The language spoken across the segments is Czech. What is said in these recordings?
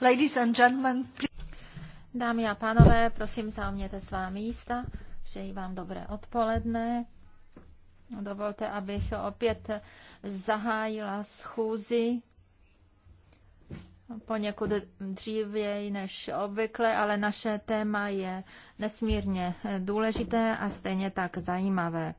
Ladies and gentlemen, Dámy a pánové, prosím, zaujměte svá místa. Přeji vám dobré odpoledne. Dovolte, abych opět zahájila schůzi poněkud dřívěji než obvykle, ale naše téma je nesmírně důležité a stejně tak zajímavé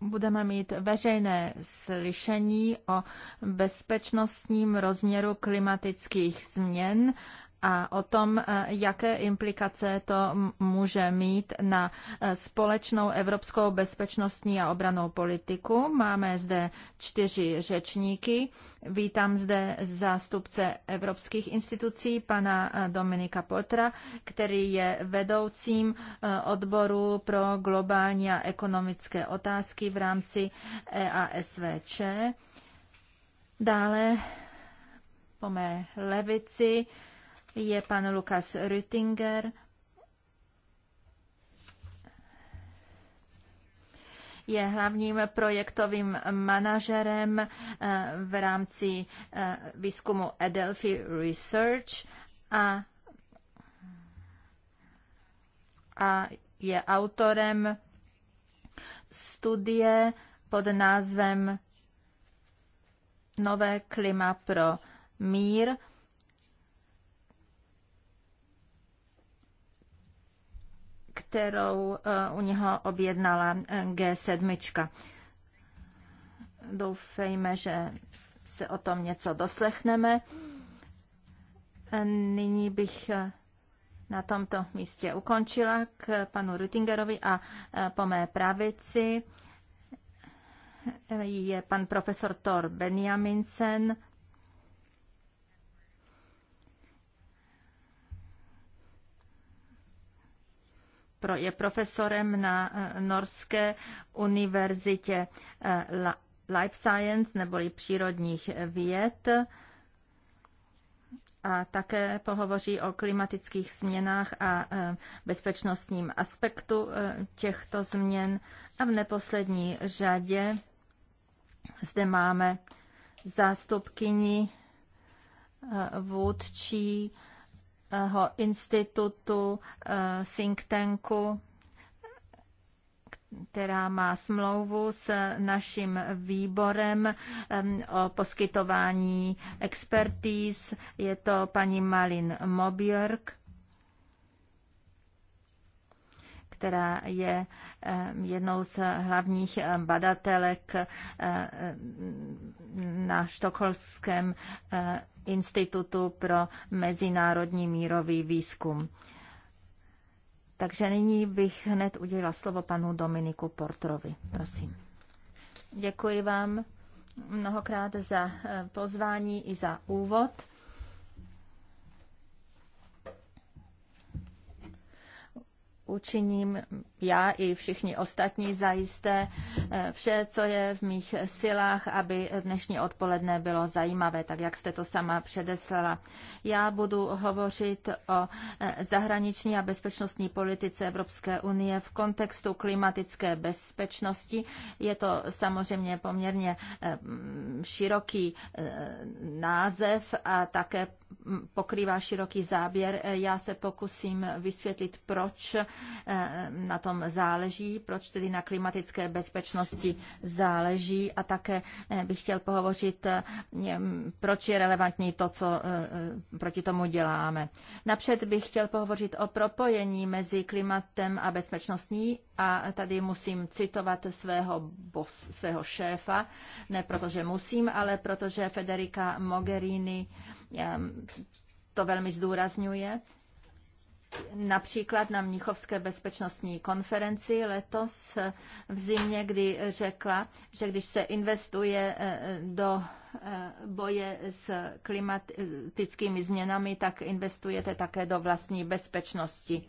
budeme mít veřejné slyšení o bezpečnostním rozměru klimatických změn a o tom, eh, jaké implikace to může mít na eh, společnou evropskou bezpečnostní a obranou politiku. Máme zde čtyři řečníky. Vítám zde zástupce evropských institucí, pana eh, Dominika Potra, který je vedoucím odboru pro globální a ekonomické otázky v rámci EASVČ. Dále po mé levici je pan Lukas Rüttinger. je hlavním projektovým manažerem eh, v rámci eh, výzkumu Adelphi Research a, a je autorem studie pod názvem Nové klima pro mír kterou eh, u něho objednala eh, G7. Doufejme, že se o tom něco doslechneme. Eh, nyní bych na tomto místě ukončila k panu Rutingerovi a po mé pravici je pan profesor Thor Benjaminsen, pro, je profesorem na eh, Norské univerzitě eh, Life Science neboli přírodních věd a také pohovoří o klimatických změnách a eh, bezpečnostním aspektu těchto změn. A v neposlední řadě zde máme zástupkyni vůdčí Eh, institutu, eh, think tanku, která má smlouvu s naším výborem o poskytování expertíz. Je to paní Malin Mobjörk, která je jednou z hlavních badatelek na štokholském Institutu pro mezinárodní mírový výzkum. Takže nyní bych hned udělila slovo panu Dominiku Portrovi. Prosím. Děkuji vám mnohokrát za eh, pozvání i za úvod. učiním já i všichni ostatní zajisté eh, vše, co je v mých silách, aby dnešní odpoledne bylo zajímavé, tak jak jste to sama předeslala. Já budu hovořit o eh, zahraniční a bezpečnostní politice Evropské unie v kontextu klimatické bezpečnosti. Je to samozřejmě poměrně eh, široký název a také pokrývá široký záběr. Eh, já se pokusím vysvětlit, proč eh, na tom záleží, proč tedy na klimatické bezpečnosti záleží a také eh, bych chtěl pohovořit, proč je relevantní to, co proti tomu děláme. Napřed bych chtěl pohovořit o propojení mezi klimatem a bezpečnostní a tady musím citovat svého, boss, svého šéfa, ne protože musím, ale protože Federica Mogherini Mm, to velmi zdůrazňuje. Například na Mnichovské bezpečnostní konferenci letos eh, v zimě, kdy řekla, že když se investuje eh, do eh, boje s klimatickými změnami, tak investujete také do vlastní bezpečnosti.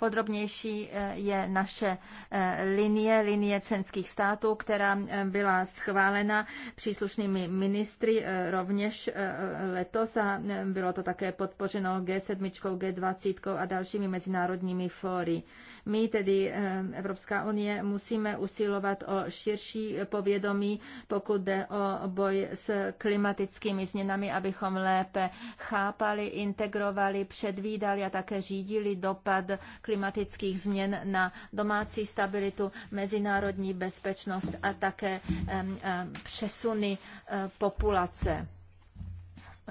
Podrobnější eh, je naše eh, linie, linie členských států, která eh, byla schválena příslušnými ministry rovněž letos a bylo to také podpořeno G7, G20 a dalšími mezinárodními fóry. My, tedy eh, Evropská unie, musíme usilovat o širší povědomí, pokud jde o boj s klimatickými změnami, abychom lépe chápali, integrovali, předvídali a také řídili dopad klimatických změn na domácí stabilitu, mezinárodní bezpečnost a také přesuny eh, populace.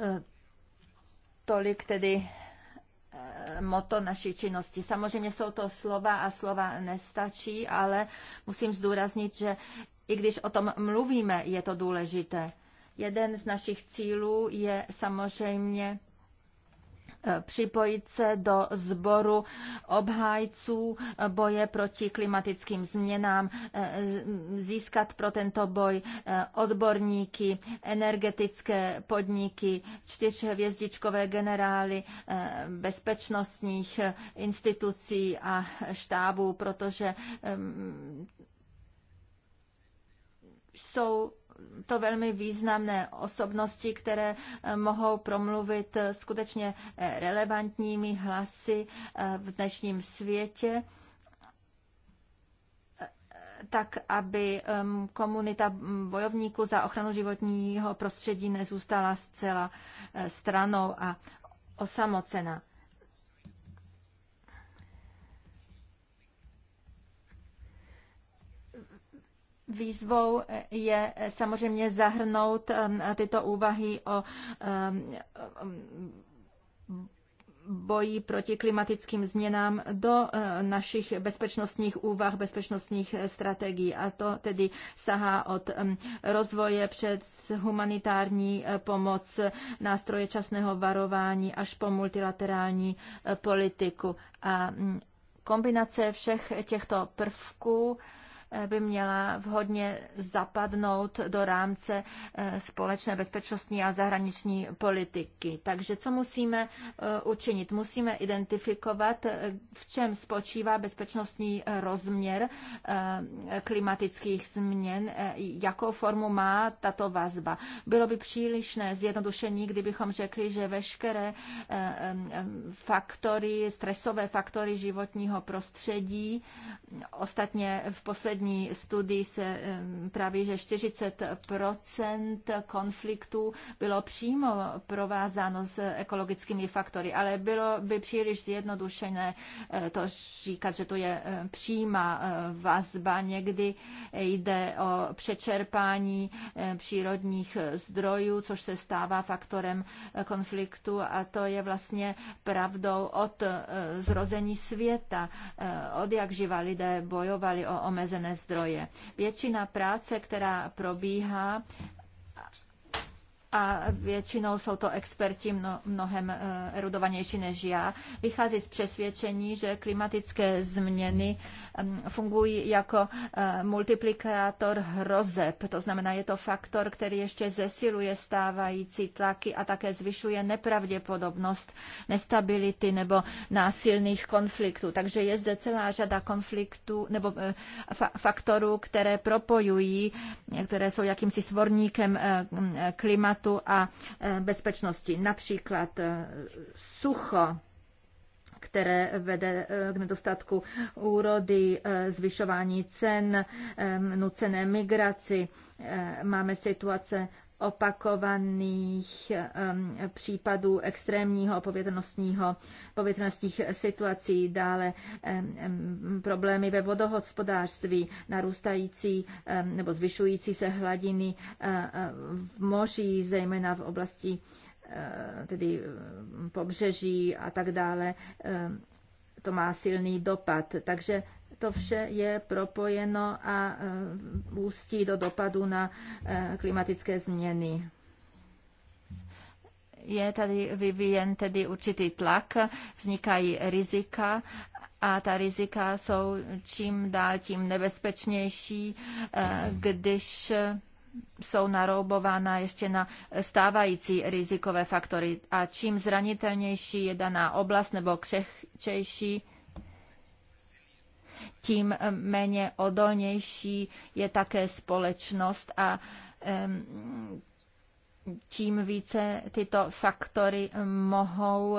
Eh, tolik tedy Eh, moto naší činnosti. Samozřejmě jsou to slova a slova nestačí, ale musím zdůraznit, že i když o tom mluvíme, je to důležité. Jeden z našich cílů je samozřejmě Eh, připojit se do sboru obhájců eh, boje proti klimatickým změnám, eh, získat pro tento boj odborníky, energetické podniky, čtyřhvězdičkové generály bezpečnostních institucí a štábů, protože jsou to velmi významné osobnosti, které eh, mohou promluvit eh, skutečně eh, relevantními hlasy v dnešním světě tak, aby ehm, komunita mm, bojovníků za ochranu životního prostředí nezůstala zcela stranou a osamocena. Výzvou je samozřejmě zahrnout um, tyto úvahy o um, um, boji proti klimatickým změnám do uh, našich bezpečnostních úvah, bezpečnostních strategií. A to tedy sahá od rozvoje před humanitární uh, pomoc, nástroje časného varování až po multilaterální uh, politiku. A kombinace všech těchto prvků Eh, by měla vhodně zapadnout do rámce eh, společné bezpečnostní a zahraniční politiky. Takže co musíme eh, učinit? Musíme identifikovat, v čem spočívá bezpečnostní rozměr klimatických změn, jakou formu má tato vazba. Bylo by přílišné zjednodušení, kdybychom řekli, že veškeré faktory, stresové faktory životního prostředí, ostatně v poslední poslední studii se praví, že 40 konfliktů bylo přímo provázáno s ekologickými faktory, ale bylo by příliš zjednodušené eh, to říkat, že to je eh, přímá eh, vazba. Někdy jde o přečerpání přírodních zdrojů, což se stává faktorem konfliktu a to je vlastně pravdou od zrození světa, od jak živa lidé bojovali o omezené zdroje. Většina práce, která probíhá, a většinou jsou to experti mnohem eh, erudovanější než já, vychází z přesvědčení, že klimatické změny mm, fungují jako eh, multiplikátor hrozeb. To znamená, je to faktor, který ještě zesiluje stávající tlaky a také zvyšuje nepravděpodobnost nestability nebo násilných konfliktů. Takže je zde celá řada konfliktů nebo eh, faktorů, které propojují, které jsou jakýmsi svorníkem mm, klimatu klimatu a e, bezpečnosti. Například e, sucho, které vede e, k nedostatku úrody, zvyšování cen, nucené migraci. Máme situace opakovaných um, případů extrémního povětrnostního, povětrnostních situací, dále um, problémy ve vodohospodářství, narůstající um, nebo zvyšující se hladiny uh, uh, v moři, zejména v oblasti uh, tedy pobřeží a tak dále. To má silný dopad. Takže to vše je propojeno a e, ústí do dopadu na e, klimatické změny je tady vyvíjen tedy určitý tlak, vznikají rizika a ta rizika jsou čím dál tím nebezpečnější, e, když jsou naroubována ještě na stávající rizikové faktory. A čím zranitelnější je daná oblast nebo křehčejší, tím eh, méně odolnější je také společnost a tím více tyto faktory mohou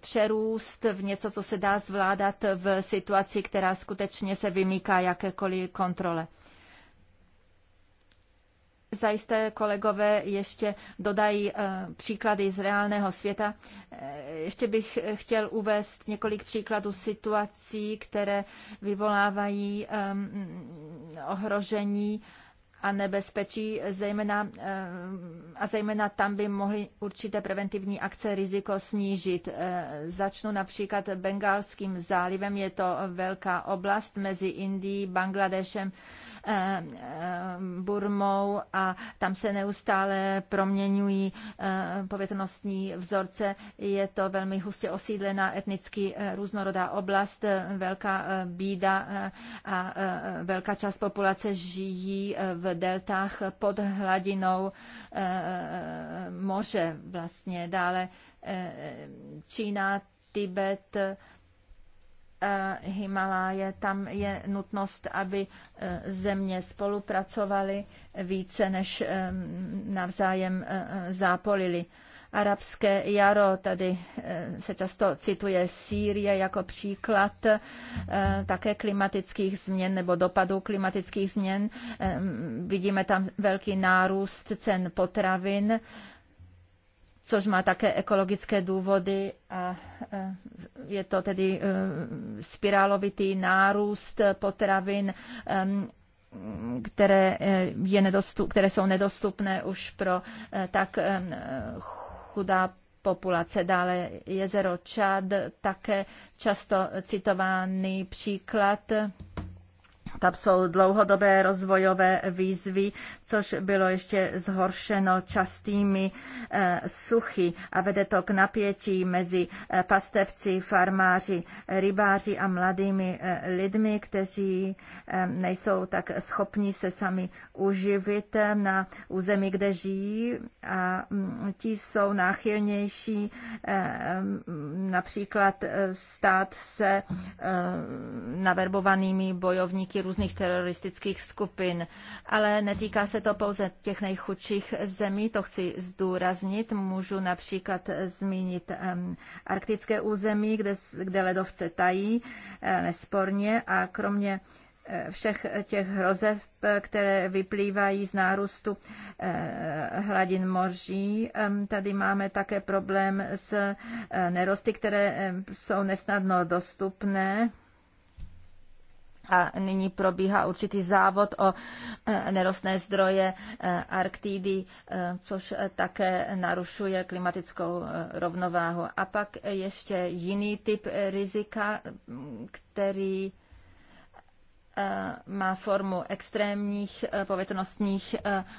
přerůst v něco, co se dá zvládat v situaci, která skutečně se vymýká jakékoliv kontrole. Zajisté kolegové ještě dodají eh, příklady z reálného světa. Eh, ještě bych chtěl uvést několik příkladů situací, které vyvolávají ehm, ohrožení a nebezpečí, zejména, ehm, a zejména tam by mohly určité preventivní akce riziko snížit. Eh, začnu například Bengalským zálivem, je to velká oblast mezi Indií, Bangladešem, Eh, eh, Burmou a tam se neustále proměňují eh, povětrnostní vzorce. Je to velmi hustě osídlená etnicky různorodá oblast, velká bída a velká část populace žijí v deltách pod hladinou moře vlastně. Dále Čína, Tibet, Eh, Himaláje, tam je nutnost, aby eh, země spolupracovaly více, než ehm, navzájem eh, zápolili. Arabské jaro, tady se často cituje Sýrie jako příklad také klimatických změn nebo dopadů klimatických změn. Ehm, vidíme tam velký nárůst cen potravin což má také ekologické důvody a e, je to tedy e, spirálovitý nárůst potravin, e, které, je nedostup, které jsou nedostupné už pro tak chudá populace. Dále jezero Čad, také často citovaný příklad tam jsou dlouhodobé rozvojové výzvy, což bylo ještě zhoršeno častými eh, suchy a vede to k napětí mezi eh, pastevci, farmáři, rybáři a mladými eh, lidmi, kteří nejsou tak schopni se sami uživit na území, kde žijí a mm, ti jsou náchylnější mm, například stát se naverbovanými bojovníky různých teroristických skupin. Ale netýká se to pouze těch nejchudších zemí, to chci zdůraznit. Můžu například zmínit um, arktické území, kde, kde ledovce tají, eh, nesporně, a kromě eh, všech těch hrozeb, které vyplývají z nárůstu eh, hladin moří. Tady máme také problém s nerosty, které jsou nesnadno dostupné a nyní probíhá určitý závod o e, nerostné zdroje e, Arktidy, e, což také narušuje klimatickou rovnováhu. A pak ještě jiný typ rizika, který má formu extrémních povětrnostních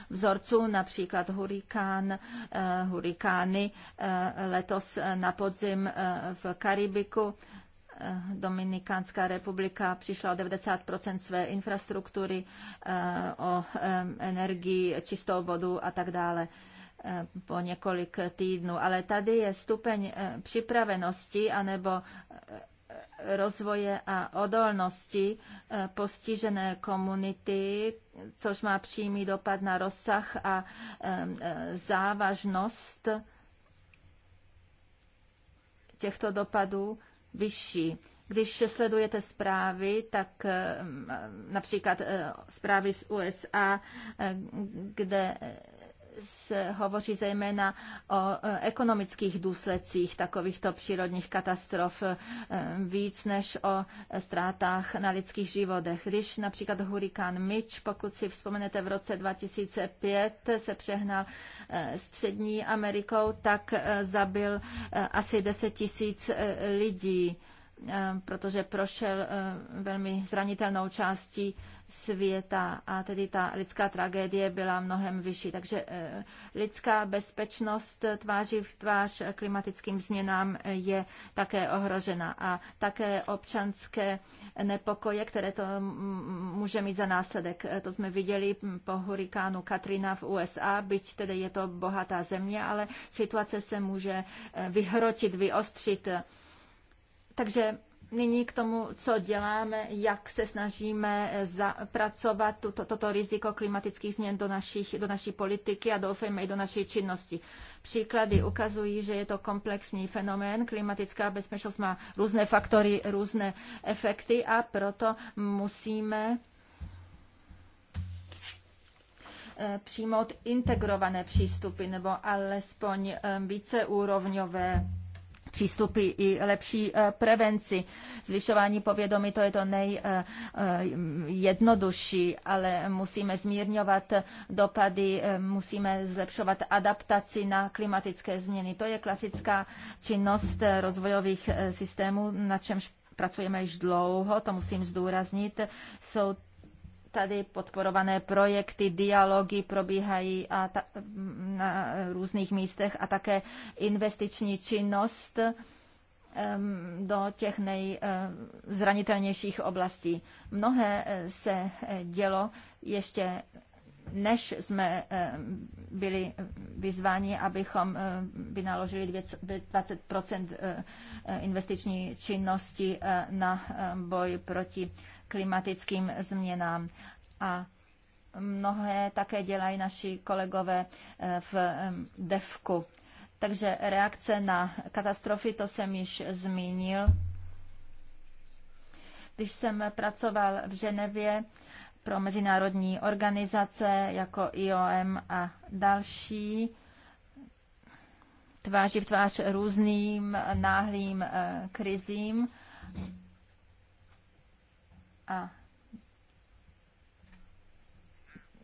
vzorců, například hurikán, hurikány letos na podzim v Karibiku Eh, Dominikánská republika přišla o 90 své infrastruktury, eh, o eh, energii, čistou vodu a tak dále po několik týdnů. Ale tady je stupeň připravenosti anebo rozvoje a odolnosti postižené komunity, což má přímý dopad na rozsah a závažnost těchto dopadů vyšší. Když sledujete zprávy, tak eh, například eh, zprávy z USA, eh, kde hovoří zejména o e, ekonomických důsledcích takovýchto přírodních katastrof e, víc než o e, ztrátách na lidských životech. Když například hurikán Mitch, pokud si vzpomenete, v roce 2005 se přehnal střední Amerikou, tak zabil asi 10 tisíc lidí. Eh, protože prošel eh, velmi zranitelnou částí světa a tedy ta lidská tragédie byla mnohem vyšší. Takže eh, lidská bezpečnost tváří v tvář klimatickým změnám je také ohrožena a také občanské nepokoje, které to mm, mm, může mít za následek. To jsme viděli po hurikánu Katrina v USA, byť tedy je to bohatá země, ale situace se může vyhrotit, vyostřit takže nyní k tomu, co děláme, jak se snažíme eh, zapracovat tuto, toto riziko klimatických změn do, našich, do naší politiky a doufejme i do naší činnosti. Příklady ukazují, že je to komplexní fenomén. Klimatická bezpečnost má různé faktory, různé efekty a proto musíme eh, přijmout integrované přístupy nebo alespoň eh, víceúrovňové přístupy i lepší eh, prevenci. Zvyšování povědomí to je to nejjednodušší, eh, eh, ale musíme zmírňovat dopady, musíme zlepšovat adaptaci na klimatické změny. To je klasická činnost rozvojových systémů, na čemž pracujeme již dlouho, to musím zdůraznit. Jsou tady podporované projekty, dialogy probíhají a ta, na různých místech a také investiční činnost do těch nejzranitelnějších oblastí. Mnohé eh, se eh, dělo ještě než jsme eh, byli vyzváni, abychom vynaložili 20 investiční činnosti na boj proti klimatickým změnám. A mnohé také dělají naši kolegové eh, v eh, DEVKu. Takže reakce na katastrofy, to jsem již zmínil. Když jsem pracoval v Ženevě pro mezinárodní organizace jako IOM a další, tváří v tvář různým náhlým eh, krizím, a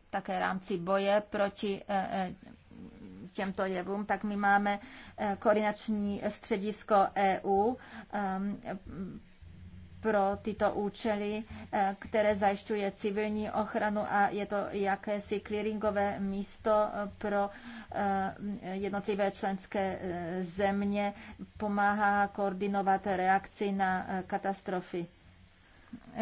také rámci boje proti eh, eh, těmto jevům, tak my máme eh, koordinační středisko EU ehm, pro tyto účely, které zajišťuje civilní ochranu a je to jakési clearingové místo pro jednotlivé členské země, pomáhá koordinovat reakci na katastrofy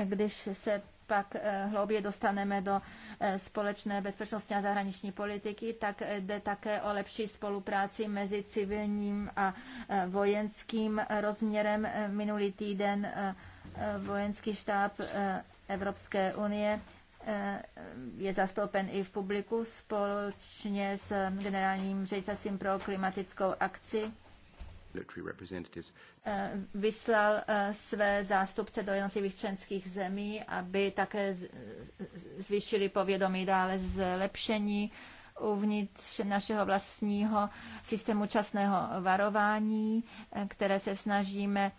když se pak eh, hlouběji dostaneme do eh, společné bezpečnostní a zahraniční politiky, tak eh, jde také o lepší spolupráci mezi civilním a vojenským rozměrem. Minulý týden vojenský štáb Evropské unie je zastoupen i v publiku společně s generálním ředitelstvím pro klimatickou akci Eh, vyslal eh, své zástupce do jednotlivých členských zemí, aby také zvýšili povědomí dále zlepšení uvnitř našeho vlastního systému časného varování, eh, které se snažíme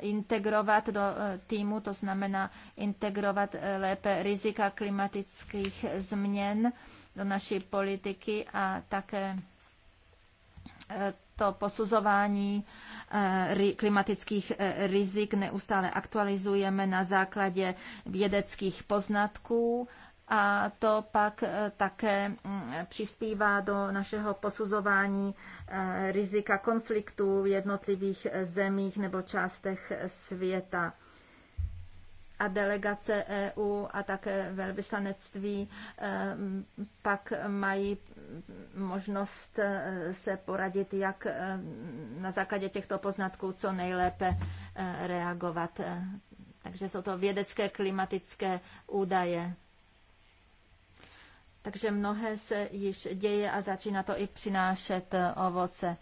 integrovat do týmu, to znamená integrovat lépe rizika klimatických změn do naší politiky a také to posuzování eh, klimatických eh, rizik neustále aktualizujeme na základě vědeckých poznatků a to pak eh, také mm, přispívá do našeho posuzování rizika konfliktů v jednotlivých zemích nebo částech světa a delegace EU a také velvyslanectví eh, pak mají možnost eh, se poradit, jak eh, na základě těchto poznatků co nejlépe reagovat. Takže jsou to vědecké klimatické údaje. Takže mnohé se již děje a začíná to i přinášet ovoce.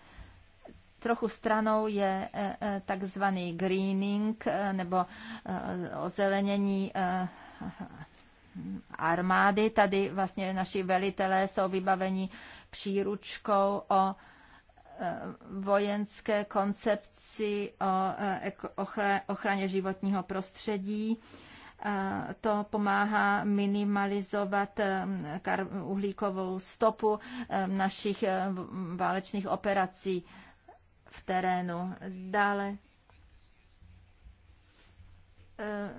Trochu stranou je eh, eh, takzvaný greening eh, nebo ozelenění armády. Tady vlastně naši velitelé jsou vybaveni příručkou o vojenské koncepci o ochraně životního prostředí. To pomáhá minimalizovat uhlíkovou stopu našich válečných operací v terénu. Dále eh,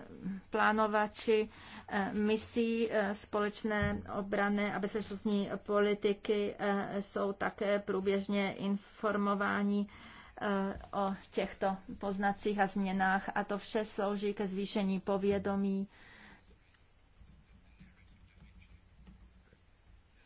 plánovači eh, misí eh, společné obrané a bezpečnostní politiky jsou také průběžně informováni o těchto poznacích a změnách a to vše slouží ke zvýšení povědomí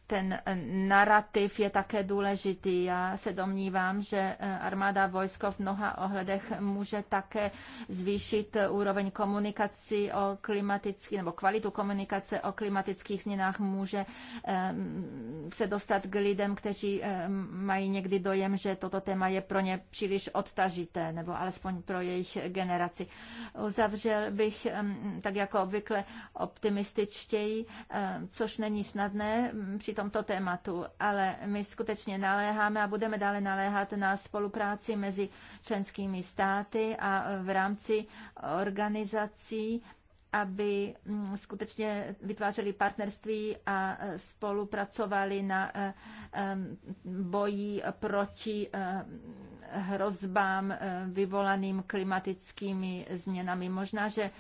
ten eh, narrativ je také důležitý. Já se domnívám, že eh, armáda vojsko v mnoha ohledech může také zvýšit eh, úroveň komunikací o klimatický nebo kvalitu komunikace o klimatických změnách může ehm, se dostat k lidem, kteří ehm, mají někdy dojem, že toto téma je pro ně příliš odtažité, nebo alespoň pro jejich generaci. Uzavřel bych ehm, tak jako obvykle optimističtěji, což není snadné při tomto tématu, ale my skutečně naléháme a budeme dále naléhat na spolupráci mezi členskými státy a v rámci organizací aby mm, skutečně vytvářeli partnerství a e, spolupracovali na e, boji proti e, hrozbám vyvolaným klimatickými změnami. Možná, že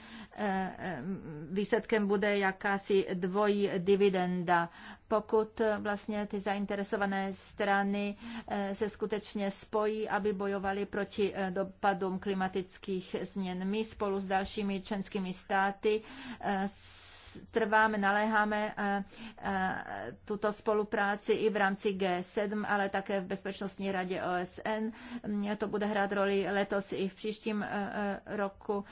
výsledkem bude jakási dvojí dividenda. Pokud vlastně ty zainteresované strany se skutečně spojí, aby bojovali proti dopadům klimatických změn. My spolu s dalšími členskými státy státy eh, trváme, naléháme eh, eh, tuto spolupráci i v rámci G7, ale také v Bezpečnostní radě OSN. Mm, to bude hrát roli letos i v příštím roku,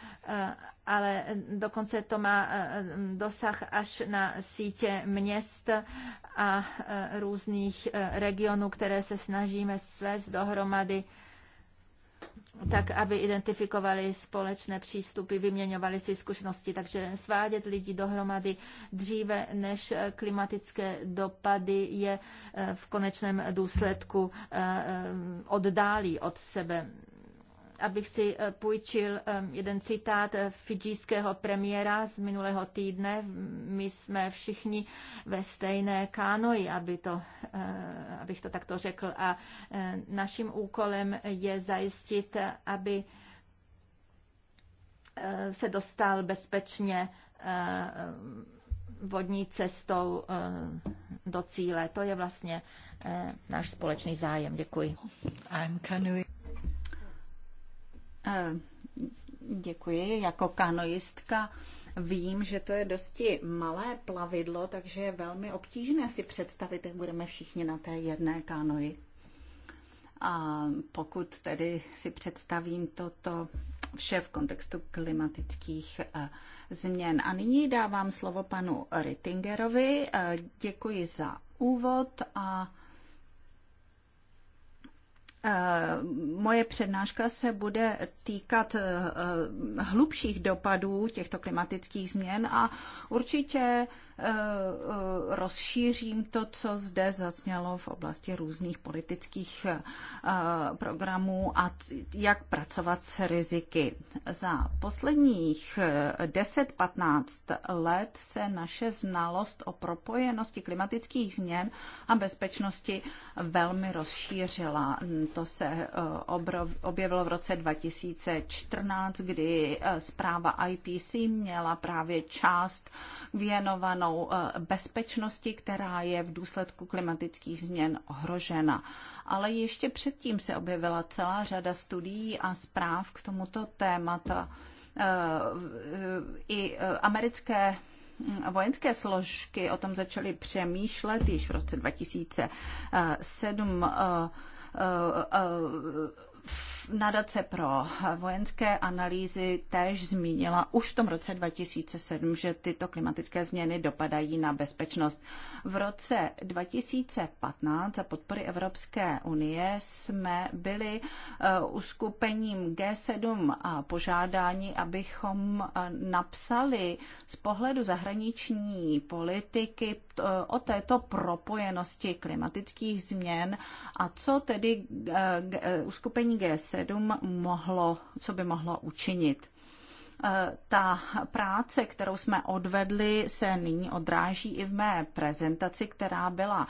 ale dokonce to má dosah až na sítě měst a různých regionů, které se snažíme svést dohromady tak aby identifikovali společné přístupy, vyměňovali si zkušenosti. Takže svádět lidi dohromady dříve, než klimatické dopady je eh, v konečném důsledku eh, eh, oddálí od sebe abych si eh, půjčil ehm, jeden citát eh, fidžijského premiéra z minulého týdne. My jsme všichni ve stejné kánoji, aby to, eh, abych to takto řekl. A naším úkolem je zajistit, aby se dostal bezpečně vodní cestou do cíle. To je vlastně náš společný zájem. Děkuji. Eh, děkuji. Jako kanoistka vím, že to je dosti malé plavidlo, takže je velmi obtížné si představit, jak budeme všichni na té jedné kanoji. A pokud tedy si představím toto vše v kontextu klimatických eh, změn. A nyní dávám slovo panu Rittingerovi. Eh, děkuji za úvod a Eh, moje přednáška se bude týkat eh, eh, hlubších dopadů těchto klimatických změn a určitě Eh, eh, rozšířím to, co zde zaznělo v oblasti různých politických eh, programů a jak pracovat s riziky. Za posledních 10-15 let se naše znalost o propojenosti klimatických změn a bezpečnosti velmi rozšířila. To se objevilo v roce 2014, kdy zpráva IPC měla právě část věnovanou stranou eh, bezpečnosti, která je v důsledku klimatických změn ohrožena. Ale ještě předtím se objevila celá řada studií a zpráv k tomuto tématu. Eh, I eh, americké hm, vojenské složky o tom začaly přemýšlet již v roce 2007 Nadace pro vojenské analýzy též zmínila už v tom roce 2007, že tyto klimatické změny dopadají na bezpečnost. V roce 2015 za podpory Evropské unie jsme byli eh, uskupením G7 a požádání, abychom eh, napsali z pohledu zahraniční politiky o této propojenosti klimatických změn a co tedy eh, eh, uskupení G7 mohlo, co by mohlo učinit eh, ta práce, kterou jsme odvedli, se nyní odráží i v mé prezentaci, která byla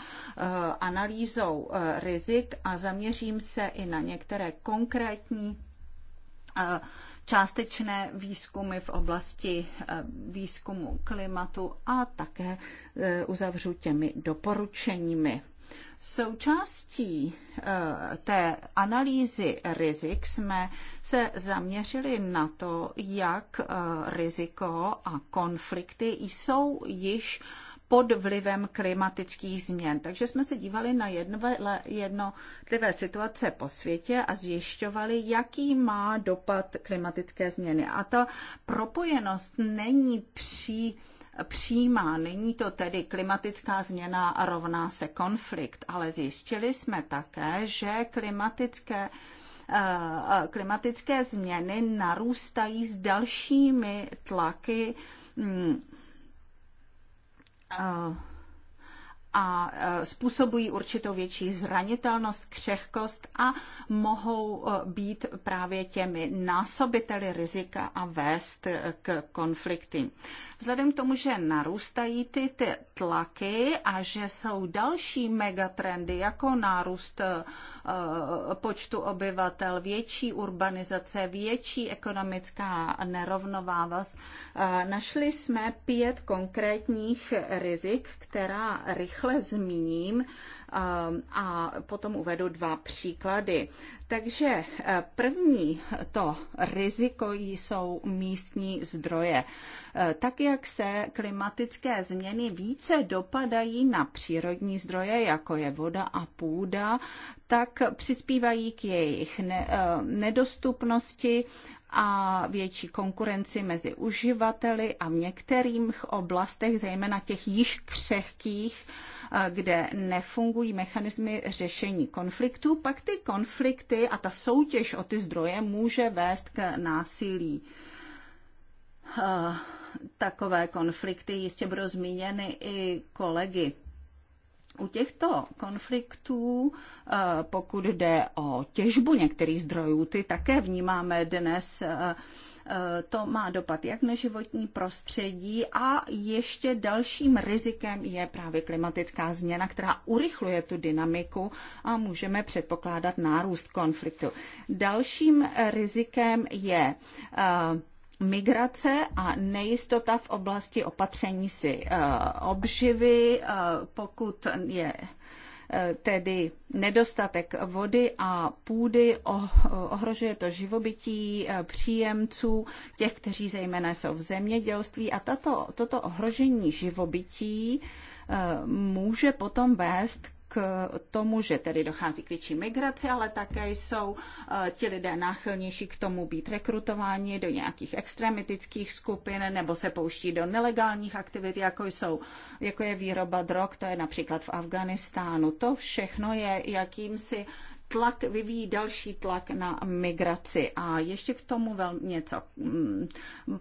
analýzou rizik a zaměřím se i na některé konkrétní částečné výzkumy v oblasti eh, výzkumu klimatu a také eh, uzavřu těmi doporučeními. Součástí eh, té analýzy rizik jsme se zaměřili na to, jak riziko a konflikty jsou již pod vlivem klimatických změn. Takže jsme se dívali na jednotlivé situace po světě a zjišťovali, jaký má dopad klimatické změny. A ta propojenost není pří přímá. Není to tedy klimatická změna a rovná se konflikt, ale zjistili jsme také, že klimatické eh, klimatické změny narůstají s dalšími tlaky mm, Eh, a eh, způsobují určitou větší zranitelnost, křehkost a mohou eh, být právě těmi násobiteli rizika a vést k konflikty. Vzhledem k tomu, že narůstají ty, ty tlaky a že jsou další megatrendy, jako nárůst uh, počtu obyvatel, větší urbanizace, větší ekonomická nerovnovávost, uh, eh, našli jsme pět konkrétních rizik, která rychle zmíním eh, a potom uvedu dva příklady. Takže eh, první to riziko jsou místní zdroje. Eh, tak, jak se klimatické změny více dopadají na přírodní zdroje, jako je voda a půda, tak přispívají k jejich eh, nedostupnosti, a větší konkurenci mezi uživateli a v některých oblastech, zejména těch již křehkých, eh, kde nefungují mechanismy řešení konfliktů, pak ty konflikty a ta soutěž o ty zdroje může vést k násilí eh, takové konflikty jistě budou zmíněny i kolegy. U těchto konfliktů, eh, pokud jde o těžbu některých zdrojů, ty také vnímáme dnes eh, eh, to má dopad jak na životní prostředí a ještě dalším rizikem je právě klimatická změna, která urychluje tu dynamiku a můžeme předpokládat nárůst konfliktu. Dalším rizikem je migrace a nejistota v oblasti opatření si eh, obživy, eh, pokud je eh, tedy nedostatek vody a půdy oh, ohrožuje to živobytí příjemců, těch, kteří zejména jsou v zemědělství a tato, toto ohrožení živobytí může potom vést k tomu, že tedy dochází k větší migraci, ale také jsou eh, ti lidé náchylnější k tomu být rekrutováni do nějakých extremistických skupin nebo se pouští do nelegálních aktivit, jako, jsou, jako je výroba drog, to je například v Afganistánu. To všechno je jakýmsi tlak, vyvíjí další tlak na migraci. A ještě k tomu velmi něco. Mm,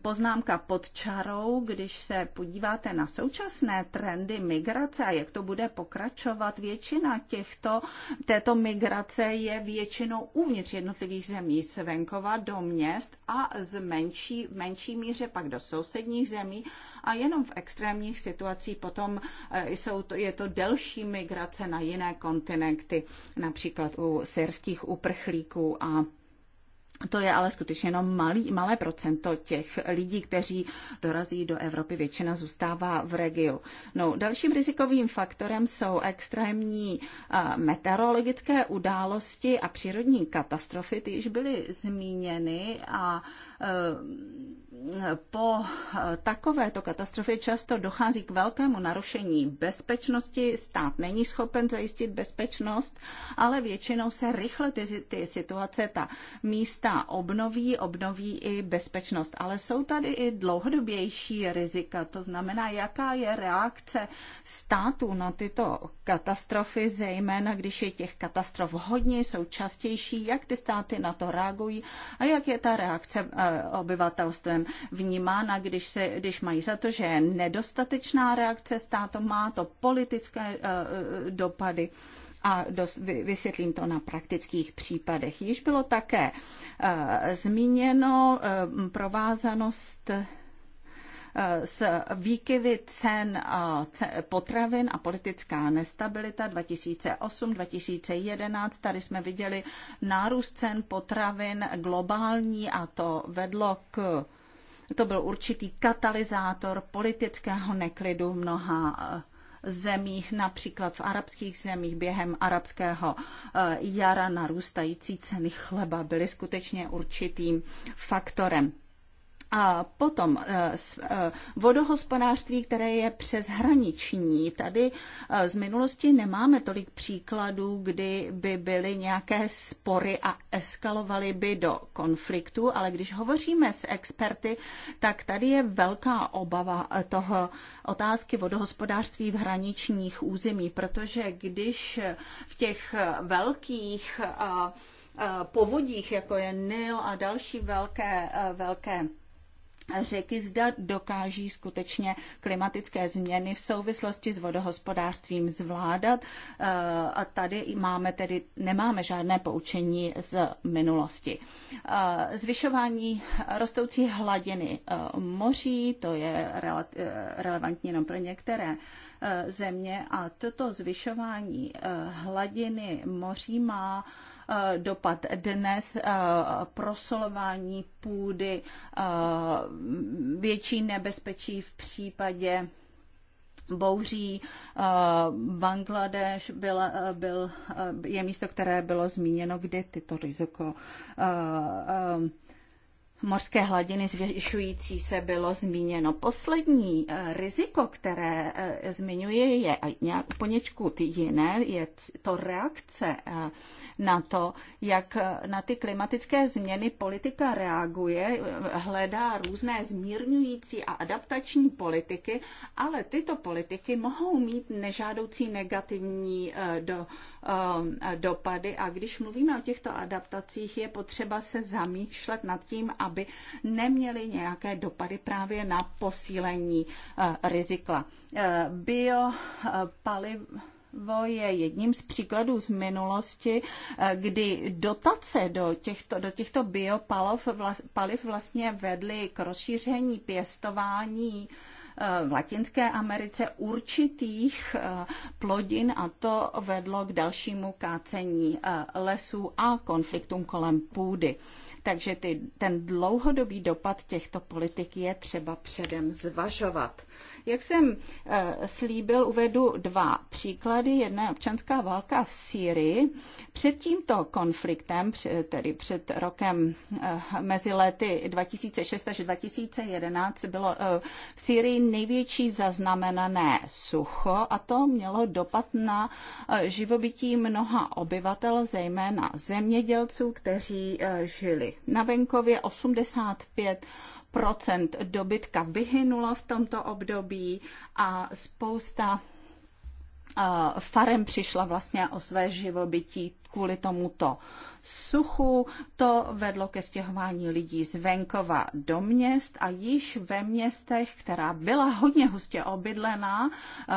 poznámka pod čarou, když se podíváte na současné trendy migrace a jak to bude pokračovat, většina těchto, této migrace je většinou uvnitř jednotlivých zemí, z venkova do měst a z menší, menší míře pak do sousedních zemí a jenom v extrémních situacích potom eh, jsou to, je to delší migrace na jiné kontinenty, například u syrských uprchlíků a to je ale skutečně jenom malý, malé procento těch lidí, kteří dorazí do Evropy. Většina zůstává v regiu. No, dalším rizikovým faktorem jsou extrémní meteorologické události a přírodní katastrofy. Ty již byly zmíněny a po takovéto katastrofě často dochází k velkému narušení bezpečnosti. Stát není schopen zajistit bezpečnost, ale většinou se rychle ty, ty situace, ta místa obnoví, obnoví i bezpečnost. Ale jsou tady i dlouhodobější rizika, to znamená, jaká je reakce státu na tyto katastrofy, zejména když je těch katastrof hodně, jsou častější, jak ty státy na to reagují a jak je ta reakce eh, obyvatelstvem vnímána, když, se, když mají za to, že je nedostatečná reakce státu, má to politické eh, eh, dopady a dos, vysvětlím to na praktických případech. Již bylo také uh, zmíněno uh, provázanost s výkyvy cen potravin a politická nestabilita 2008-2011. Tady jsme viděli nárůst cen potravin globální a to vedlo k to byl určitý katalyzátor politického neklidu v mnoha eh, zemích, například v arabských zemích během arabského eh, jara narůstající ceny chleba byly skutečně určitým faktorem. A potom eh, eh, vodohospodářství, které je přeshraniční. Tady eh, z minulosti nemáme tolik příkladů, kdy by byly nějaké spory a eskalovaly by do konfliktu, ale když hovoříme s experty, tak tady je velká obava toho otázky vodohospodářství v hraničních území, protože když v těch velkých povodích, jako je Nil a další velké, velké řeky, zda dokáží skutečně klimatické změny v souvislosti s vodohospodářstvím zvládat. Eh, a tady máme tedy, nemáme žádné poučení z minulosti. Eh, zvyšování rostoucí hladiny eh, moří, to je relevantní jenom pro některé země a toto zvyšování hladiny moří má Eh, dopad dnes, eh, prosolování půdy, eh, větší nebezpečí v případě bouří. Bangladeš byl, byl, je místo, které bylo zmíněno, kde tyto riziko morské hladiny zvyšující se bylo zmíněno. Poslední eh, riziko, které eh, zmiňuji, je nějak poněčkud jiné, je to reakce eh, na to, jak na ty klimatické změny politika reaguje, hledá různé zmírňující a adaptační politiky, ale tyto politiky mohou mít nežádoucí negativní do Um, dopady. A když mluvíme o těchto adaptacích, je potřeba se zamýšlet nad tím, aby neměly nějaké dopady právě na posílení uh, rizika. Uh, biopaliv uh, je jedním z příkladů z minulosti, kdy dotace do těchto, do těchto biopaliv vlastně vedly k rozšíření pěstování v Latinské Americe určitých eh, plodin a to vedlo k dalšímu kácení eh, lesů a konfliktům kolem půdy. Takže ty, ten dlouhodobý dopad těchto politik je třeba předem zvažovat. Jak jsem eh, slíbil, uvedu dva příklady. Jedna je občanská válka v Sýrii. Před tímto konfliktem, tedy před rokem eh, mezi lety 2006 až 2011, bylo eh, v Sýrii největší zaznamenané sucho a to mělo dopad na živobytí mnoha obyvatel, zejména zemědělců, kteří žili na venkově 85 procent dobytka vyhynulo v tomto období a spousta farem přišla vlastně o své živobytí kvůli tomuto suchu. To vedlo ke stěhování lidí z venkova do měst a již ve městech, která byla hodně hustě obydlená, eh,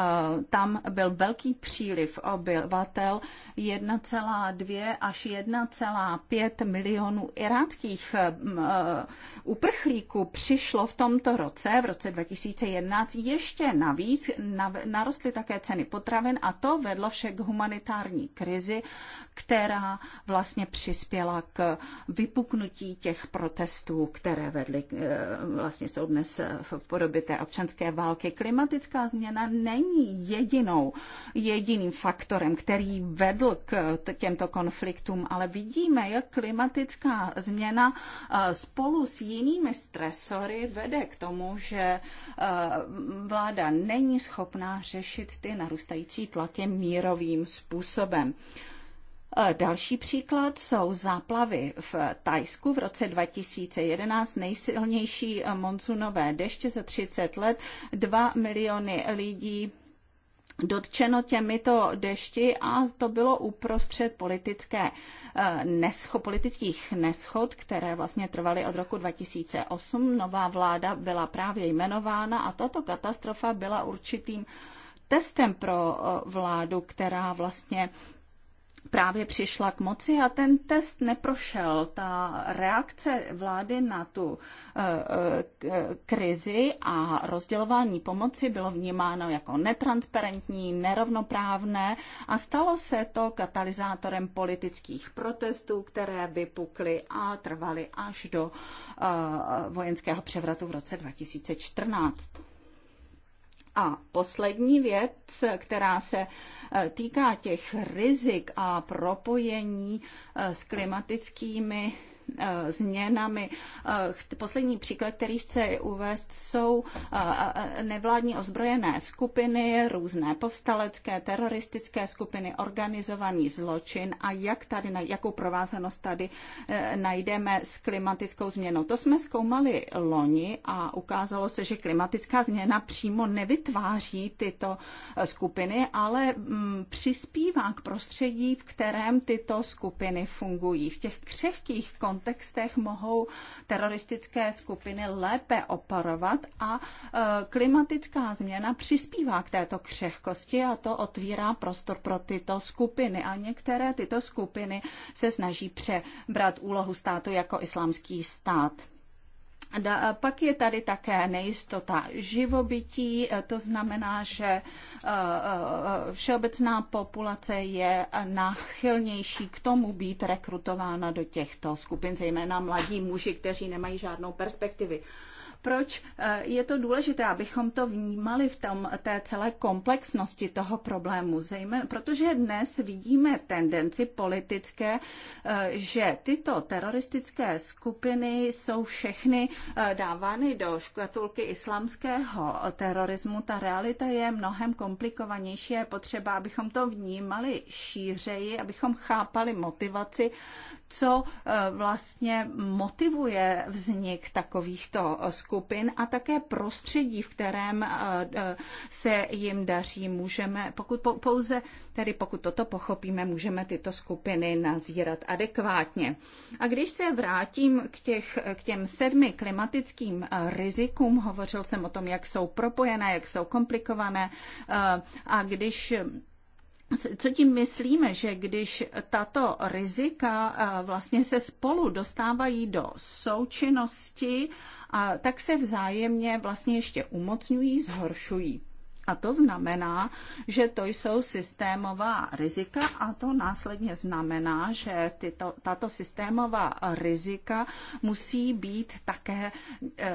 tam byl velký příliv obyvatel 1,2 až 1,5 milionů iráckých mm, eh, uprchlíků přišlo v tomto roce, v roce 2011, ještě navíc narostly také ceny potravin a to vedlo vše k humanitární krizi, která vlastně přispěla k vypuknutí těch protestů, které vedly, eh, vlastně jsou dnes eh, v podobě té občanské války. Klimatická změna není jedinou, jediným faktorem, který vedl k těmto konfliktům, ale vidíme, jak klimatická změna eh, spolu s jinými stresory vede k tomu, že vláda není schopná řešit ty narůstající tlaky mírovým způsobem. Další příklad jsou záplavy v Tajsku v roce 2011, nejsilnější monsunové deště za 30 let, 2 miliony lidí dotčeno těmito dešti a to bylo uprostřed politické eh, nescho, politických neschod, které vlastně trvaly od roku 2008. Nová vláda byla právě jmenována a tato katastrofa byla určitým testem pro eh, vládu, která vlastně právě přišla k moci a ten test neprošel. Ta reakce vlády na tu eh, eh, krizi a rozdělování pomoci bylo vnímáno jako netransparentní, nerovnoprávné a stalo se to katalyzátorem politických protestů, které vypukly a trvaly až do eh, vojenského převratu v roce 2014. A poslední věc, která se e, týká těch rizik a propojení e, s klimatickými Eh, změnami. Eh, poslední příklad, který chci uvést, jsou eh, nevládní ozbrojené skupiny, různé povstalecké, teroristické skupiny, organizovaný zločin a jak tady, jakou provázanost tady najdeme s klimatickou změnou. To jsme zkoumali loni a ukázalo se, že klimatická změna přímo nevytváří tyto skupiny, ale mm, přispívá k prostředí, v kterém tyto skupiny fungují. V těch křehkých kon kontextech mohou teroristické skupiny lépe operovat a e, klimatická změna přispívá k této křehkosti a to otvírá prostor pro tyto skupiny. A některé tyto skupiny se snaží přebrat úlohu státu jako islámský stát pak je tady také nejistota živobytí, e, to znamená, že e, e, všeobecná populace je náchylnější k tomu být rekrutována do těchto skupin, zejména mladí muži, kteří nemají žádnou perspektivu proč eh, je to důležité, abychom to vnímali v tom, té celé komplexnosti toho problému, zejména, protože dnes vidíme tendenci politické, eh, že tyto teroristické skupiny jsou všechny eh, dávány do škatulky islamského terorismu. Ta realita je mnohem komplikovanější, je potřeba, abychom to vnímali šířeji, abychom chápali motivaci, co vlastně motivuje vznik takovýchto skupin skupin a také prostředí, v kterém eh, eh, se jim daří. Můžeme, pokud pouze, tedy pokud toto pochopíme, můžeme tyto skupiny nazírat adekvátně. A když se vrátím k, těch, k těm sedmi klimatickým eh, rizikům, hovořil jsem o tom, jak jsou propojené, jak jsou komplikované a když co tím myslíme, že když tato rizika vlastně se spolu dostávají do součinnosti a tak se vzájemně vlastně ještě umocňují, zhoršují. A to znamená, že to jsou systémová rizika a to následně znamená, že tyto, tato systémová rizika musí být také e,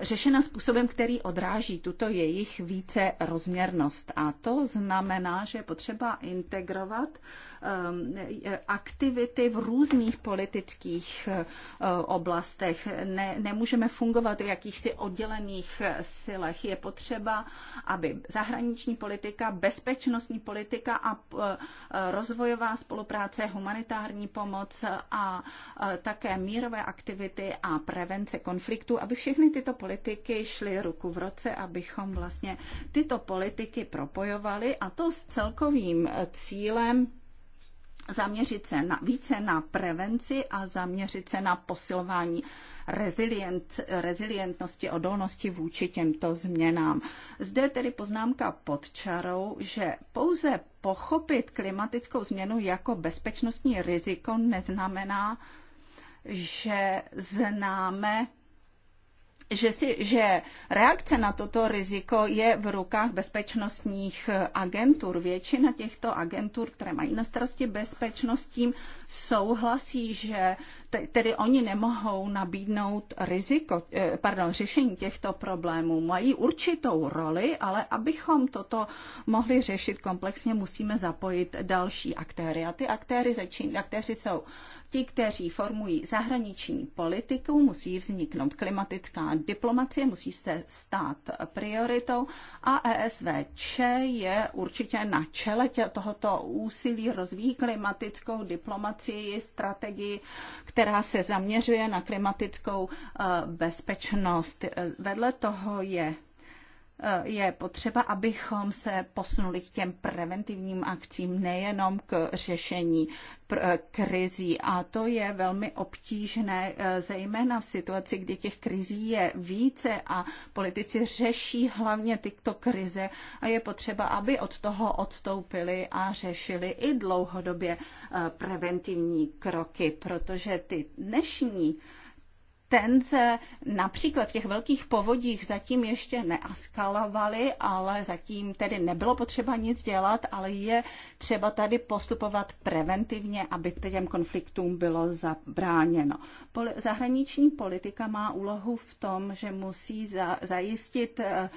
řešena způsobem, který odráží tuto jejich více rozměrnost. A to znamená, že je potřeba integrovat eh, aktivity v různých politických eh, oblastech. Ne, nemůžeme fungovat v jakýchsi oddělených silech. Je potřeba, aby zahraniční politika, bezpečnostní politika a e, rozvojová spolupráce, humanitární pomoc a e, také mírové aktivity a prevence konfliktů, aby všechny tyto politiky šly ruku v roce, abychom vlastně tyto politiky propojovali a to s celkovým e, cílem zaměřit se na, více na prevenci a zaměřit se na posilování rezilient, rezilientnosti, odolnosti vůči těmto změnám. Zde tedy poznámka pod čarou, že pouze pochopit klimatickou změnu jako bezpečnostní riziko neznamená, že známe že, si, že reakce na toto riziko je v rukách bezpečnostních agentur. Většina těchto agentur, které mají na starosti bezpečnost, tím souhlasí, že tedy oni nemohou nabídnout riziko, eh, pardon, řešení těchto problémů. Mají určitou roli, ale abychom toto mohli řešit komplexně, musíme zapojit další aktéry. A ty aktéry, začín, aktéři jsou ti, kteří formují zahraniční politiku, musí vzniknout klimatická diplomacie, musí se stát prioritou a ESVČ je určitě na čele tohoto úsilí rozvíjí klimatickou diplomacii, strategii, která se zaměřuje na klimatickou eh, bezpečnost. Eh, vedle toho je Eh, je potřeba, abychom se posunuli k těm preventivním akcím, nejenom k řešení eh, krizí. A to je velmi obtížné, eh, zejména v situaci, kdy těch krizí je více a politici řeší hlavně tyto krize a je potřeba, aby od toho odstoupili a řešili i dlouhodobě preventivní kroky, protože ty dnešní ten se například v těch velkých povodích zatím ještě neaskalovaly, ale zatím tedy nebylo potřeba nic dělat, ale je třeba tady postupovat preventivně, aby těm konfliktům bylo zabráněno. zahraniční politika má úlohu v tom, že musí zajistit eh,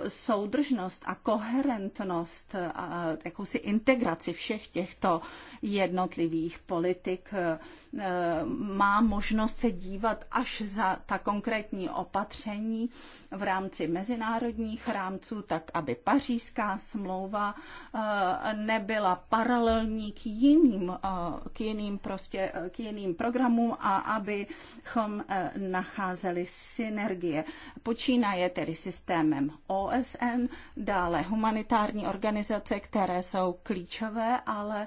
eh, soudržnost a koherentnost a jakousi integraci všech těchto jednotlivých politik. Eh, Eh, má možnost se dívat až za ta konkrétní opatření v rámci mezinárodních rámců, tak aby pařížská smlouva eh, nebyla paralelní k jiným, eh, k jiným, prostě, k jiným programům a abychom nacházeli synergie. Počínaje tedy systémem OSN, dále humanitární organizace, které jsou klíčové, ale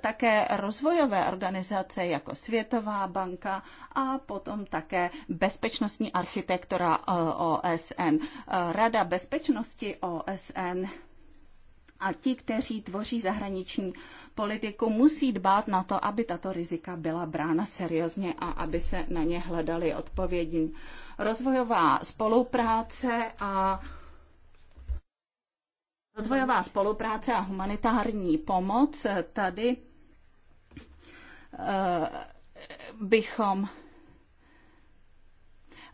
také rozvojové organizace jako Světová banka a potom také bezpečnostní architektura eh, OSN. Eh, Rada bezpečnosti OSN a ti, kteří tvoří zahraniční politiku, musí dbát na to, aby tato rizika byla brána seriózně a aby se na ně hledali odpovědi. Rozvojová spolupráce a rozvojová spolupráce a humanitární pomoc eh, tady bychom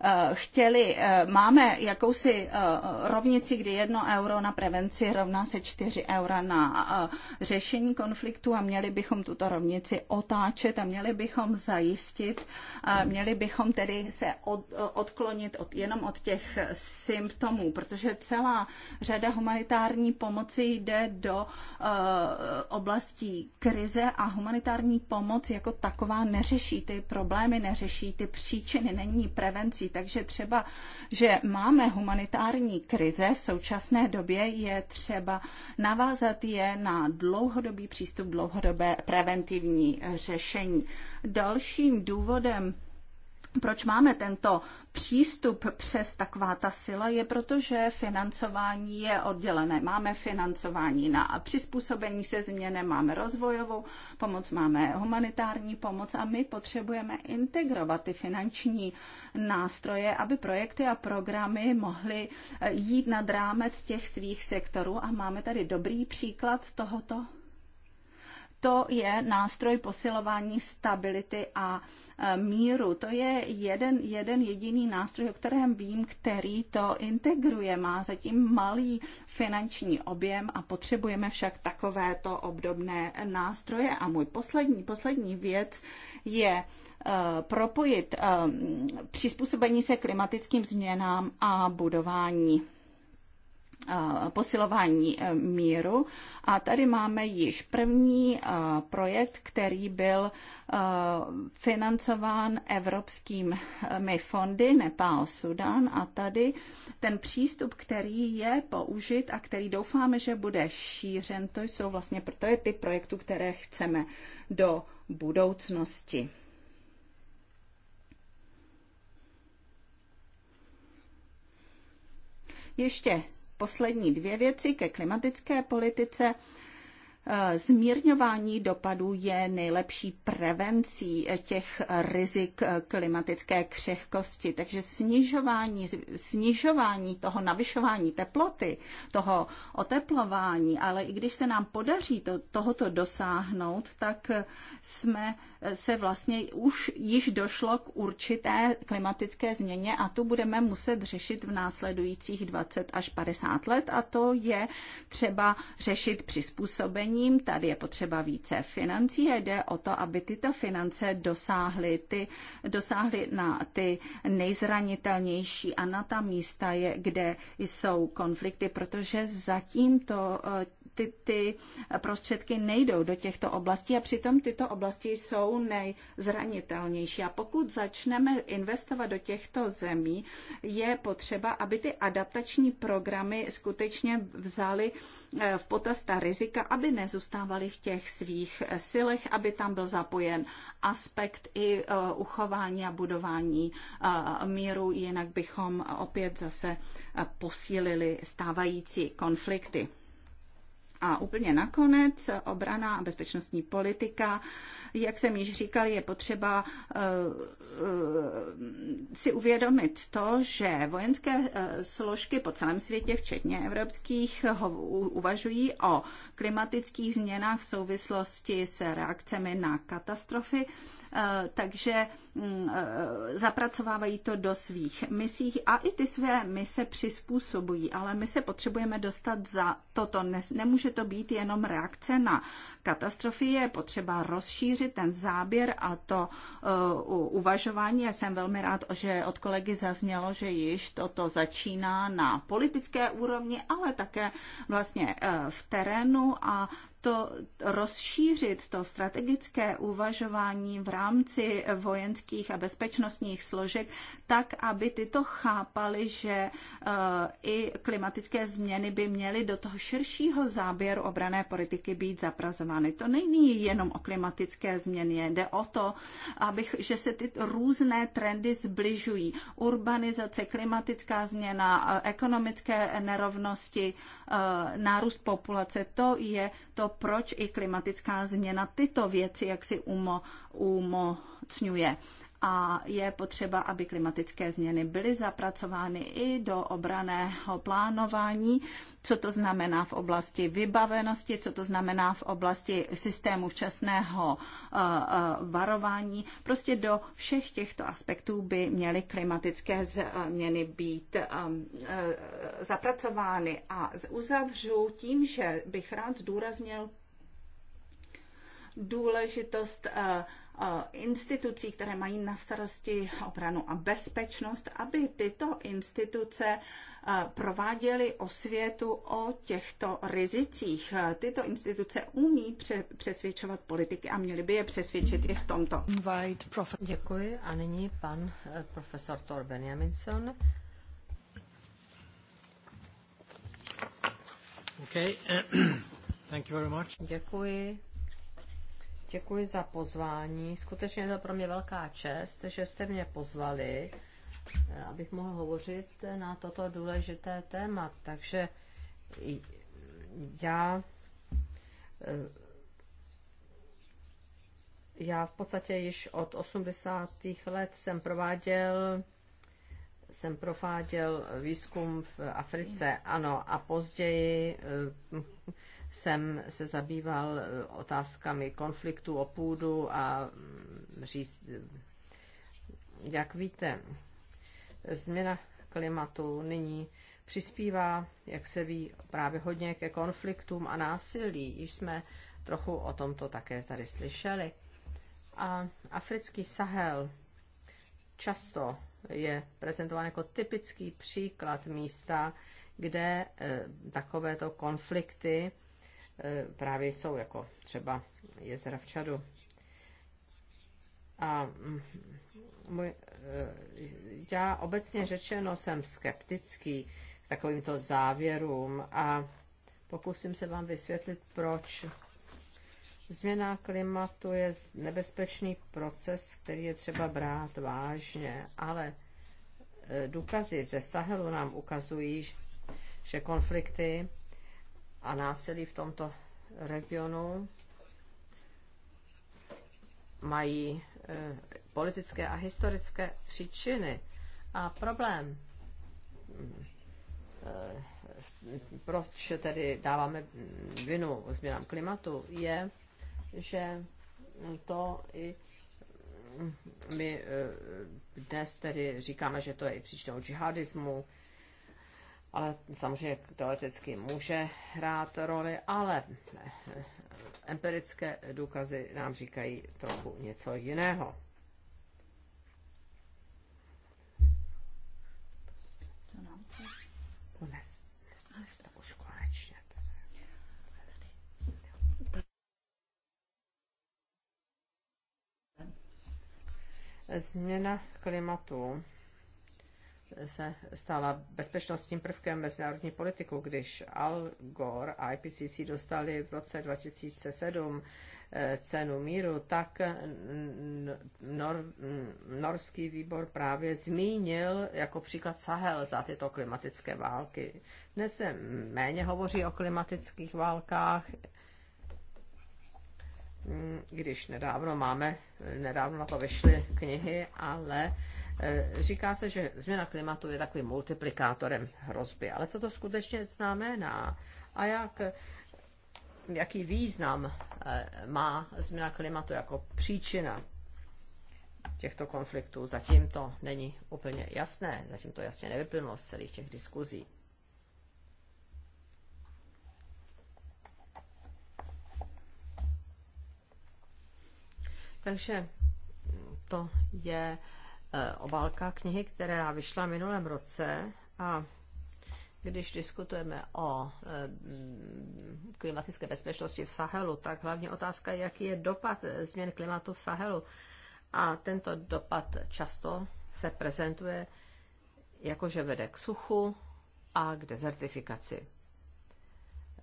Eh, chtěli, eh, máme jakousi eh, rovnici, kdy jedno euro na prevenci rovná se čtyři eura na řešení konfliktu a měli bychom tuto rovnici otáčet a měli bychom zajistit, měli bychom tedy se od, odklonit od, jenom od těch symptomů, protože celá řada humanitární pomoci jde do oblastí krize a humanitární pomoc jako taková neřeší ty problémy, neřeší ty příčiny, není prevencí takže třeba, že máme humanitární krize v současné době, je třeba navázat je na dlouhodobý přístup, dlouhodobé preventivní řešení. Dalším důvodem proč máme tento přístup přes taková ta sila je, že financování je oddělené. Máme financování na přizpůsobení se změně, máme rozvojovou pomoc, máme humanitární pomoc a my potřebujeme integrovat ty finanční nástroje, aby projekty a programy mohly eh, jít nad rámec těch svých sektorů a máme tady dobrý příklad tohoto to je nástroj posilování stability a e, míru. To je jeden, jeden jediný nástroj, o kterém vím, který to integruje. Má zatím malý finanční objem a potřebujeme však takovéto obdobné nástroje. A můj poslední, poslední věc je e, propojit e, přizpůsobení se klimatickým změnám a budování posilování e, míru. A tady máme již první e, projekt, který byl e, financován evropskými fondy Nepál, Sudan a tady ten přístup, který je použit a který doufáme, že bude šířen, to jsou vlastně to je ty projektu, které chceme do budoucnosti. Ještě poslední dvě věci ke klimatické politice. E, zmírňování dopadů je nejlepší prevencí těch rizik klimatické křehkosti, takže snižování, snižování toho navyšování teploty, toho oteplování, ale i když se nám podaří to, tohoto dosáhnout, tak jsme se vlastně už již došlo k určité klimatické změně a tu budeme muset řešit v následujících 20 až 50 let a to je třeba řešit přizpůsobením. Tady je potřeba více financí a jde o to, aby tyto finance dosáhly, ty, dosáhly na ty nejzranitelnější a na ta místa, je, kde jsou konflikty, protože zatím to ty, ty prostředky nejdou do těchto oblastí a přitom tyto oblasti jsou nejzranitelnější. A pokud začneme investovat do těchto zemí, je potřeba, aby ty adaptační programy skutečně vzaly eh, v potaz ta rizika, aby nezůstávaly v těch svých eh, silech, aby tam byl zapojen aspekt i eh, uchování a budování míru, jinak bychom opět zase posílili stávající konflikty. A úplně nakonec obrana a bezpečnostní politika. Jak jsem již říkal, je potřeba eh, eh, si uvědomit to, že vojenské eh, složky po celém světě, včetně evropských, uvažují o klimatických změnách v souvislosti s reakcemi na katastrofy Eh, takže mm, eh, zapracovávají to do svých misích a i ty své mise přizpůsobují, ale my se potřebujeme dostat za toto. Nemůže to být jenom reakce na katastrofy, je potřeba rozšířit ten záběr a to eh, uvažování. Já jsem velmi rád, že od kolegy zaznělo, že již toto začíná na politické úrovni, ale také vlastně v terénu a to rozšířit to strategické uvažování v rámci vojenských a bezpečnostních složek tak, aby tyto chápali, že eh, i klimatické změny by měly do toho širšího záběru obrané politiky být zaprazovány. To není jenom o klimatické změně, jde o to, abych, že se ty různé trendy zbližují. Urbanizace, klimatická změna, eh, ekonomické nerovnosti, Eh, nárůst populace. To je to, proč i klimatická změna tyto věci jak si umo, umocňuje a je potřeba, aby klimatické změny byly zapracovány i do obraného plánování, co to znamená v oblasti vybavenosti, co to znamená v oblasti systému včasného eh, eh, varování. Prostě do všech těchto aspektů by měly klimatické eh, změny být zapracovány. A uzavřu tím, že bych rád zdůraznil důležitost Eh, institucí, které mají na starosti obranu a bezpečnost, aby tyto instituce eh, prováděly osvětu o těchto rizicích. Tyto instituce umí přesvědčovat politiky a měly by je přesvědčit i v tomto. Děkuji a nyní pan eh, profesor Thor Benjaminson. Okay. Thank you very much. Děkuji děkuji za pozvání. Skutečně je to pro mě velká čest, že jste mě pozvali, eh, abych mohl hovořit na toto důležité téma. Takže já eh, já v podstatě již od 80. let jsem prováděl jsem prováděl výzkum v Africe, ano, a později eh, jsem se zabýval eh, otázkami konfliktu o půdu a mm, říct, eh, jak víte, změna klimatu nyní přispívá, jak se ví, právě hodně ke konfliktům a násilí. Již jsme trochu o tomto také tady slyšeli. A africký Sahel často je prezentován jako typický příklad místa, kde e, takovéto konflikty Eh, právě jsou, jako třeba jezera v Čadu. A mm, můj, eh, já obecně řečeno jsem skeptický k takovýmto závěrům a pokusím se vám vysvětlit, proč Změna klimatu je nebezpečný proces, který je třeba brát vážně, ale eh, důkazy ze Sahelu nám ukazují, že konflikty a násilí v tomto regionu mají e, politické a historické příčiny. A problém, e, proč tedy dáváme vinu změnám klimatu, je, že to i my e, dnes tedy říkáme, že to je i příčinou džihadismu, ale samozřejmě teoreticky může hrát roli, ale empirické důkazy nám říkají trochu něco jiného. Změna klimatu se stala bezpečnostním prvkem mezinárodní politiku, když Al Gore a IPCC dostali v roce 2007 eh, cenu míru, tak nor, norský výbor právě zmínil jako příklad Sahel za tyto klimatické války. Dnes se méně hovoří o klimatických válkách, mm, když nedávno máme, nedávno na to vyšly knihy, ale Eh, říká se, že změna klimatu je takovým multiplikátorem hrozby, ale co to skutečně znamená a jak, jaký význam eh, má změna klimatu jako příčina těchto konfliktů. Zatím to není úplně jasné, zatím to jasně nevyplnilo z celých těch diskuzí. Takže to je Eh, obálka knihy, která vyšla minulém roce a když diskutujeme o eh, klimatické bezpečnosti v Sahelu, tak hlavně otázka je, jaký je dopad změn klimatu v Sahelu. A tento dopad často se prezentuje jako, že vede k suchu a k dezertifikaci.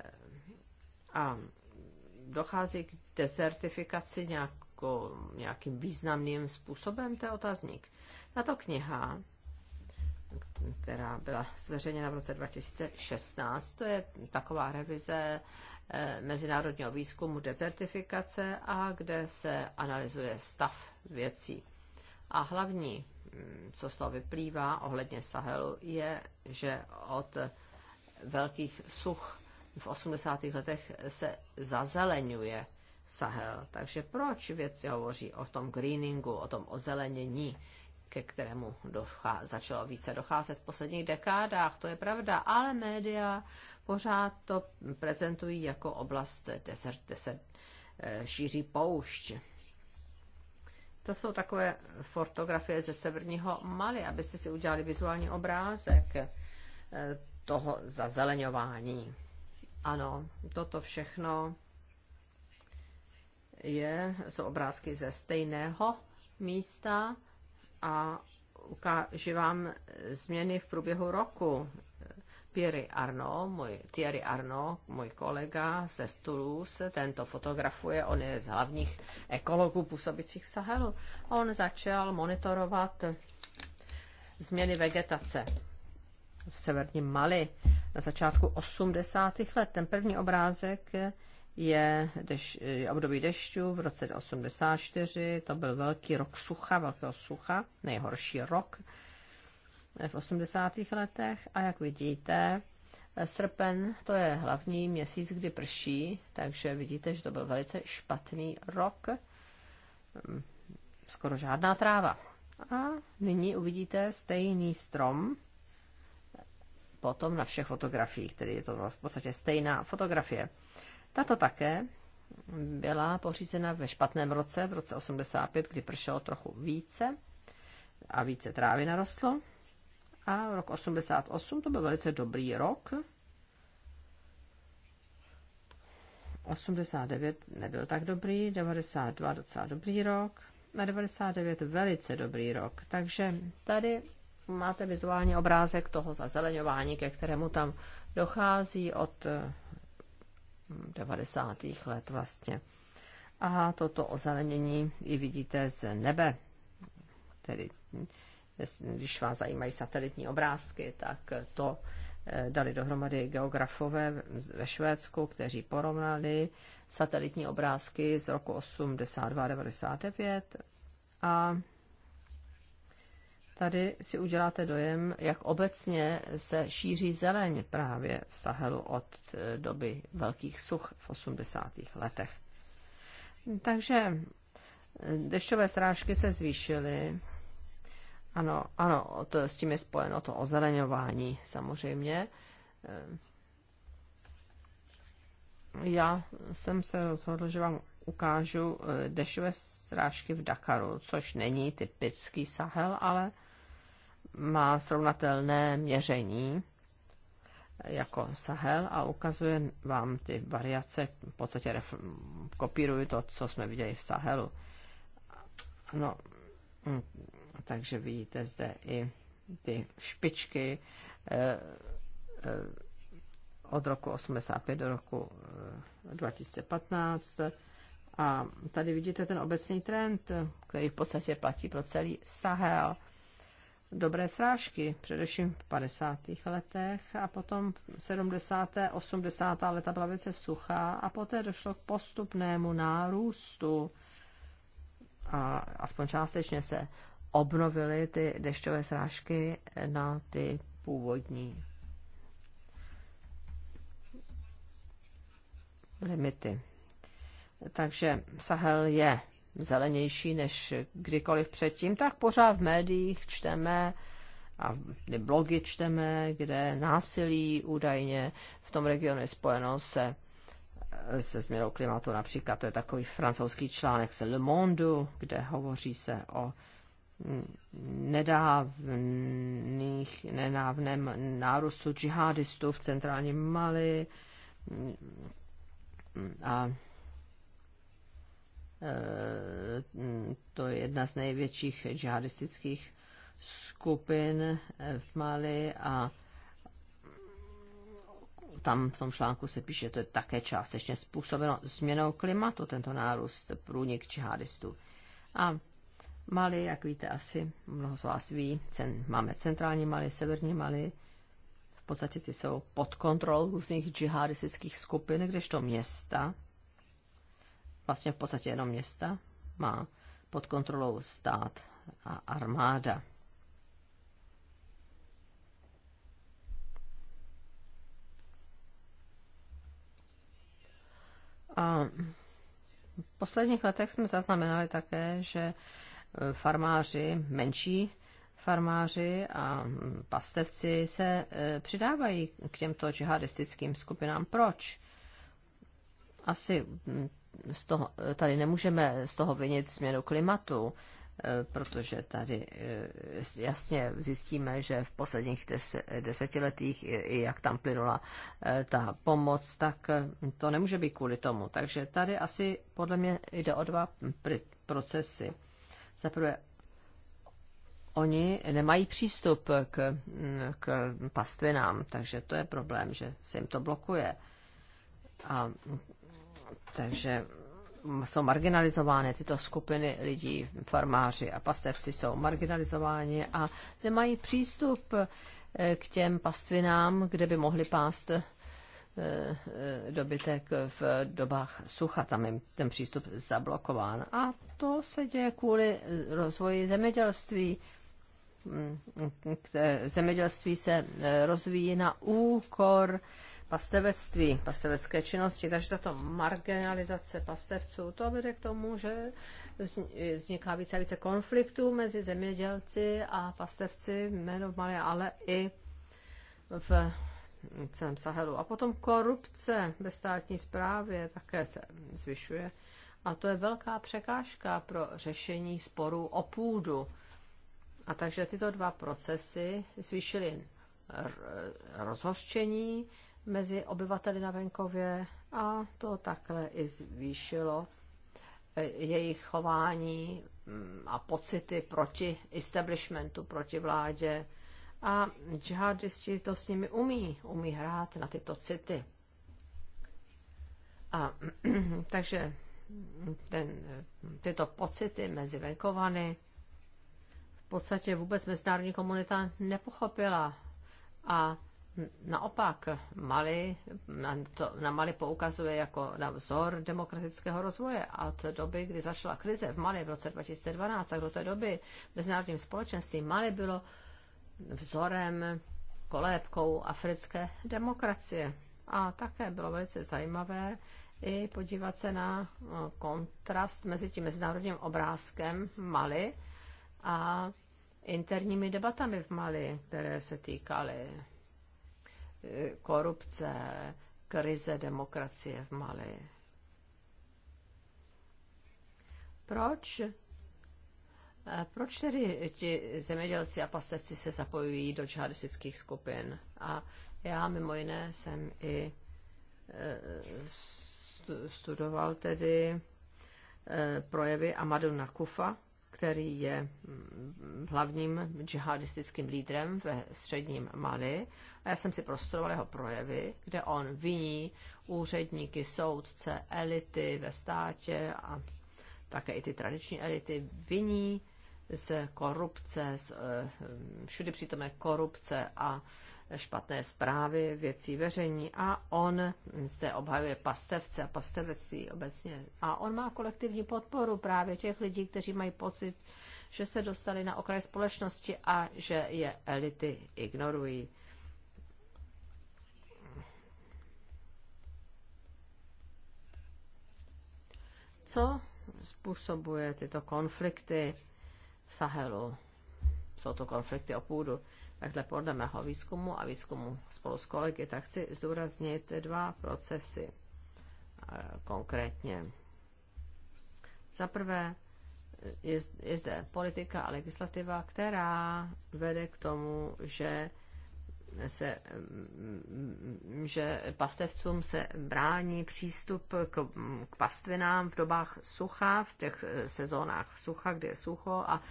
Eh, a dochází k dezertifikaci nějakou, nějakým významným způsobem, to je otazník. Tato kniha, která byla zveřejněna v roce 2016, to je taková revize eh, mezinárodního výzkumu dezertifikace a kde se analyzuje stav věcí. A hlavní, mm, co z toho vyplývá ohledně Sahelu, je, že od velkých such v 80. letech se zazeleňuje Sahel. Takže proč vědci hovoří o tom greeningu, o tom ozelenění? ke kterému dochá- začalo více docházet v posledních dekádách, to je pravda, ale média pořád to prezentují jako oblast, desert se, kde se e, šíří poušť. To jsou takové fotografie ze severního Mali, abyste si udělali vizuální obrázek e, toho zazeleňování. Ano, toto všechno je, jsou obrázky ze stejného místa a ukáži vám změny v průběhu roku. Thierry Arno, můj, Thierry Arno, můj kolega ze Toulouse, ten to fotografuje, on je z hlavních ekologů působících v Sahelu. On začal monitorovat změny vegetace v severním Mali na začátku 80. let. Ten první obrázek je deš, období dešťů v roce 84, to byl velký rok sucha, velkého sucha, nejhorší rok v 80. letech a jak vidíte, srpen to je hlavní měsíc, kdy prší, takže vidíte, že to byl velice špatný rok, mm, skoro žádná tráva. A nyní uvidíte stejný strom, potom na všech fotografiích, tedy je to v podstatě stejná fotografie. Tato také byla pořízena ve špatném roce, v roce 85, kdy pršelo trochu více a více trávy narostlo. A rok 88 to byl velice dobrý rok. 89 nebyl tak dobrý, 92 docela dobrý rok, na 99 velice dobrý rok. Takže tady máte vizuální obrázek toho zazeleňování, ke kterému tam dochází od 90. let vlastně. A toto ozelenění i vidíte z nebe, tedy když vás zajímají satelitní obrázky, tak to eh, dali dohromady geografové ve Švédsku, kteří porovnali satelitní obrázky z roku 82-99 a Tady si uděláte dojem, jak obecně se šíří zeleň právě v Sahelu od eh, doby velkých such v 80. letech. Takže eh, dešťové srážky se zvýšily. Ano, ano, to, s tím je spojeno to ozeleňování samozřejmě. Eh, já jsem se rozhodl, že vám ukážu dešťové srážky v Dakaru, což není typický Sahel, ale má srovnatelné měření jako Sahel a ukazuje vám ty variace, v podstatě ref, kopíruji to, co jsme viděli v Sahelu. No, mm, takže vidíte zde i ty špičky eh, eh, od roku 85 do roku eh, 2015 a tady vidíte ten obecný trend, který v podstatě platí pro celý Sahel dobré srážky, především v 50. letech a potom 70. 80. leta byla velice suchá a poté došlo k postupnému nárůstu a aspoň částečně se obnovily ty dešťové srážky na ty původní limity. Takže Sahel je zelenější než kdykoliv předtím, tak pořád v médiích čteme a blogy čteme, kde násilí údajně v tom regionu je spojeno se se změnou klimatu. Například to je takový francouzský článek se Le Monde, kde hovoří se o nedávných, nenávném nárůstu džihadistů v centrálním Mali a Eh, to je jedna z největších džihadistických skupin eh, v Mali a tam v tom článku se píše, že to je také částečně způsobeno změnou klimatu, tento nárůst průnik džihadistů. A Mali, jak víte asi, mnoho z vás ví, cen, máme centrální Mali, severní Mali, v podstatě ty jsou pod kontrolou různých džihadistických skupin, kdežto města, vlastně v podstatě jenom města, má pod kontrolou stát a armáda. A v posledních letech jsme zaznamenali také, že farmáři, menší farmáři a pastevci se e, přidávají k těmto džihadistickým skupinám. Proč? Asi z toho, tady nemůžeme z toho vinit změnu klimatu, eh, protože tady eh, jasně zjistíme, že v posledních des, desetiletích, i jak tam plynula eh, ta pomoc, tak to nemůže být kvůli tomu. Takže tady asi podle mě jde o dva procesy. Za prvé, oni nemají přístup k, k pastvinám, takže to je problém, že se jim to blokuje. A takže jsou marginalizovány tyto skupiny lidí, farmáři a pastevci jsou marginalizováni a nemají přístup eh, k těm pastvinám, kde by mohli pást eh, eh, dobytek v dobách sucha. Tam je ten přístup zablokován. A to se děje kvůli rozvoji zemědělství. Mm, zemědělství se rozvíjí na úkor pastevectví, pastevecké činnosti. Takže tato marginalizace pastevců, to vede k tomu, že vzniká více a více konfliktů mezi zemědělci a pastevci, jméno v malé, ale i v celém Sahelu. A potom korupce ve státní správě také se zvyšuje. A to je velká překážka pro řešení sporů o půdu. A takže tyto dva procesy zvýšily rozhořčení mezi obyvateli na venkově a to takhle i zvýšilo eh, jejich chování mm, a pocity proti establishmentu, proti vládě. A džihadisti to s nimi umí, umí hrát na tyto city. A takže ten, tyto pocity mezi venkovany v podstatě vůbec mezinárodní komunita nepochopila. A Naopak, Mali, na, to, na Mali poukazuje jako na vzor demokratického rozvoje. A od doby, kdy začala krize v Mali v roce 2012, tak do té doby mezinárodním společenství Mali bylo vzorem, kolébkou africké demokracie. A také bylo velice zajímavé i podívat se na kontrast mezi tím mezinárodním obrázkem Mali a interními debatami v Mali, které se týkaly korupce, krize demokracie v Mali. Proč? Eh, proč tedy ti zemědělci a pastevci se zapojují do džihadistických skupin? A já mimo jiné jsem i eh, studoval tedy eh, projevy Amadu Nakufa, který je mm, hlavním džihadistickým lídrem ve středním Mali. A já jsem si prostoroval jeho projevy, kde on viní úředníky, soudce, elity ve státě a také i ty tradiční elity viní z korupce, z eh, všudy přítomné korupce a špatné zprávy věcí veření a on zde obhajuje pastevce a pastevectví obecně. A on má kolektivní podporu právě těch lidí, kteří mají pocit, že se dostali na okraj společnosti a že je elity ignorují. Co způsobuje tyto konflikty v Sahelu? Jsou to konflikty o půdu takhle podle mého výzkumu a výzkumu spolu s kolegy, tak chci zdůraznit dva procesy e, konkrétně. Za prvé je, je zde politika a legislativa, která vede k tomu, že se, mm, že pastevcům se brání přístup k, k pastvinám v dobách sucha, v těch e, sezónách sucha, kde je sucho a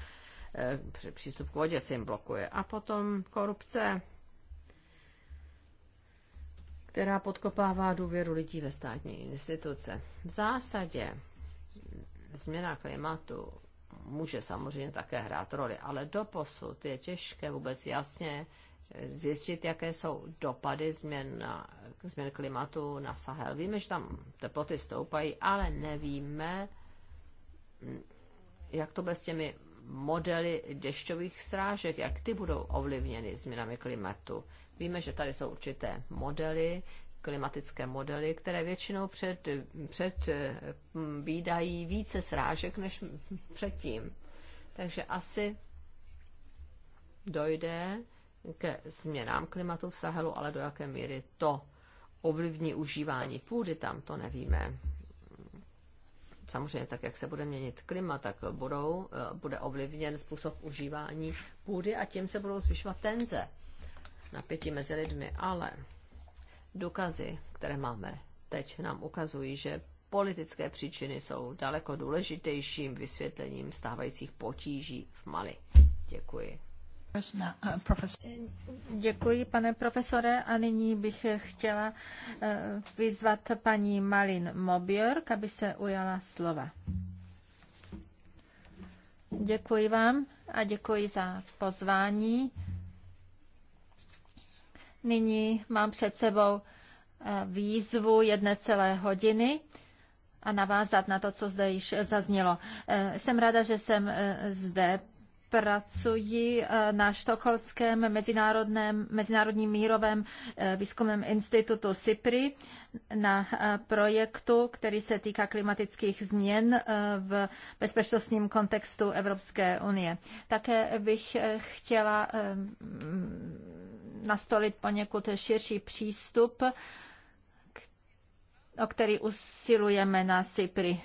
Eh, přístup k vodě se jim blokuje. A potom korupce, která podkopává důvěru lidí ve státní instituce. V zásadě změna klimatu může samozřejmě také hrát roli, ale doposud je těžké vůbec jasně zjistit, jaké jsou dopady změn, na, změn klimatu na Sahel. Víme, že tam teploty stoupají, ale nevíme, jak to bez těmi modely dešťových srážek jak ty budou ovlivněny změnami klimatu. Víme, že tady jsou určité modely, klimatické modely, které většinou před, před výdají hm, více srážek než předtím. Takže asi dojde ke změnám klimatu v Sahelu, ale do jaké míry to ovlivní užívání půdy tam, to nevíme samozřejmě tak, jak se bude měnit klima, tak budou, eh, bude ovlivněn způsob užívání půdy a tím se budou zvyšovat tenze napětí mezi lidmi. Ale důkazy, které máme teď, nám ukazují, že politické příčiny jsou daleko důležitějším vysvětlením stávajících potíží v Mali. Děkuji. Eh, děkuji, pane profesore. A nyní bych chtěla eh, vyzvat paní Malin Mobjörk, aby se ujala slova. Děkuji vám a děkuji za pozvání. Nyní mám před sebou eh, výzvu jedné celé hodiny a navázat na to, co zde již zaznělo. Jsem ráda, že jsem zde pracuji eh, na Štokholském mezinárodném, mezinárodním mírovém eh, výzkumném institutu SIPRI na eh, projektu, který se týká klimatických změn v bezpečnostním kontextu Evropské unie. Také bych chtěla nastolit poněkud širší přístup, o který usilujeme na SIPRI.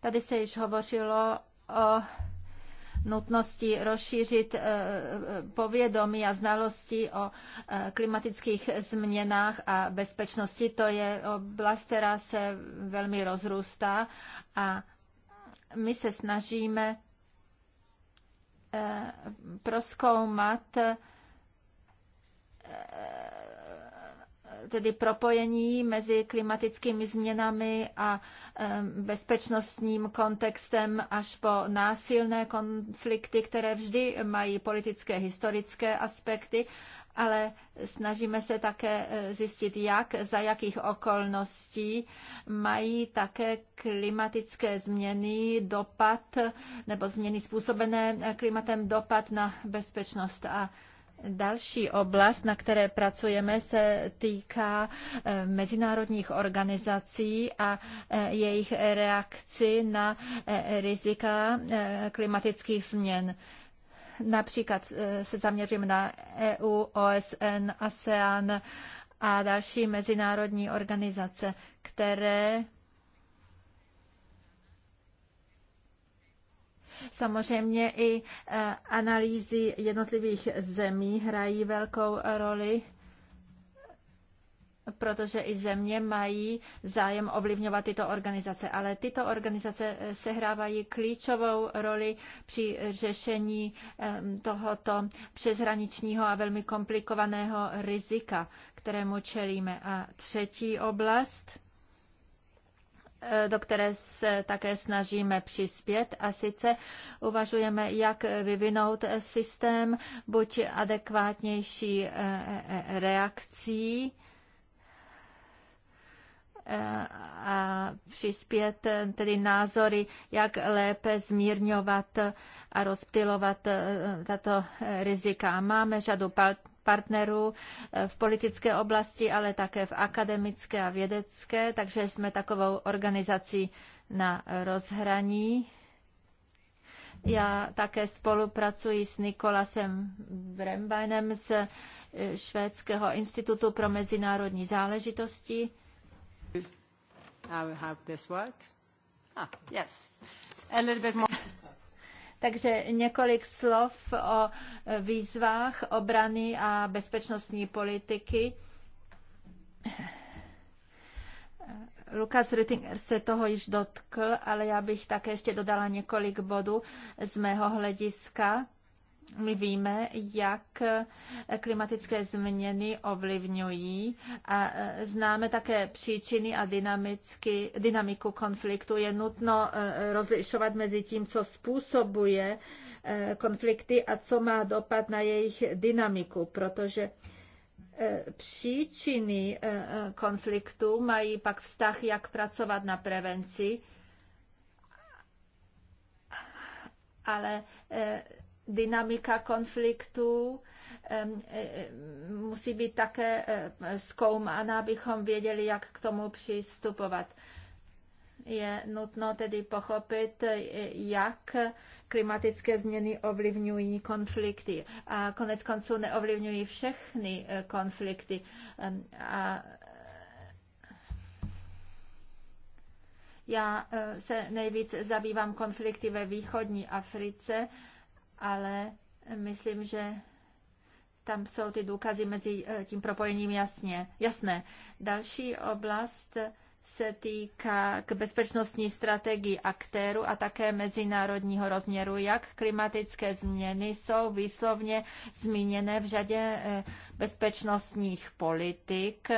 Tady se již hovořilo o nutnosti rozšířit e, e, povědomí a znalosti o e, klimatických změnách a bezpečnosti. To je oblast, která se velmi rozrůstá a my se snažíme proskoumat tedy propojení mezi klimatickými změnami a bezpečnostním kontextem až po násilné konflikty, které vždy mají politické, historické aspekty, ale snažíme se také eh, zjistit, jak, za jakých okolností mají také klimatické změny dopad nebo změny způsobené klimatem dopad na bezpečnost a Další oblast, na které pracujeme, se týká eh, mezinárodních organizací a eh, jejich reakci na eh, rizika klimatických změn. Například se zaměřím na EU, OSN, ASEAN a další mezinárodní organizace, které Samozřejmě i eh, analýzy jednotlivých zemí hrají velkou roli protože i země mají zájem ovlivňovat tyto organizace. Ale tyto organizace eh, sehrávají klíčovou roli při řešení eh, tohoto přeshraničního a velmi komplikovaného rizika, kterému čelíme. A třetí oblast Eh, do které se také snažíme přispět a sice uvažujeme, jak vyvinout systém buď adekvátnější eh, eh, reakcí, a přispět tedy názory, jak lépe zmírňovat a rozptilovat tato rizika. Máme řadu partnerů eh, v politické oblasti, ale také v akademické a vědecké, takže jsme takovou organizací na rozhraní. Já také spolupracuji s Nikolasem Brembajnem z eh, Švédského institutu pro mezinárodní záležitosti. Now how this works. Ah, yes. A little bit more. Takže několik slov o výzvách obrany a bezpečnostní politiky. Lukas Rüttinger se toho již dotkl, ale já bych také ještě dodala několik bodů z mého hlediska my víme, jak klimatické změny ovlivňují a e, známe také příčiny a dynamicky, dynamiku konfliktu. Je nutno e, rozlišovat mezi tím, co způsobuje e, konflikty a co má dopad na jejich dynamiku, protože příčiny konfliktu mají pak vztah, jak pracovat na prevenci, ale dynamika konfliktů musí být také zkoumána, abychom věděli, jak k tomu přistupovat. Je nutno tedy pochopit, jak klimatické změny ovlivňují konflikty. A konec konců neovlivňují všechny eh, konflikty. A já eh, se nejvíc zabývám konflikty ve východní Africe, ale myslím, že tam jsou ty důkazy mezi eh, tím propojením jasně, jasné. Další oblast se týká k bezpečnostní strategii aktéru a také mezinárodního rozměru, jak klimatické změny jsou výslovně zmíněné v řadě eh, bezpečnostních politik.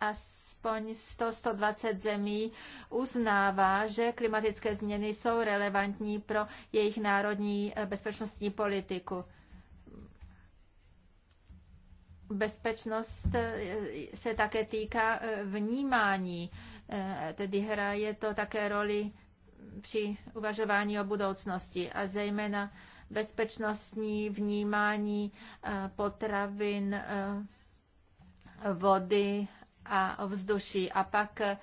A aspoň 100-120 zemí uznává, že klimatické změny jsou relevantní pro jejich národní eh, bezpečnostní politiku bezpečnost eh, se také týká eh, vnímání, tedy hraje to také roli při uvažování o budoucnosti a zejména bezpečnostní vnímání potravin, vody, a ovzduší. A pak eh,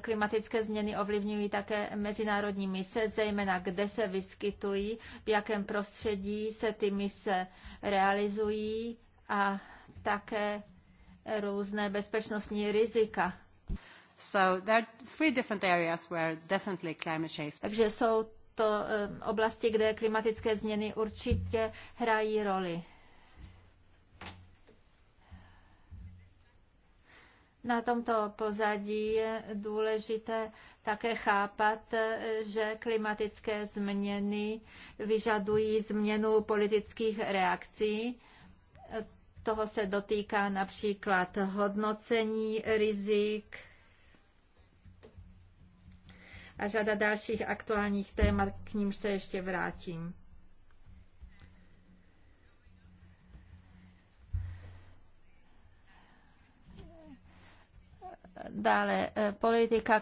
klimatické změny ovlivňují také mezinárodní mise, zejména kde se vyskytují, v jakém prostředí se ty mise realizují a také eh, různé bezpečnostní rizika. So there are three different areas where definitely climate change. Takže jsou to eh, oblasti, kde klimatické změny určitě hrají roli. Na tomto pozadí je důležité také chápat, že klimatické změny vyžadují změnu politických reakcí. Toho se dotýká například hodnocení rizik a řada dalších aktuálních témat, k nímž se ještě vrátím. Dále eh, politika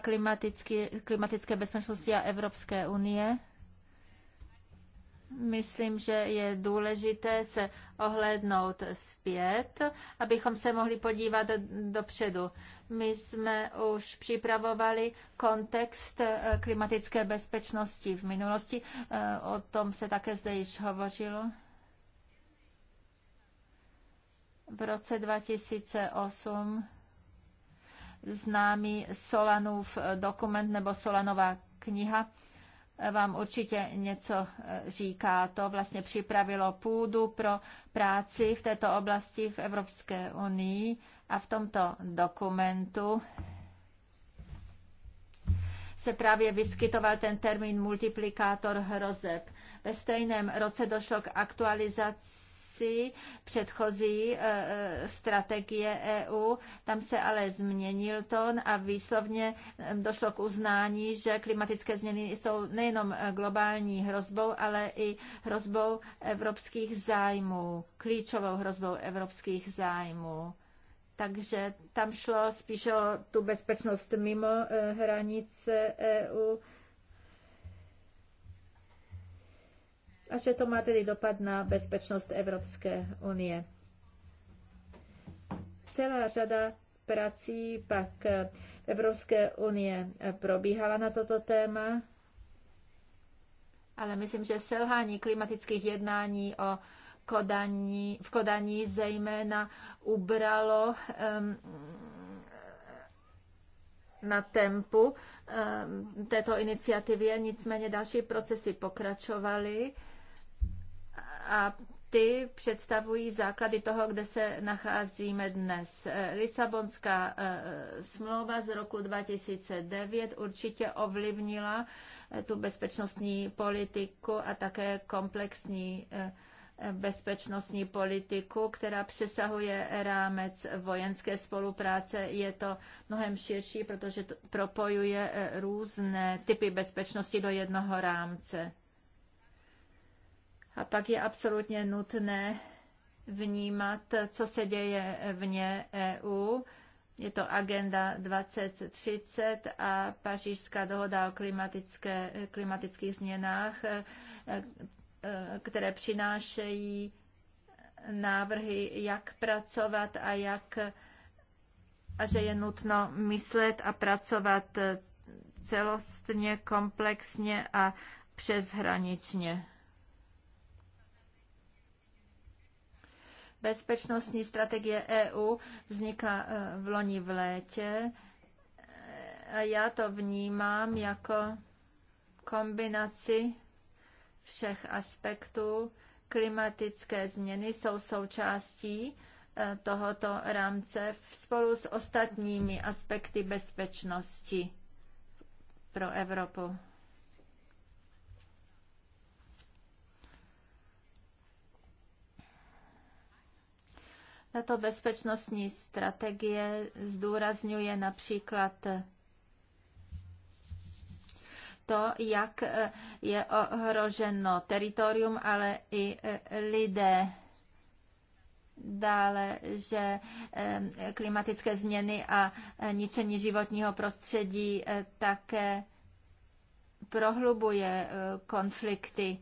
klimatické, bezpečnosti a Evropské unie. Myslím, že je důležité se ohlednout zpět, abychom se mohli podívat dopředu. My jsme už připravovali kontext eh, klimatické bezpečnosti v minulosti. Eh, o tom se také zde již hovořilo. V roce 2008 známý Solanův dokument nebo Solanová kniha vám určitě něco říká. To vlastně připravilo půdu pro práci v této oblasti v Evropské unii a v tomto dokumentu se právě vyskytoval ten termín multiplikátor hrozeb. Ve stejném roce došlo k aktualizaci komisi, předchozí e, e, strategie EU. Tam se ale změnil tón a výslovně e, došlo k uznání, že klimatické změny jsou nejenom globální hrozbou, ale i hrozbou evropských zájmů, klíčovou hrozbou evropských zájmů. Takže tam šlo spíše o tu bezpečnost mimo hranice EU a že to má tedy dopad na bezpečnost Evropské unie. Celá řada prací pak Evropské unie probíhala na toto téma, ale myslím, že selhání klimatických jednání o Kodaní, v Kodaní zejména ubralo um, na tempu um, této iniciativě, nicméně další procesy pokračovaly a ty představují základy toho, kde se nacházíme dnes. Lisabonská eh, smlouva z roku 2009 určitě ovlivnila eh, tu bezpečnostní politiku a také komplexní eh, bezpečnostní politiku, která přesahuje rámec vojenské spolupráce. Je to mnohem širší, protože propojuje různé typy bezpečnosti do jednoho rámce. A pak je absolutně nutné vnímat, co se děje vně EU. Je to agenda 2030 a pařížská dohoda o klimatické, klimatických změnách, e, e, které přinášejí návrhy, jak pracovat a jak a že je nutno myslet a pracovat celostně, komplexně a přeshraničně. Bezpečnostní strategie EU vznikla eh, v loni v létě. Eh, a Já to vnímám jako kombinaci všech aspektů. Klimatické změny jsou součástí eh, tohoto rámce spolu s ostatními aspekty bezpečnosti pro Evropu. Tato bezpečnostní strategie zdůrazňuje například to, jak eh, je ohroženo teritorium, ale i eh, lidé. Dále, že eh, klimatické změny a ničení životního prostředí také prohlubuje konflikty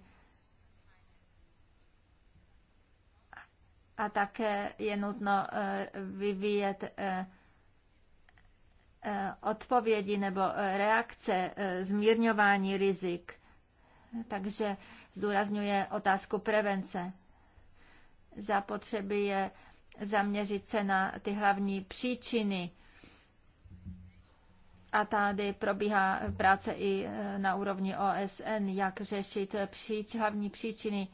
a také je nutno eh, vyvíjet eh, eh, odpovědi nebo reakce, zmírňování rizik. Takže zdůrazňuje otázku prevence. Zapotřebí je zaměřit se na ty hlavní příčiny. A tady probíhá práce i na úrovni OSN, jak řešit příč, hlavní příčiny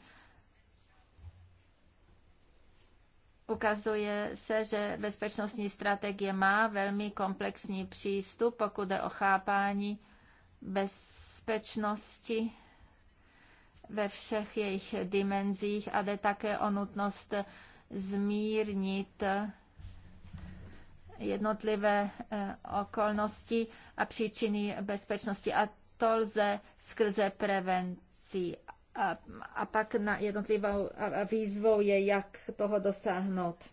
Ukazuje se, že bezpečnostní strategie má velmi komplexní přístup, pokud je o chápání bezpečnosti ve všech jejich dimenzích a jde také o nutnost zmírnit jednotlivé eh, okolnosti a příčiny bezpečnosti. A to lze skrze prevenci. A, a pak na jednotlivou výzvou je, jak toho dosáhnout.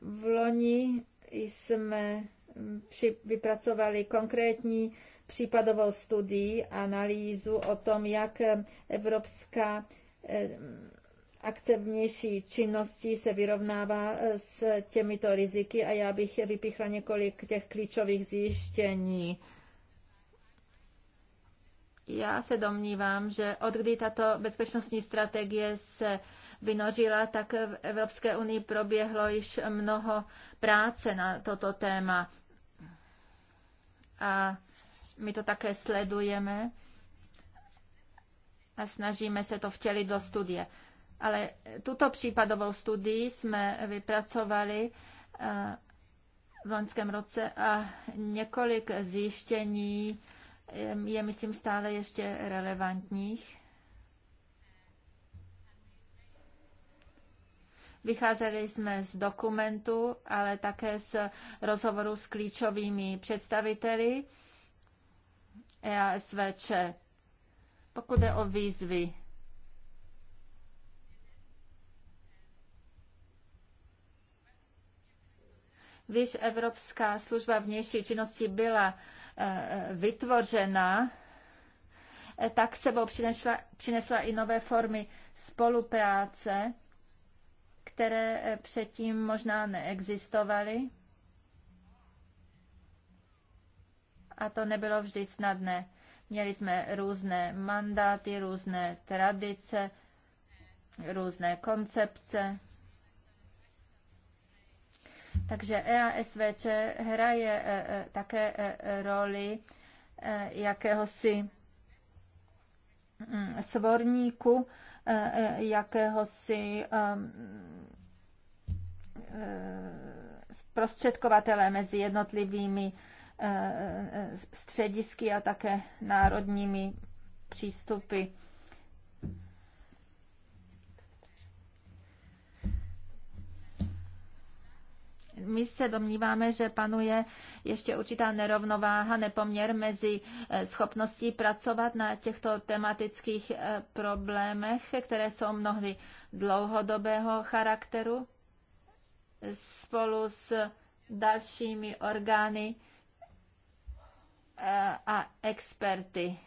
V loni jsme mm, při, vypracovali konkrétní případovou studii, analýzu o tom, jak evropská eh, akce vnější činnosti se vyrovnává eh, s těmito riziky a já bych vypichla několik těch klíčových zjištění. Já se domnívám, že od kdy tato bezpečnostní strategie se vynořila, tak v Evropské unii proběhlo již mnoho práce na toto téma. A my to také sledujeme a snažíme se to vtělit do studie. Ale tuto případovou studii jsme vypracovali eh, v loňském roce a několik zjištění je, myslím, stále ještě relevantních. Vycházeli jsme z dokumentu, ale také z rozhovoru s klíčovými představiteli EASVČ. Pokud jde o výzvy, když Evropská služba vnější činnosti byla Eh, vytvořena, eh, tak sebou přinesla, přinesla i nové formy spolupráce, které eh, předtím možná neexistovaly. A to nebylo vždy snadné. Měli jsme různé mandáty, různé tradice, různé koncepce. Takže EASVČ hraje také roli jakéhosi svorníku, jakéhosi zprostředkovatele mezi jednotlivými e, e, středisky a také národními přístupy. My se domníváme, že panuje ještě určitá nerovnováha, nepoměr mezi eh, schopností pracovat na těchto tematických eh, problémech, které jsou mnohdy dlouhodobého charakteru, spolu s dalšími orgány eh, a experty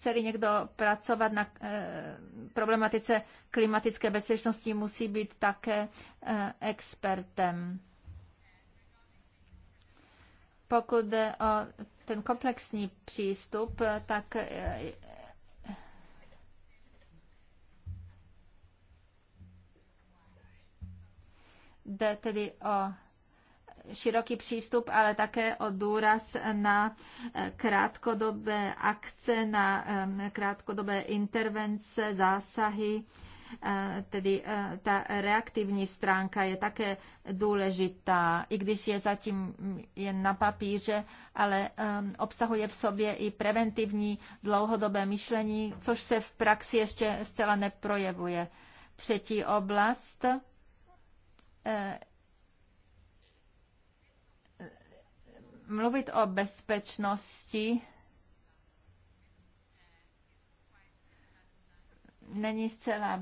Chce-li někdo pracovat na eh, problematice klimatické bezpečnosti, musí být také eh, expertem. Pokud jde o ten komplexní přístup, eh, tak jde tedy o široký přístup, ale také o důraz na eh, krátkodobé akce, na eh, krátkodobé intervence, zásahy. Eh, tedy ta reaktivní stránka je také důležitá, i když je zatím jen na papíře, ale obsahuje v sobě i preventivní dlouhodobé myšlení, což se v praxi ještě zcela neprojevuje. Třetí oblast mluvit o bezpečnosti není zcela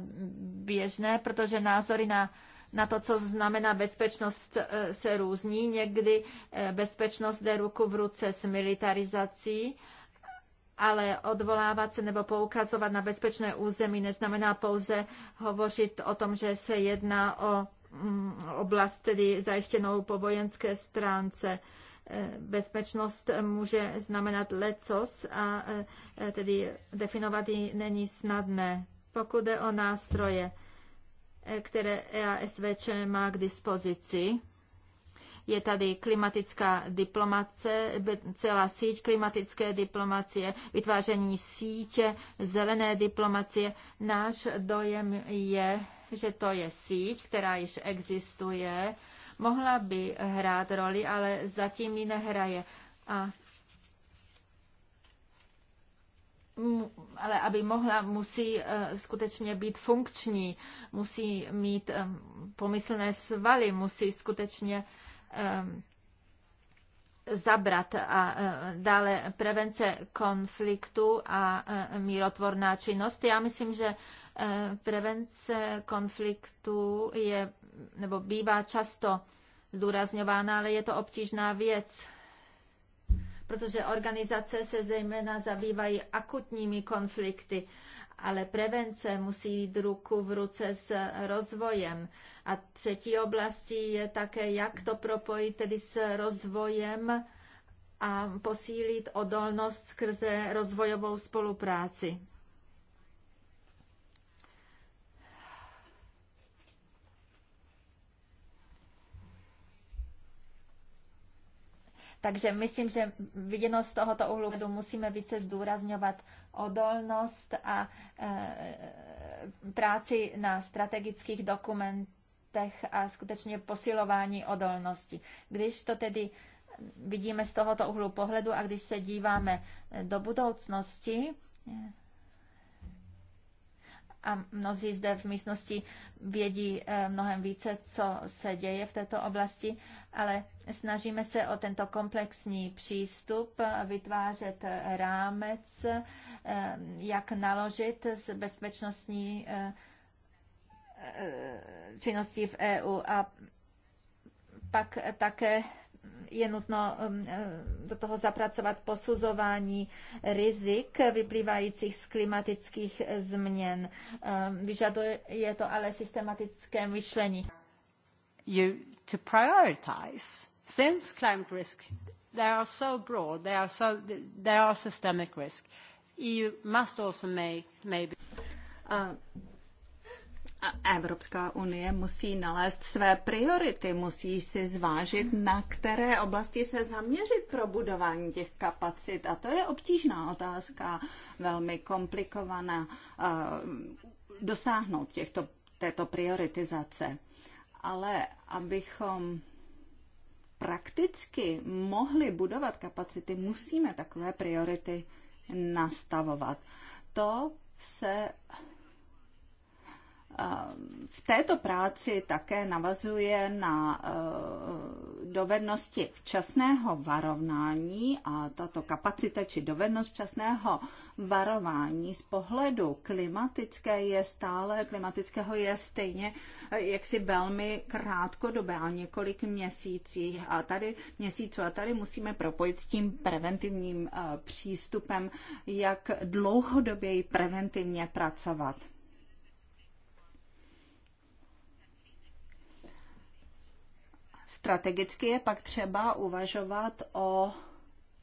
běžné, protože názory na na to, co znamená bezpečnost, eh, se různí. Někdy eh, bezpečnost jde ruku v ruce s militarizací, ale odvolávat se nebo poukazovat na bezpečné území neznamená pouze hovořit o tom, že se jedná o mm, oblast tedy zajištěnou po vojenské stránce bezpečnost může znamenat lecos a e, tedy definovat ji není snadné. Pokud jde o nástroje, e, které EASVČ má k dispozici, je tady klimatická diplomace, celá síť klimatické diplomacie, vytváření sítě, zelené diplomacie. Náš dojem je, že to je síť, která již existuje, mohla by hrát roli, ale zatím ji nehraje. A ale aby mohla, musí eh, skutečně být funkční, musí mít eh, pomyslné svaly, musí skutečně eh, zabrat a dále prevence konfliktu a mírotvorná činnost. Já myslím, že prevence konfliktu je nebo bývá často zdůrazňována, ale je to obtížná věc, protože organizace se zejména zabývají akutními konflikty, ale prevence musí jít ruku v ruce s rozvojem. A třetí oblastí je také, jak to propojit tedy s rozvojem a posílit odolnost skrze rozvojovou spolupráci. Takže myslím, že viděno z tohoto úhlu musíme více zdůrazňovat odolnost a e, práci na strategických dokumentech a skutečně posilování odolnosti. Když to tedy vidíme z tohoto úhlu pohledu a když se díváme do budoucnosti, a mnozí zde v místnosti vědí eh, mnohem více, co se děje v této oblasti, ale snažíme se o tento komplexní přístup vytvářet rámec, eh, jak naložit s bezpečnostní eh, činností v EU a pak také je nutno um, eh, do toho zapracovat posuzování rizik vyplývajících z klimatických změn. Um, vyžaduje je to ale systematické myšlení. You to prioritize since climate risk they are so broad, they are so they are systemic risk. EU must also make maybe. Uh, Evropská unie musí nalézt své priority, musí si zvážit, na které oblasti se zaměřit pro budování těch kapacit. A to je obtížná otázka, velmi komplikovaná, eh, dosáhnout těchto, této prioritizace. Ale abychom prakticky mohli budovat kapacity, musíme takové priority nastavovat. To se Eh, v této práci také navazuje na eh, dovednosti včasného varování a tato kapacita či dovednost včasného varování z pohledu klimatické je stále, klimatického je stejně eh, jaksi velmi krátkodobé a několik měsící a tady měsíců a tady musíme propojit s tím preventivním přístupem, jak dlouhodoběji preventivně pracovat. Strategicky je pak třeba uvažovat o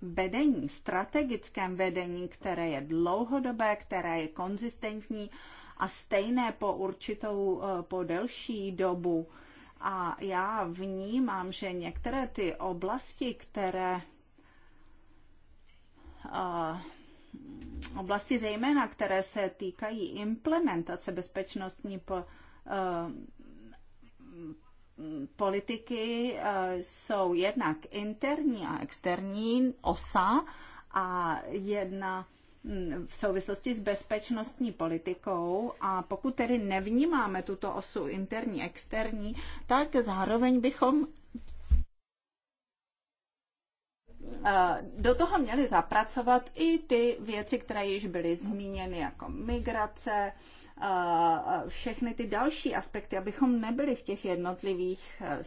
vedení, strategickém vedení, které je dlouhodobé, které je konzistentní a stejné po určitou, eh, po delší dobu. A já vnímám, že některé ty oblasti, které uh, oblasti zejména, které se týkají implementace bezpečnostní po, uh, Mm, politiky eh, jsou jednak interní a externí osa a jedna mm, v souvislosti s bezpečnostní politikou a pokud tedy nevnímáme tuto osu interní, externí, tak zároveň bychom Eh, do toho měli zapracovat i ty věci, které již byly zmíněny, jako migrace, eh, všechny ty další aspekty, abychom nebyli v těch jednotlivých eh,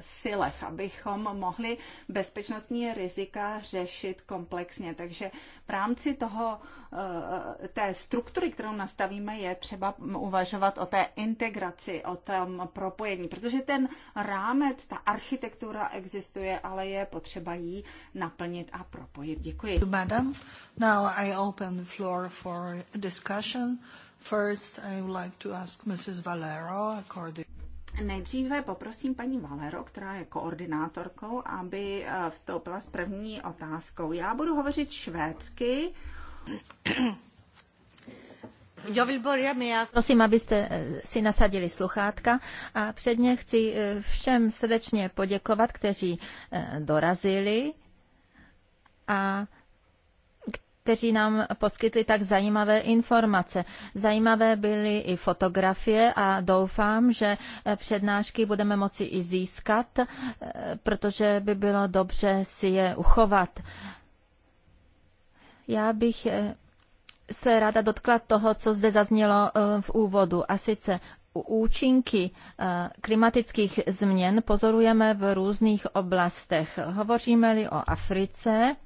silech, abychom mohli bezpečnostní rizika řešit komplexně. Takže v rámci toho, eh, té struktury, kterou nastavíme, je třeba uvažovat o té integraci, o tom propojení, protože ten rámec, ta architektura existuje, ale je potřeba ji naplnit a propojit. Děkuji. Madam, now I open the floor for discussion. First, I would like to ask Mrs. Valero, according Nejdříve poprosím paní Valero, která je koordinátorkou, aby eh, vstoupila s první otázkou. Já budu hovořit švédsky. Prosím, abyste eh, si nasadili sluchátka a předně chci eh, všem srdečně poděkovat, kteří dorazili a kteří nám poskytli tak zajímavé informace. Zajímavé byly i fotografie a doufám, že eh, přednášky budeme moci i získat, eh, protože by bylo dobře si je uchovat. Já bych eh, se ráda dotkla toho, co zde zaznělo v úvodu, a sice účinky klimatických změn pozorujeme v různých oblastech. Hovoříme-li o Africe,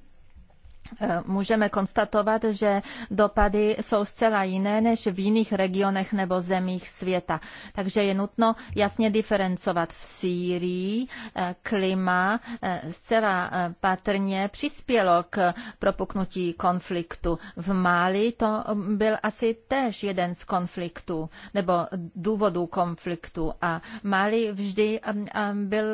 Eh, můžeme konstatovat, že dopady jsou zcela jiné než v jiných regionech nebo zemích světa. Takže je nutno jasně diferencovat. V Sýrii eh, klima eh, zcela patrně přispělo k propuknutí konfliktu. V Mali to byl asi též jeden z konfliktů nebo důvodů konfliktu. A Mali vždy byl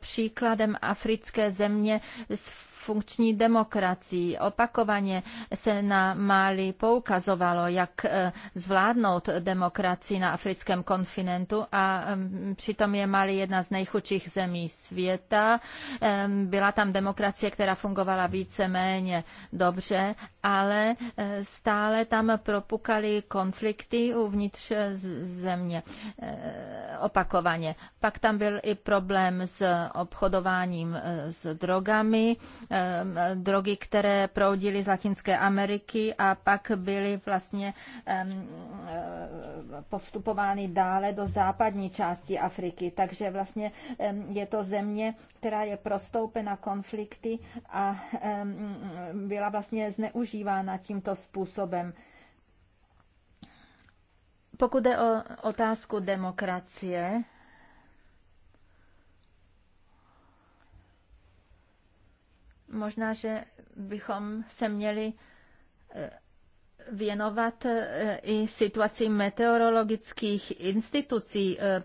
příkladem africké země s funkční demokracii. Opakovaně se na Mali poukazovalo, jak eh, zvládnout demokracii na africkém kontinentu a přitom je Mali jedna z nejchudších zemí světa. Byla tam demokracie, která fungovala více-méně dobře, ale eh, stále tam propukaly konflikty uvnitř země eh, opakovaně. Pak tam byl i problém s obchodováním s drogami, drogy, které proudily z Latinské Ameriky a pak byly vlastně eh, postupovány dále do západní části Afriky. Takže vlastně je to země, která je prostoupena konflikty a byla vlastně zneužívána tímto způsobem. Pokud jde o otázku demokracie, Možná, že bychom se měli eh, věnovat e, i situaci meteorologických institucí e,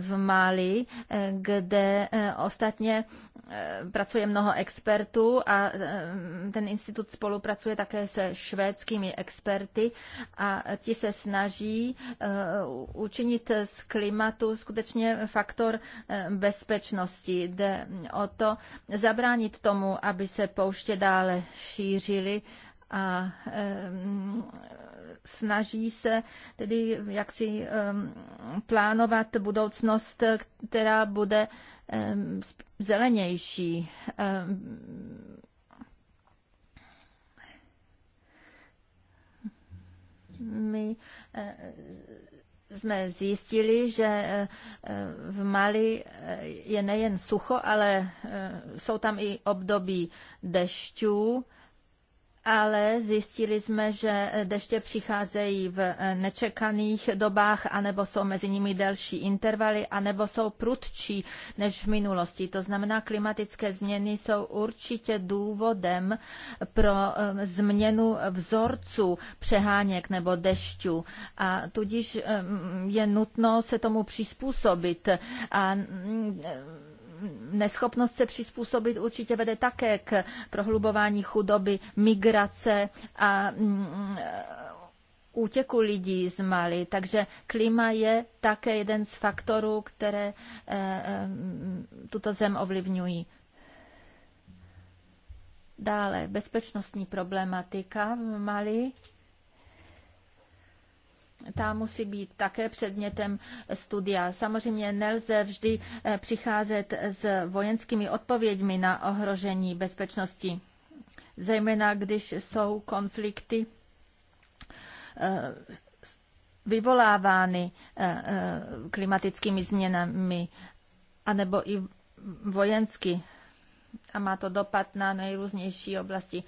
v Mali, e, kde ostatně pracuje mnoho expertů a ten institut spolupracuje také se švédskými experty a ti se snaží učinit z klimatu skutečně faktor bezpečnosti. Jde o to zabránit tomu, aby se pouště dále šířily a eh, snaží se tedy jaksi eh, plánovat budoucnost, která bude eh, zelenější. My jsme zjistili, že v Mali je nejen sucho, ale jsou tam i období dešťů ale zjistili jsme, že deště přicházejí v nečekaných dobách, anebo jsou mezi nimi delší intervaly, anebo jsou prudčí než v minulosti. To znamená, klimatické změny jsou určitě důvodem pro eh, změnu vzorců přeháněk nebo dešťů. A tudíž eh, je nutno se tomu přizpůsobit. A mm, neschopnost se přizpůsobit určitě vede také k prohlubování chudoby, migrace a mm, útěku lidí z Mali. Takže klima je také jeden z faktorů, které eh, eh, tuto zem ovlivňují. Dále bezpečnostní problematika v Mali ta musí být také předmětem studia. Samozřejmě nelze vždy eh, přicházet s vojenskými odpověďmi na ohrožení bezpečnosti, zejména když jsou konflikty eh, vyvolávány eh, klimatickými změnami anebo i vojensky a má to dopad na nejrůznější oblasti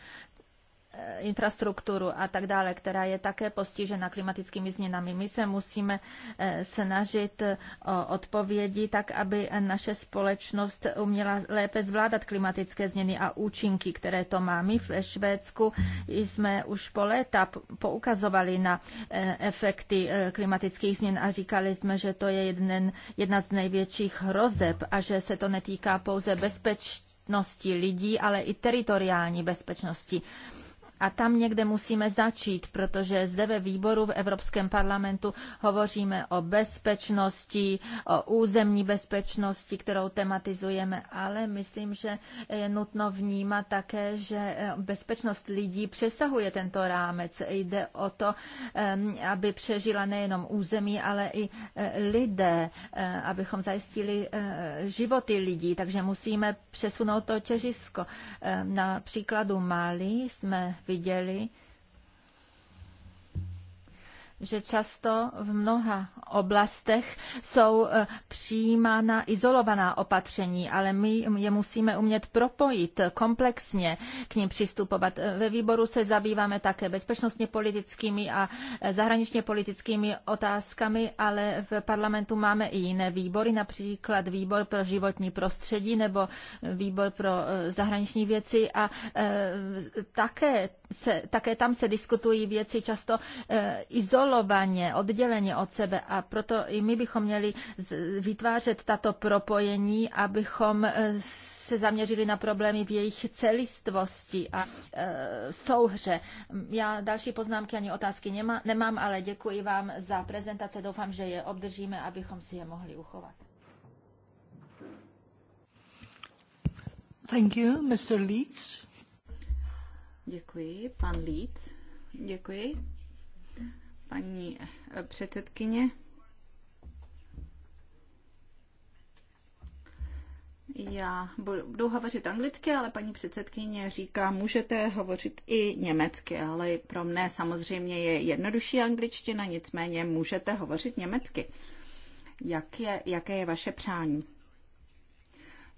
Eh, infrastrukturu a tak dále, která je také postižena klimatickými změnami. My se musíme eh, snažit eh, o odpovědi tak, aby naše společnost uměla lépe zvládat klimatické změny a účinky, které to má. My ve Švédsku jsme už po léta poukazovali na efekty klimatických změn a říkali jsme, že to je jeden, jedna z největších hrozeb a že se to netýká pouze bezpečnosti lidí, ale i teritoriální bezpečnosti. A tam někde musíme začít, protože zde ve výboru v Evropském parlamentu hovoříme o bezpečnosti, o územní bezpečnosti, kterou tematizujeme, ale myslím, že je nutno vnímat také, že eh, bezpečnost lidí přesahuje tento rámec. Jde o to, ehm, aby přežila nejenom území, ale i eh, lidé, eh, abychom zajistili životy lidí, takže musíme přesunout to těžisko. Ehm, na příkladu Mali jsme viděli, že často v mnoha oblastech jsou eh, přijímána izolovaná opatření, ale my je musíme umět propojit eh, komplexně k ním přistupovat. Eh, ve výboru se zabýváme také bezpečnostně politickými a zahraničně politickými otázkami, ale v parlamentu máme i jiné výbory, například výbor pro životní prostředí nebo výbor pro zahraniční věci a také se, také tam se diskutují věci často e, izolovaně, odděleně od sebe a proto i my bychom měli z, vytvářet tato propojení, abychom eh, se zaměřili na problémy v jejich celistvosti a e, souhře. Já další poznámky ani otázky nemá, nemám, ale děkuji vám za prezentace. Doufám, že je obdržíme, abychom si je mohli uchovat. Thank you, Mr. Leeds. Děkuji. Pan Líc. Děkuji. Paní eh, předsedkyně. Já budu hovořit anglicky, ale paní předsedkyně říká, můžete hovořit i německy, ale pro mne samozřejmě je jednodušší angličtina, nicméně můžete hovořit německy. Jak je, jaké je vaše přání?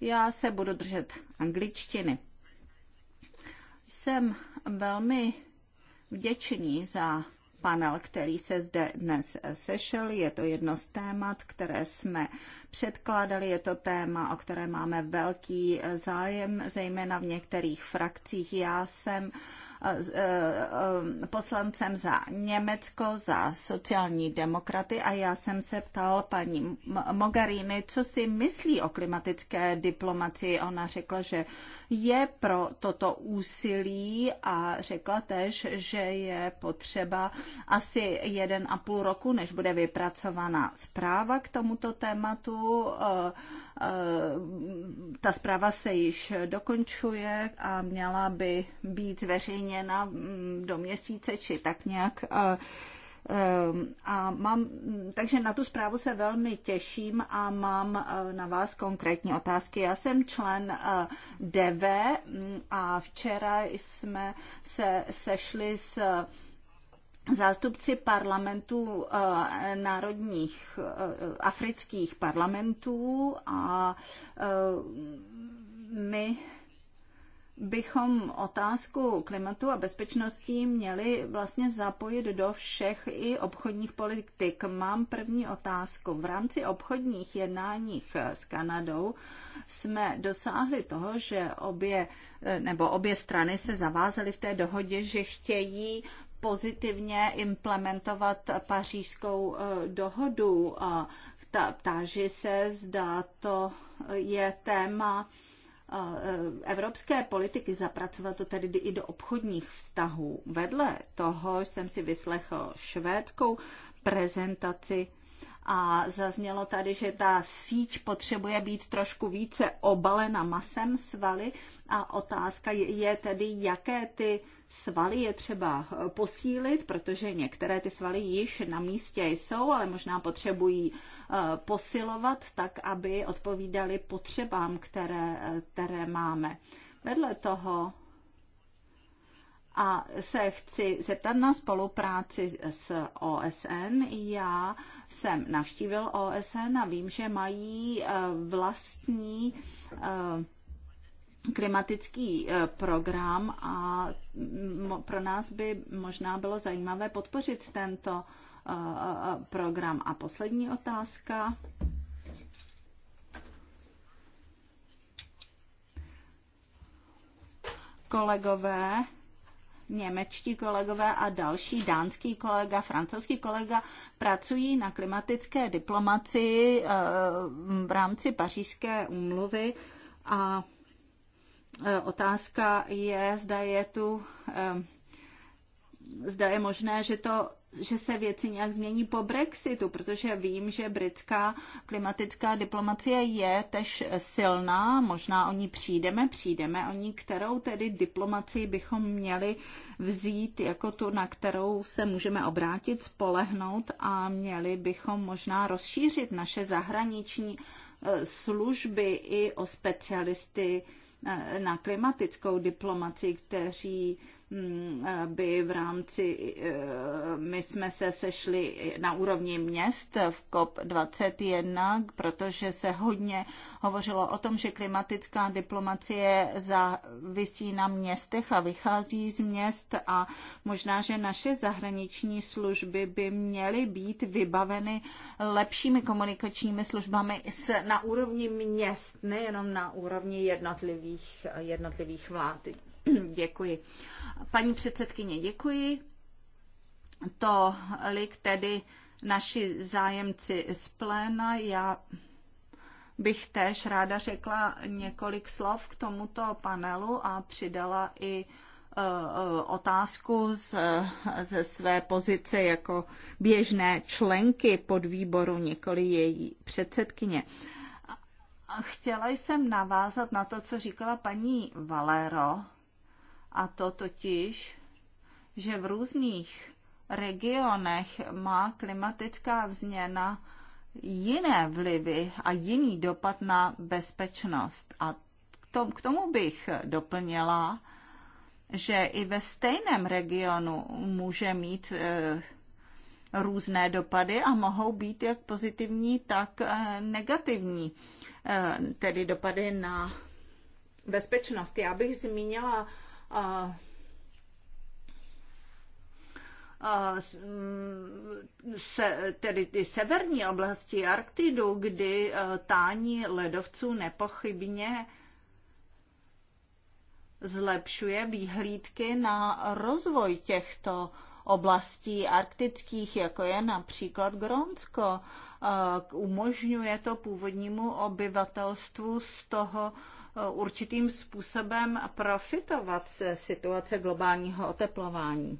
Já se budu držet angličtiny. Jsem velmi vděčný za panel, který se zde dnes sešel. Je to jedno z témat, které jsme předkládali. Je to téma, o které máme velký zájem, zejména v některých frakcích. Já jsem uh, E, e, poslancem za Německo, za sociální demokraty a já jsem se ptal paní Mogarini, co si myslí o klimatické diplomacii. Ona řekla, že je pro toto úsilí a řekla tež, že je potřeba asi jeden a půl roku, než bude vypracována zpráva k tomuto tématu. Uh, Eh, ta zpráva se již dokončuje a měla by být zveřejněna mm, do měsíce či tak nějak. Eh, eh, a mám, takže na tu zprávu se velmi těším a mám na vás konkrétní otázky. Já jsem člen DV mm, a včera jsme se sešli s zástupci parlamentů eh, národních eh, afrických parlamentů a eh, my bychom otázku klimatu a bezpečnosti měli vlastně zapojit do všech i obchodních politik. Mám první otázku. V rámci obchodních jednáních s Kanadou jsme dosáhli toho, že obě, nebo obě strany se zavázaly v té dohodě, že chtějí pozitivně implementovat pařížskou e, dohodu. A táži se, zda to je téma e, evropské politiky, zapracovat to tedy i do obchodních vztahů. Vedle toho jsem si vyslechl švédskou prezentaci a zaznělo tady, že ta síť potřebuje být trošku více obalena masem svaly a otázka je, je tedy, jaké ty Svaly je třeba eh, posílit, protože některé ty svaly již na místě jsou, ale možná potřebují eh, posilovat tak, aby odpovídali potřebám, které, eh, které máme. Vedle toho a se chci zeptat na spolupráci s OSN. Já jsem navštívil OSN a vím, že mají vlastní klimatický eh, program a mm, pro nás by možná bylo zajímavé podpořit tento eh, eh, program. A poslední otázka. Kolegové, němečtí kolegové a další dánský kolega, francouzský kolega pracují na klimatické diplomaci v rámci pařížské úmluvy a Eh, otázka je, zda je tu, eh, zda je možné, že to že se věci nějak změní po Brexitu, protože vím, že britská klimatická diplomacie je tež silná, možná o ní přijdeme, přijdeme o ní, kterou tedy diplomacii bychom měli vzít jako tu, na kterou se můžeme obrátit, spolehnout a měli bychom možná rozšířit naše zahraniční eh, služby i o specialisty na klimatickou diplomaci, kteří Mm, eh, by v rámci, eh, my jsme se sešli na úrovni měst v COP21, protože se hodně hovořilo o tom, že klimatická diplomacie závisí na městech a vychází z měst a možná, že naše zahraniční služby by měly být vybaveny lepšími komunikačními službami na úrovni měst, nejenom na úrovni jednotlivých, jednotlivých vlád. Děkuji. Paní předsedkyně, děkuji. Tolik tedy naši zájemci z pléna. Já bych též ráda řekla několik slov k tomuto panelu a přidala i e, e, otázku z, ze své pozice jako běžné členky podvýboru, nikoli její předsedkyně. Chtěla jsem navázat na to, co říkala paní Valero a to totiž, že v různých regionech má klimatická změna jiné vlivy a jiný dopad na bezpečnost. A k tomu bych doplnila, že i ve stejném regionu může mít e, různé dopady a mohou být jak pozitivní, tak e, negativní, e, tedy dopady na bezpečnost. Já bych zmínila a mm, se, tedy ty severní oblasti Arktidu, kdy e, tání ledovců nepochybně zlepšuje výhlídky na rozvoj těchto oblastí arktických, jako je například Grónsko. E, umožňuje to původnímu obyvatelstvu z toho určitým způsobem profitovat ze situace globálního oteplování.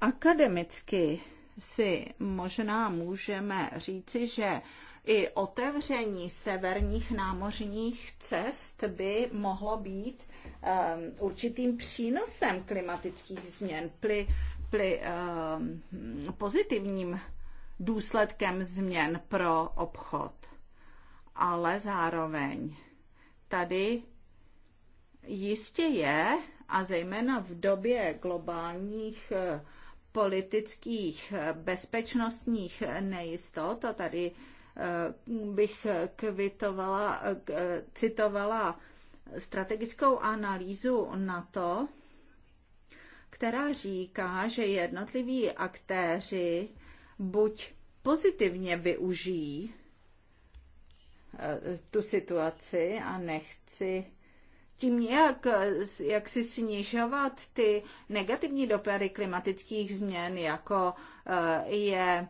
Akademicky si možná můžeme říci, že i otevření severních námořních cest by mohlo být um, určitým přínosem klimatických změn, pli, pli, um, pozitivním důsledkem změn pro obchod ale zároveň tady jistě je, a zejména v době globálních eh, politických eh, bezpečnostních nejistot, a tady eh, bych kvitovala, citovala strategickou analýzu na to, která říká, že jednotliví aktéři buď pozitivně využijí Eh, tu situaci a nechci tím nějak eh, jak si snižovat ty negativní dopady klimatických změn, jako eh, je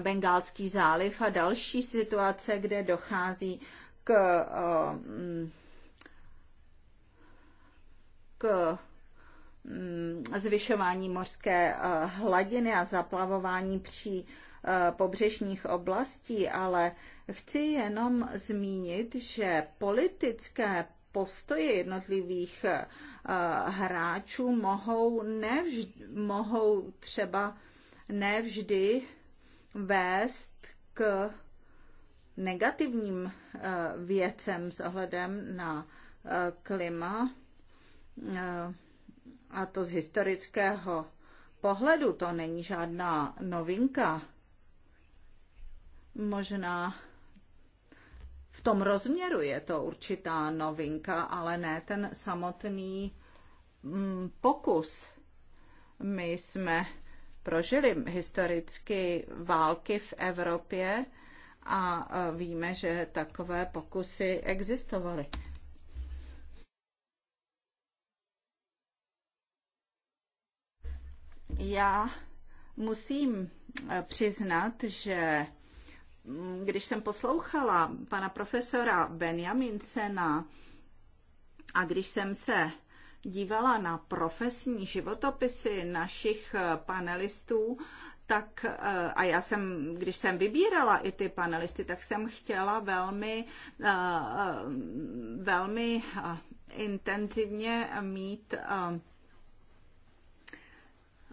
Bengálský záliv a další situace, kde dochází k, k mm, zvyšování mořské hladiny a zaplavování při pobřežních oblastí, ale Chci jenom zmínit, že politické postoje jednotlivých eh, hráčů mohou, nevždy, mohou třeba nevždy vést k negativním eh, věcem s ohledem na eh, klima a to z historického pohledu. To není žádná novinka. Možná v tom rozměru je to určitá novinka, ale ne ten samotný mm, pokus. My jsme prožili historicky války v Evropě a e, víme, že takové pokusy existovaly. Já musím e, přiznat, že Mm, když jsem poslouchala pana profesora Benjamincena a když jsem se dívala na profesní životopisy našich eh, panelistů, tak eh, a já jsem, když jsem vybírala i ty panelisty, tak jsem chtěla velmi, eh, velmi intenzivně mít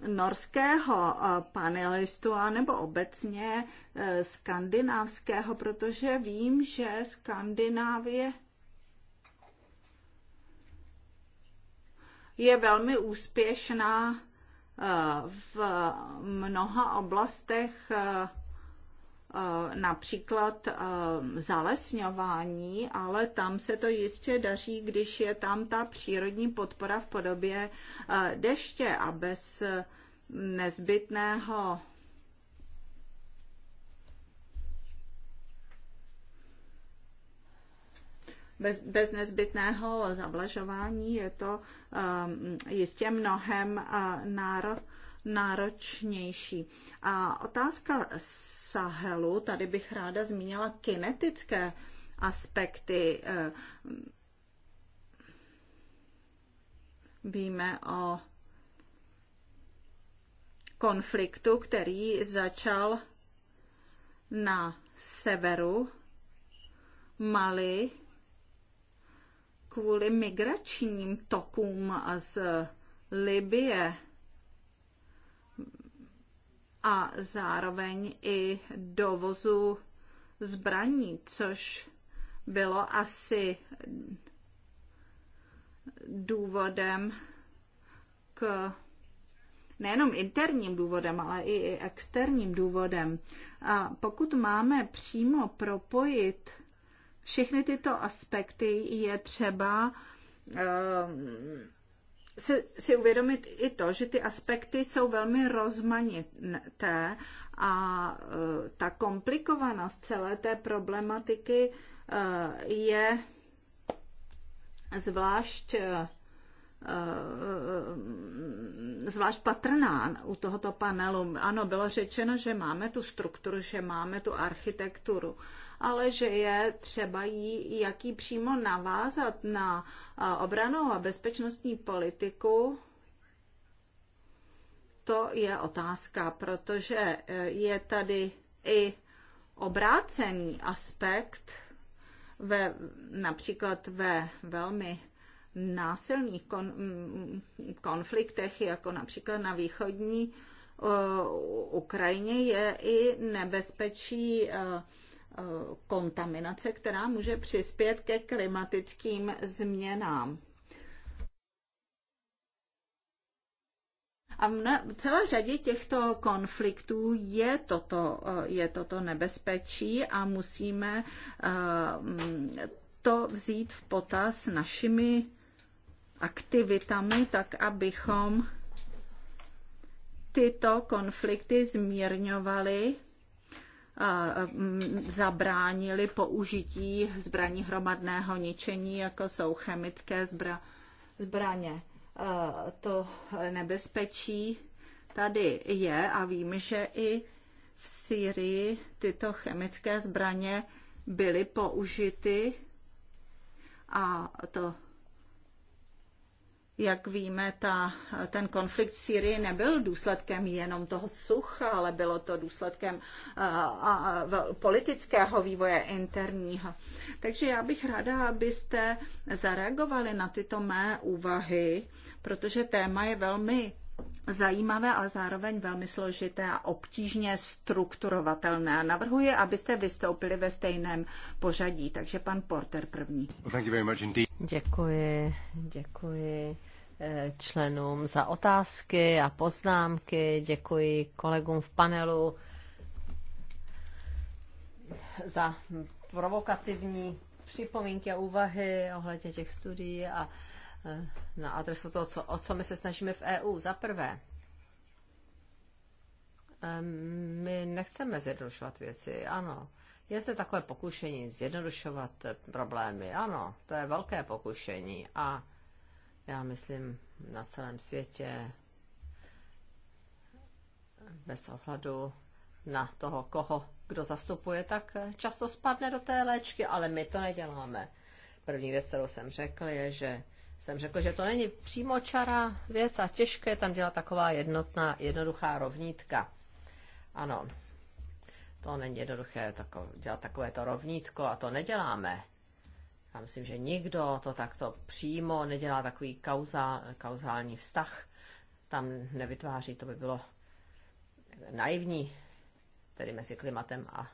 norského eh, panelistu a nebo obecně eh, skandinávského, protože vím, že Skandinávie je velmi úspěšná eh, v mnoha oblastech Eh, například eh, zalesňování, ale tam se to jistě daří, když je tam ta přírodní podpora v podobě eh, deště a bez nezbytného bez, bez nezbytného zavlažování je to um, jistě mnohem uh, náro, náročnější. A otázka Sahelu, tady bych ráda zmínila kinetické aspekty. Eh, víme o konfliktu, který začal na severu Mali kvůli migračním tokům z Libie a zároveň i dovozu zbraní, což bylo asi důvodem k nejenom interním důvodem, ale i externím důvodem. A pokud máme přímo propojit všechny tyto aspekty, je třeba ehm, se, si uvědomit i to, že ty aspekty jsou velmi rozmanité a e, ta komplikovanost celé té problematiky e, je zvlášť e, zvlášť patrná u tohoto panelu. Ano, bylo řečeno, že máme tu strukturu, že máme tu architekturu, ale že je třeba jí jaký přímo navázat na obranou a bezpečnostní politiku, to je otázka, protože e, je tady i obrácený aspekt, ve, například ve velmi násilných kon, mm, konfliktech, jako například na východní uh, Ukrajině, je i nebezpečí uh, kontaminace, která může přispět ke klimatickým změnám. A v celé řadě těchto konfliktů je toto, eh, je toto nebezpečí a musíme eh, to vzít v potaz našimi aktivitami, tak abychom tyto konflikty zmírňovali Mm, zabránili použití zbraní hromadného ničení, jako jsou chemické zbra, zbraně. To nebezpečí tady je a víme, že i v Syrii tyto chemické zbraně byly použity a to jak víme, ta, ten konflikt v Syrii nebyl důsledkem jenom toho sucha, ale bylo to důsledkem eh, a, a, politického vývoje interního. Takže já bych ráda, abyste zareagovali na tyto mé úvahy, protože téma je velmi zajímavé, ale zároveň velmi složité a obtížně strukturovatelné. A navrhuji, abyste vystoupili ve stejném pořadí. Takže pan Porter první. Děkuji, děkuji členům za otázky a poznámky, děkuji kolegům v panelu za provokativní připomínky a úvahy ohledně těch studií a eh, na adresu toho, co, o co my se snažíme v EU. Za prvé, my nechceme zjednodušovat věci, ano. Je zde takové pokušení zjednodušovat problémy, ano, to je velké pokušení a já myslím, na celém světě, bez ohledu na toho, koho kdo zastupuje, tak často spadne do té léčky, ale my to neděláme. První věc, kterou jsem řekl, je, že jsem řekl, že to není přímo čará věc a těžké tam dělat taková jednotná, jednoduchá rovnítka. Ano, to není jednoduché tako, dělat takovéto rovnítko a to neděláme. Já myslím, že nikdo to takto přímo nedělá takový kauza, kauzální vztah. Tam nevytváří, to by bylo naivní, tedy mezi klimatem a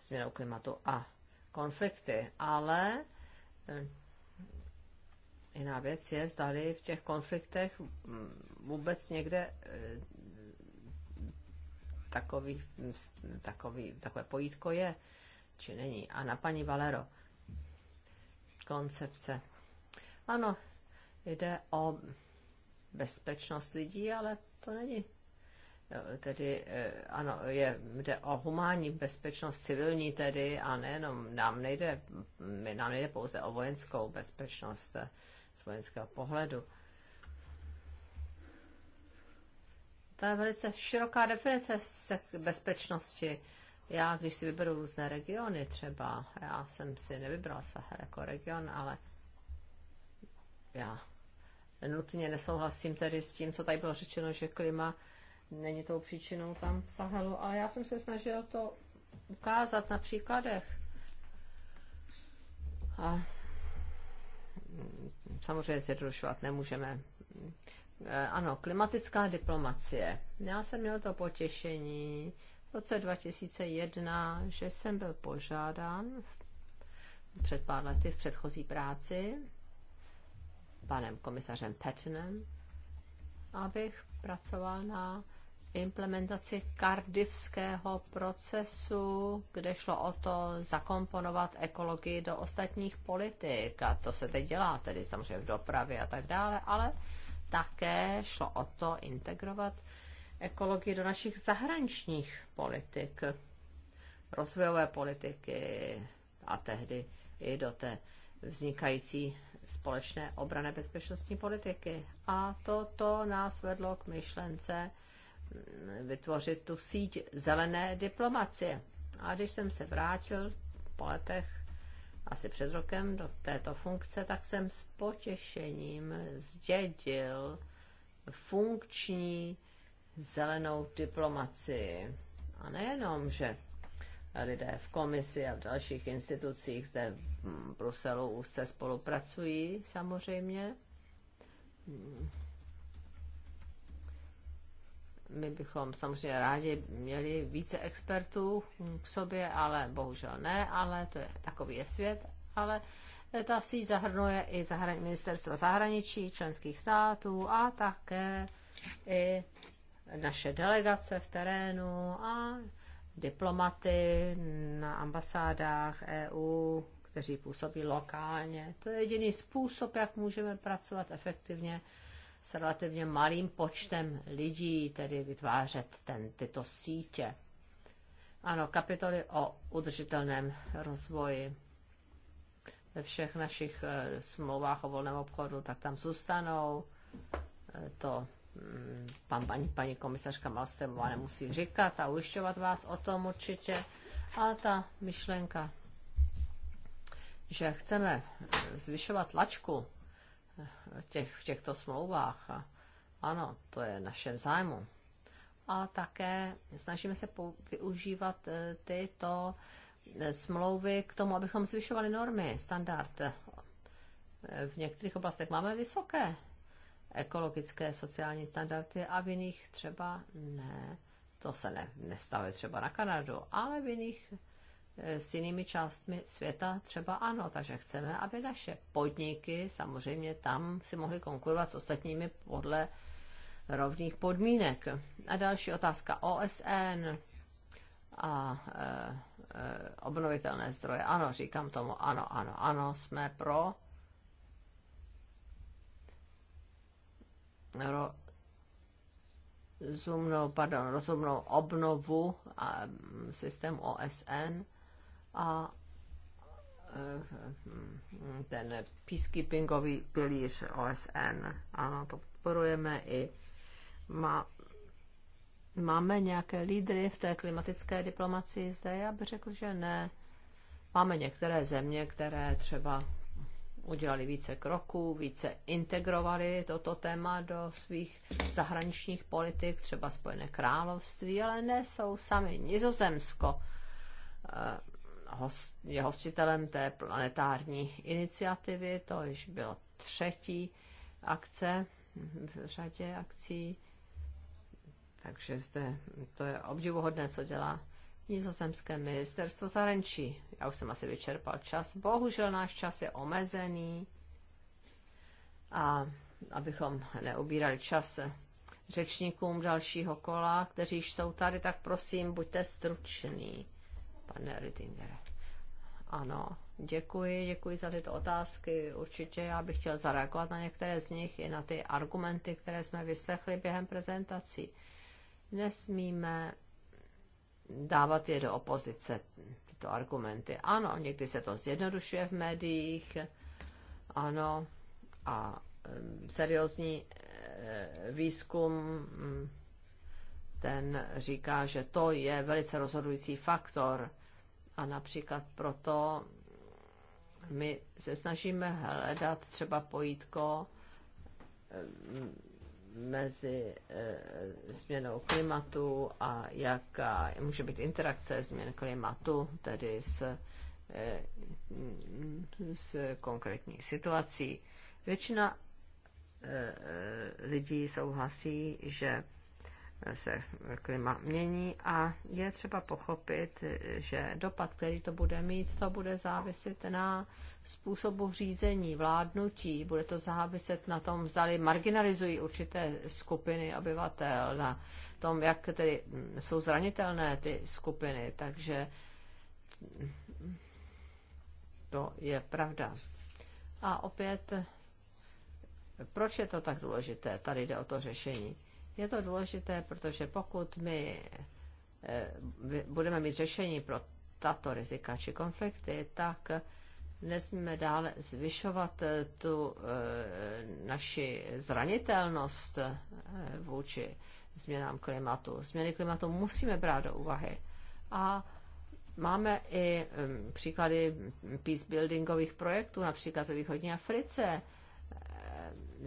změnou klimatu a konflikty. Ale eh, jiná věc je, zdali v těch konfliktech mm, vůbec někde eh, takový, takový, takové pojítko je, či není. A na paní Valero – koncepce. Ano, jde o bezpečnost lidí, ale to není. E, tedy, e, ano, je, jde o humánní bezpečnost civilní tedy a nejenom nám nejde, nám nejde pouze o vojenskou bezpečnost e, z vojenského pohledu. To je velice široká definice bezpečnosti já, když si vyberu různé regiony třeba, já jsem si nevybrala Sahel jako region, ale já nutně nesouhlasím tedy s tím, co tady bylo řečeno, že klima není tou příčinou tam v Sahelu, ale já jsem se snažila to ukázat na příkladech. A samozřejmě zjednodušovat nemůžeme. Eh, ano, klimatická diplomacie. Já jsem měl to potěšení v roce 2001, že jsem byl požádán před pár lety v předchozí práci panem komisařem Pettenem, abych pracoval na implementaci kardivského procesu, kde šlo o to zakomponovat ekologii do ostatních politik. A to se teď dělá, tedy samozřejmě v dopravě a tak dále, ale také šlo o to integrovat ekologii do našich zahraničních politik, rozvojové politiky a tehdy i do té vznikající společné obrané bezpečnostní politiky. A toto nás vedlo k myšlence vytvořit tu síť zelené diplomacie. A když jsem se vrátil po letech asi před rokem do této funkce, tak jsem s potěšením zdědil funkční zelenou diplomacii. A nejenom, že lidé v komisi a v dalších institucích zde v Bruselu úzce spolupracují samozřejmě. My bychom samozřejmě rádi měli více expertů k sobě, ale bohužel ne, ale to je, takový je svět, ale ta si zahrnuje i zahrani- ministerstva zahraničí, členských států a také i naše delegace v terénu a diplomaty na ambasádách EU, kteří působí lokálně. To je jediný způsob, jak můžeme pracovat efektivně s relativně malým počtem lidí, tedy vytvářet ten, tyto sítě. Ano, kapitoly o udržitelném rozvoji ve všech našich eh, smlouvách o volném obchodu, tak tam zůstanou. Eh, to pan, paní, paní komisařka Malstremová nemusí říkat a ujišťovat vás o tom určitě. A ta myšlenka, že chceme zvyšovat tlačku těch, v těchto smlouvách, ano, to je našem zájmu. A také snažíme se využívat eh, tyto eh, smlouvy k tomu, abychom zvyšovali normy, standard. Eh, v některých oblastech máme vysoké ekologické sociální standardy a v jiných třeba ne. To se ne, nestavuje třeba na Kanadu, ale v jiných eh, s jinými částmi světa třeba ano, takže chceme, aby naše podniky samozřejmě tam si mohly konkurovat s ostatními podle rovných podmínek. A další otázka OSN a e, e, obnovitelné zdroje. Ano, říkám tomu, ano, ano, ano, jsme pro rozumnou, pardon, rozumnou obnovu a mm, systém OSN a eh, ten peacekeepingový pilíř OSN. Ano, to podporujeme i má, máme nějaké lídry v té klimatické diplomacii zde? Já bych řekl, že ne. Máme některé země, které třeba udělali více kroků, více integrovali toto téma do svých zahraničních politik, třeba Spojené království, ale ne jsou sami. Nizozemsko eh, je hostitelem té planetární iniciativy, to již bylo třetí akce v řadě akcí. Takže zde to je obdivuhodné, co dělá Nizozemské ministerstvo zahraničí. Já už jsem asi vyčerpal čas. Bohužel náš čas je omezený. A abychom neubírali čas řečníkům dalšího kola, kteří jsou tady, tak prosím, buďte stručný, pane Rittingere. Ano, děkuji, děkuji za tyto otázky. Určitě já bych chtěl zareagovat na některé z nich i na ty argumenty, které jsme vyslechli během prezentací. Nesmíme dávat je do opozice, tyto argumenty. Ano, někdy se to zjednodušuje v médiích, ano, a seriózní e, výzkum mm, ten říká, že to je velice rozhodující faktor a například proto my se snažíme hledat třeba pojítko mezi eh, změnou klimatu a jaká může být interakce změn klimatu, tedy s, eh, s konkrétní situací. Většina eh, lidí souhlasí, že se klima mění a je třeba pochopit, že dopad, který to bude mít, to bude záviset na způsobu řízení, vládnutí, bude to záviset na tom, zdali marginalizují určité skupiny obyvatel, na tom, jak tedy mm, jsou zranitelné ty skupiny, takže to je pravda. A opět, proč je to tak důležité? Tady jde o to řešení je to důležité, protože pokud my eh, budeme mít řešení pro tato rizika či konflikty, tak nesmíme dále zvyšovat eh, tu eh, naši zranitelnost vůči změnám klimatu. Změny klimatu musíme brát do úvahy. A máme i hm, příklady peacebuildingových projektů, například ve východní Africe,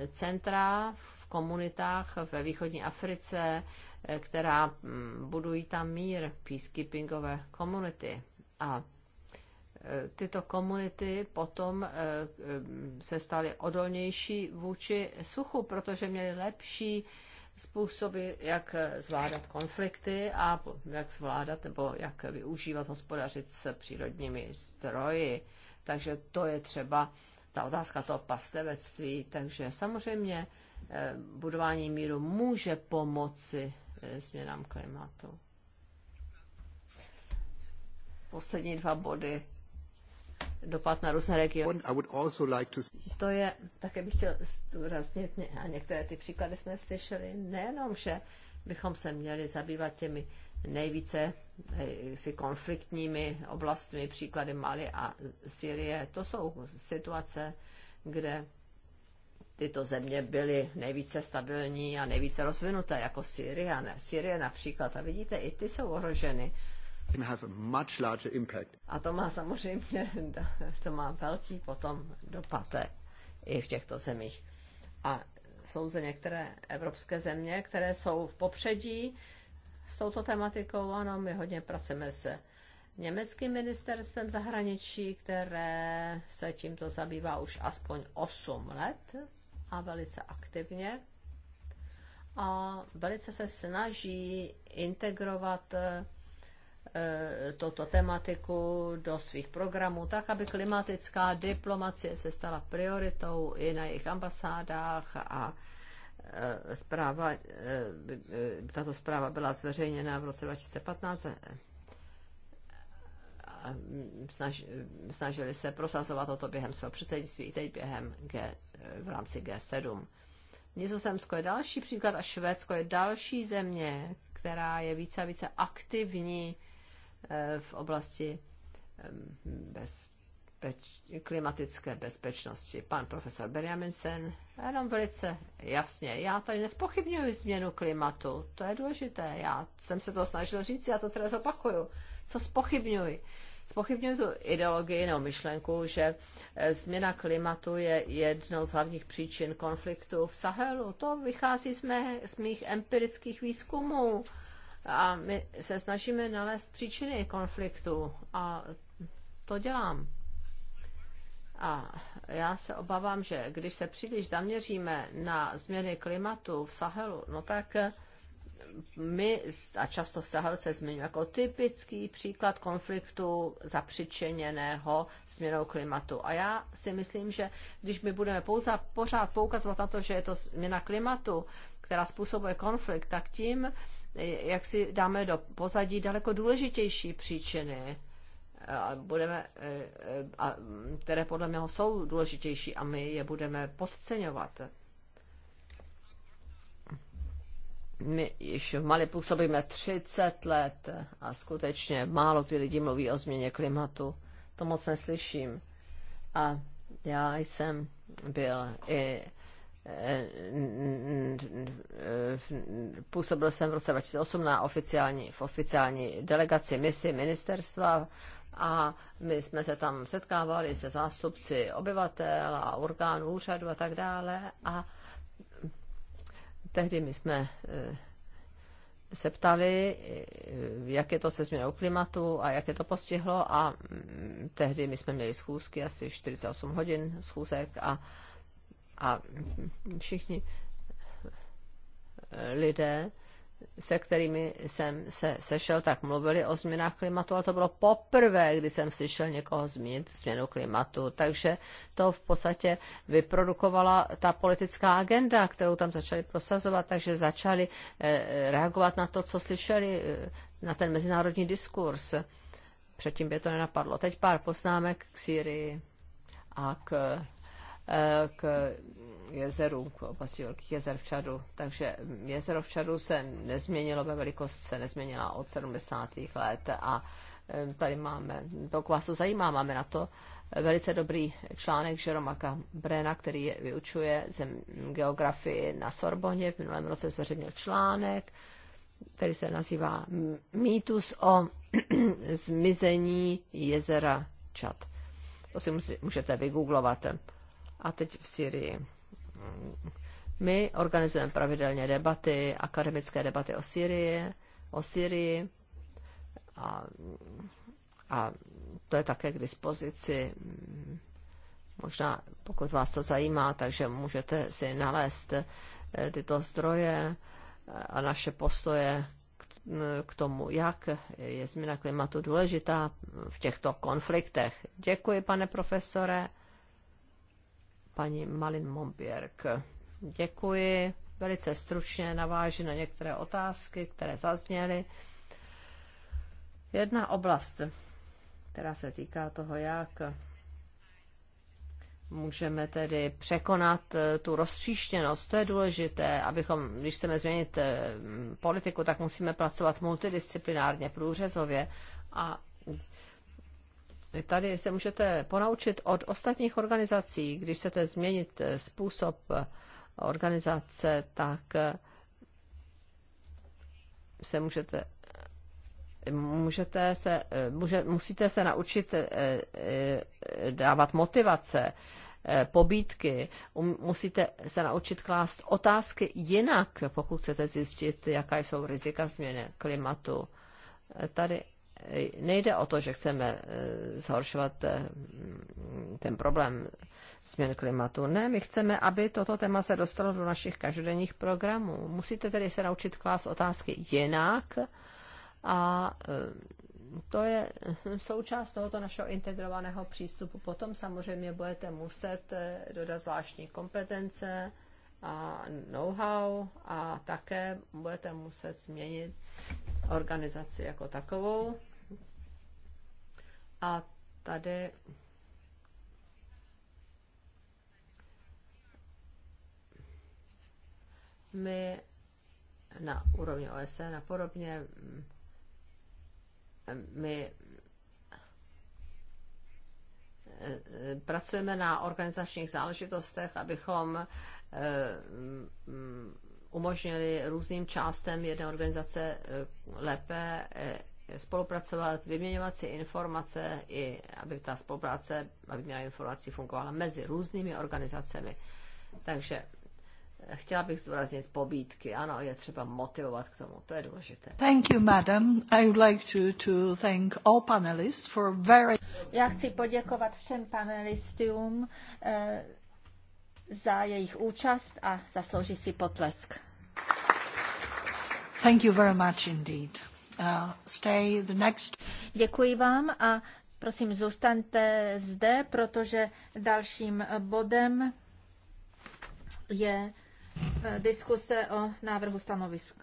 centra, komunitách ve východní Africe, eh, která mm, budují tam mír, peacekeepingové komunity. A eh, tyto komunity potom eh, se staly odolnější vůči suchu, protože měly lepší způsoby, jak zvládat konflikty a jak zvládat nebo jak využívat, hospodařit s přírodními zdroji. Takže to je třeba ta otázka toho pastevectví. Takže samozřejmě Eh, budování míru může pomoci eh, změnám klimatu. Poslední dva body. Dopad na různé regiony. Like to... to je, také bych chtěl zdůraznit, a některé ty příklady jsme slyšeli, nejenom, že bychom se měli zabývat těmi nejvíce eh, si konfliktními oblastmi, příklady Mali a Syrie. To jsou situace, kde tyto země byly nejvíce stabilní a nejvíce rozvinuté, jako Syrie. Ne? Syrie například. A vidíte, i ty jsou ohroženy. A to má samozřejmě, to má velký potom dopad eh, i v těchto zemích. A jsou zde některé evropské země, které jsou v popředí s touto tematikou. Ano, my hodně pracujeme se německým ministerstvem zahraničí, které se tímto zabývá už aspoň 8 let a velice aktivně a velice se snaží integrovat e, e, toto tematiku do svých programů, tak aby klimatická diplomacie se stala prioritou i na jejich ambasádách a e, zpráva, tato zpráva byla zveřejněna v roce 2015 snažili se prosazovat toto během svého předsednictví i teď během G, v rámci G7. Nizozemsko je další příklad a Švédsko je další země, která je více a více aktivní eh, v oblasti eh, bezpeč, klimatické bezpečnosti. Pan profesor Benjaminsen, jenom velice jasně, já tady nespochybnuju změnu klimatu, to je důležité, já jsem se to snažil říct, já to teda zopakuju. Co spochybňuji? Spochybňuji tu ideologii nebo myšlenku, že eh, změna klimatu je jednou z hlavních příčin konfliktu v Sahelu. To vychází z, mé, z mých empirických výzkumů a my se snažíme nalézt příčiny konfliktu a to dělám. A já se obávám, že když se příliš zaměříme na změny klimatu v Sahelu, no tak eh, my, a často v Sahel se zmiňuje jako typický příklad konfliktu zapřičeněného změnou klimatu. A já si myslím, že když my budeme pouze pořád poukazovat na to, že je to změna klimatu, která způsobuje konflikt, tak tím, eh, jak si dáme do pozadí daleko důležitější příčiny, eh, a budeme, eh, a, které podle mého jsou důležitější a my je budeme podceňovat. My již v Mali působíme 30 let a skutečně málo kdy lidi mluví o změně klimatu. To moc neslyším. A já jsem byl i eh, působil jsem v roce 2008 na oficiální, v oficiální delegaci misi ministerstva a my jsme se tam setkávali se zástupci obyvatel a orgánů úřadu a tak dále a tehdy my jsme eh, se ptali, eh, jak je to se změnou klimatu a jak je to postihlo a mm, tehdy my jsme měli schůzky, asi 48 hodin schůzek a, a všichni eh, lidé se kterými jsem se sešel, tak mluvili o změnách klimatu ale to bylo poprvé, kdy jsem slyšel někoho zmínit změnu klimatu. Takže to v podstatě vyprodukovala ta politická agenda, kterou tam začali prosazovat, takže začali eh, reagovat na to, co slyšeli, eh, na ten mezinárodní diskurs. Předtím by to nenapadlo. Teď pár poznámek k Syrii a k Eh, k jezeru, k oblasti velkých jezer v Čadu. Takže jezero v Čadu se nezměnilo ve velikost, se nezměnila od 70. let a eh, tady máme, pokud vás to zajímá, máme na to eh, velice dobrý článek Žeromaka Brena, který vyučuje zem, geografii na Sorboně. V minulém roce zveřejnil článek, který se nazývá Mýtus o zmizení jezera Čad. To si můžete vygooglovat a teď v Syrii. My organizujeme pravidelně debaty, akademické debaty o Syrii, o Syrii a, a to je také k dispozici. Možná, pokud vás to zajímá, takže můžete si nalézt eh, tyto zdroje eh, a naše postoje eh, k tomu, jak je změna klimatu důležitá v těchto konfliktech. Děkuji, pane profesore paní Malin Mombierk. Děkuji. Velice stručně naváží na některé otázky, které zazněly. Jedna oblast, která se týká toho, jak můžeme tedy překonat eh, tu roztříštěnost. To je důležité, abychom, když chceme změnit eh, politiku, tak musíme pracovat multidisciplinárně, průřezově. A vy tady se můžete ponaučit od ostatních organizací, když chcete změnit eh, způsob eh, organizace, tak eh, se můžete můžete se, může, musíte se naučit dávat motivace, pobídky, um, musíte se naučit klást otázky jinak, pokud chcete zjistit, jaká jsou rizika změny klimatu. Tady nejde o to, že chceme eh, zhoršovat eh, ten problém změn klimatu. Ne, my chceme, aby toto téma se dostalo do našich každodenních programů. Musíte tedy se naučit klást otázky jinak a eh, to je součást tohoto našeho integrovaného přístupu. Potom samozřejmě budete muset dodat zvláštní kompetence a know-how a také budete muset změnit organizaci jako takovou. A tady my na úrovni OSN a podobně my eh, pracujeme na organizačních záležitostech, abychom eh, mm, umožnili různým částem jedné organizace eh, lépe spolupracovat, vyměňovat si informace i aby ta spolupráce, aby měla informací fungovala mezi různými organizacemi. Takže eh, chtěla bych zdůraznit pobídky. Ano, je třeba motivovat k tomu. To je důležité. Thank you, madam. I would like to, to thank all panelists for very... Já chci poděkovat všem panelistům eh, za jejich účast a zaslouží si potlesk. Thank you very much indeed. Uh, stay the next. Děkuji vám a prosím zůstaňte zde, protože dalším bodem je eh, diskuse o návrhu stanoviska.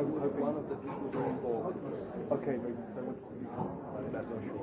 I, I, one of the people were involved. Okay, they, they were. That's not sure.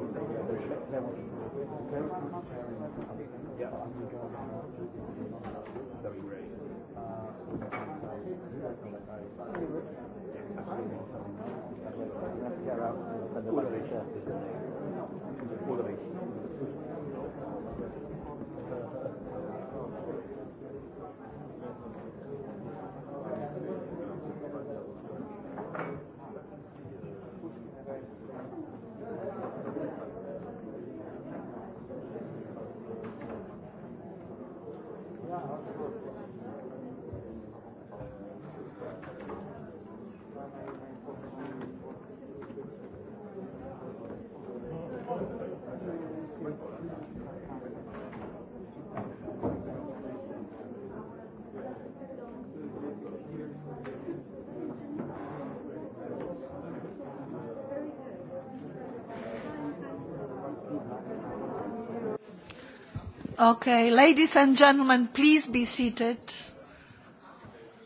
Okay, ladies and gentlemen, please be seated.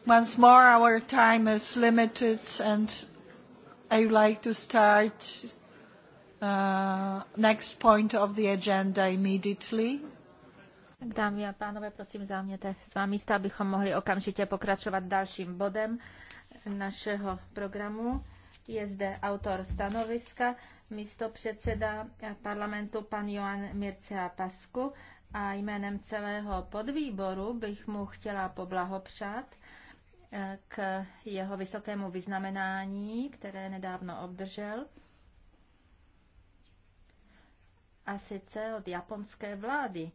Once more, our time is limited, and I would like to start uh, next point of the agenda immediately. Dámy a pánové, prosím, záměte svá místa, abychom mohli okamžitě pokračovat dalším bodem našeho programu. Je zde autor stanoviska, místo předseda parlamentu pan Joan Mircea Pasku a jménem celého podvýboru bych mu chtěla poblahopřát eh, k jeho vysokému vyznamenání, které nedávno obdržel, a sice od japonské vlády,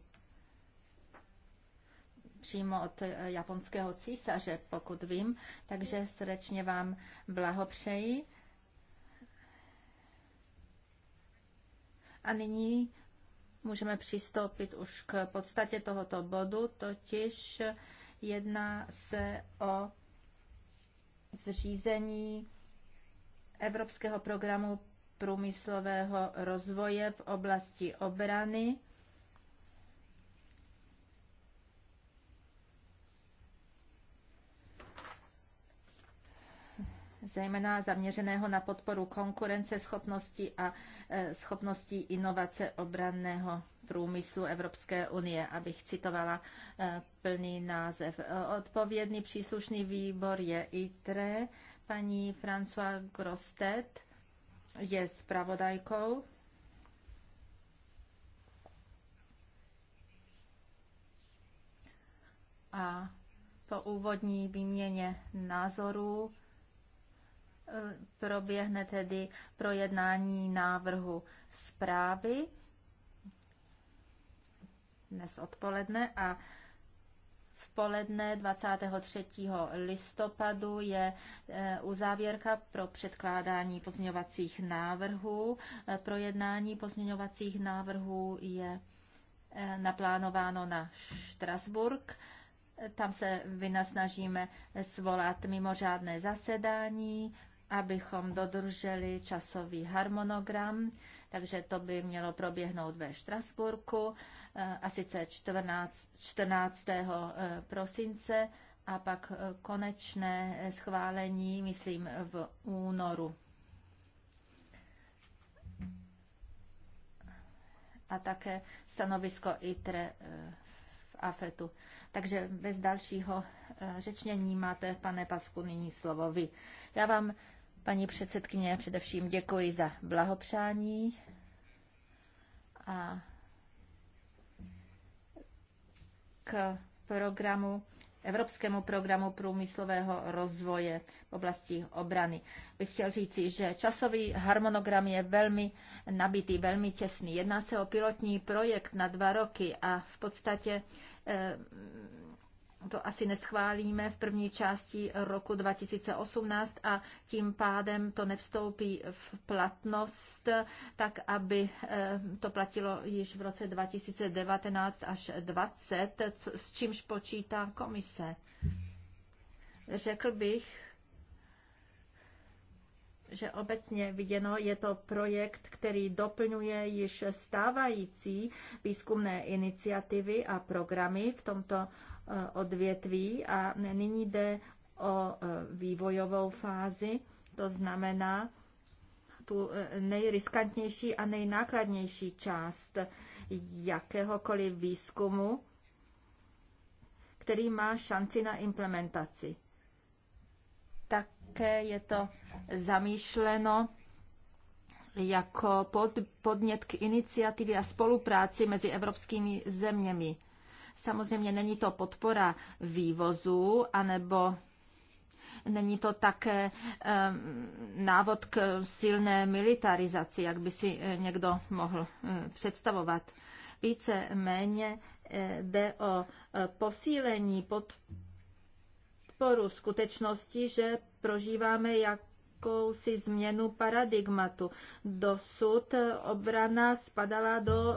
přímo od eh, japonského císaře, pokud vím, takže srdečně vám blahopřeji. A nyní můžeme přistoupit už k podstatě tohoto bodu, totiž jedná se o zřízení Evropského programu průmyslového rozvoje v oblasti obrany zejména zaměřeného na podporu konkurence schopnosti a e, schopnosti inovace obranného průmyslu Evropské unie, abych citovala e, plný název. E, odpovědný příslušný výbor je ITRE, paní François Grostet je zpravodajkou. A po úvodní výměně názorů proběhne tedy projednání návrhu zprávy dnes odpoledne a v poledne 23. listopadu je e, uzávěrka pro předkládání pozměňovacích návrhů. E, projednání pozměňovacích návrhů je e, naplánováno na Štrasburg. Tam se vynasnažíme svolat mimořádné zasedání abychom dodrželi časový harmonogram, takže to by mělo proběhnout ve Štrasburku, eh, a sice 14, 14. Eh, prosince a pak eh, konečné schválení, myslím, v únoru. A také stanovisko ITRE v AFETu. Takže bez dalšího řečnění máte, pane Pasku, nyní slovo vy. Já vám Paní předsedkyně, především děkuji za blahopřání a k programu, Evropskému programu průmyslového rozvoje v oblasti obrany. Bych chtěl říci, že časový harmonogram je velmi nabitý, velmi těsný. Jedná se o pilotní projekt na dva roky a v podstatě eh, to asi neschválíme v první části roku 2018 a tím pádem to nevstoupí v platnost, tak aby eh, to platilo již v roce 2019 až 2020, s čímž počítá komise. Řekl bych, že obecně viděno je to projekt, který doplňuje již stávající výzkumné iniciativy a programy v tomto Eh, odvětví a nyní jde o eh, vývojovou fázi, to znamená tu eh, nejriskantnější a nejnákladnější část jakéhokoliv výzkumu, který má šanci na implementaci. Také je to zamýšleno jako pod, podnět k iniciativě a spolupráci mezi evropskými zeměmi. Samozřejmě není to podpora vývozu, anebo není to také návod k silné militarizaci, jak by si eh, někdo mohl eh, představovat. Více méně eh, jde o posílení podporu skutečnosti, že prožíváme jak jakousi změnu paradigmatu. Dosud obrana spadala do eh,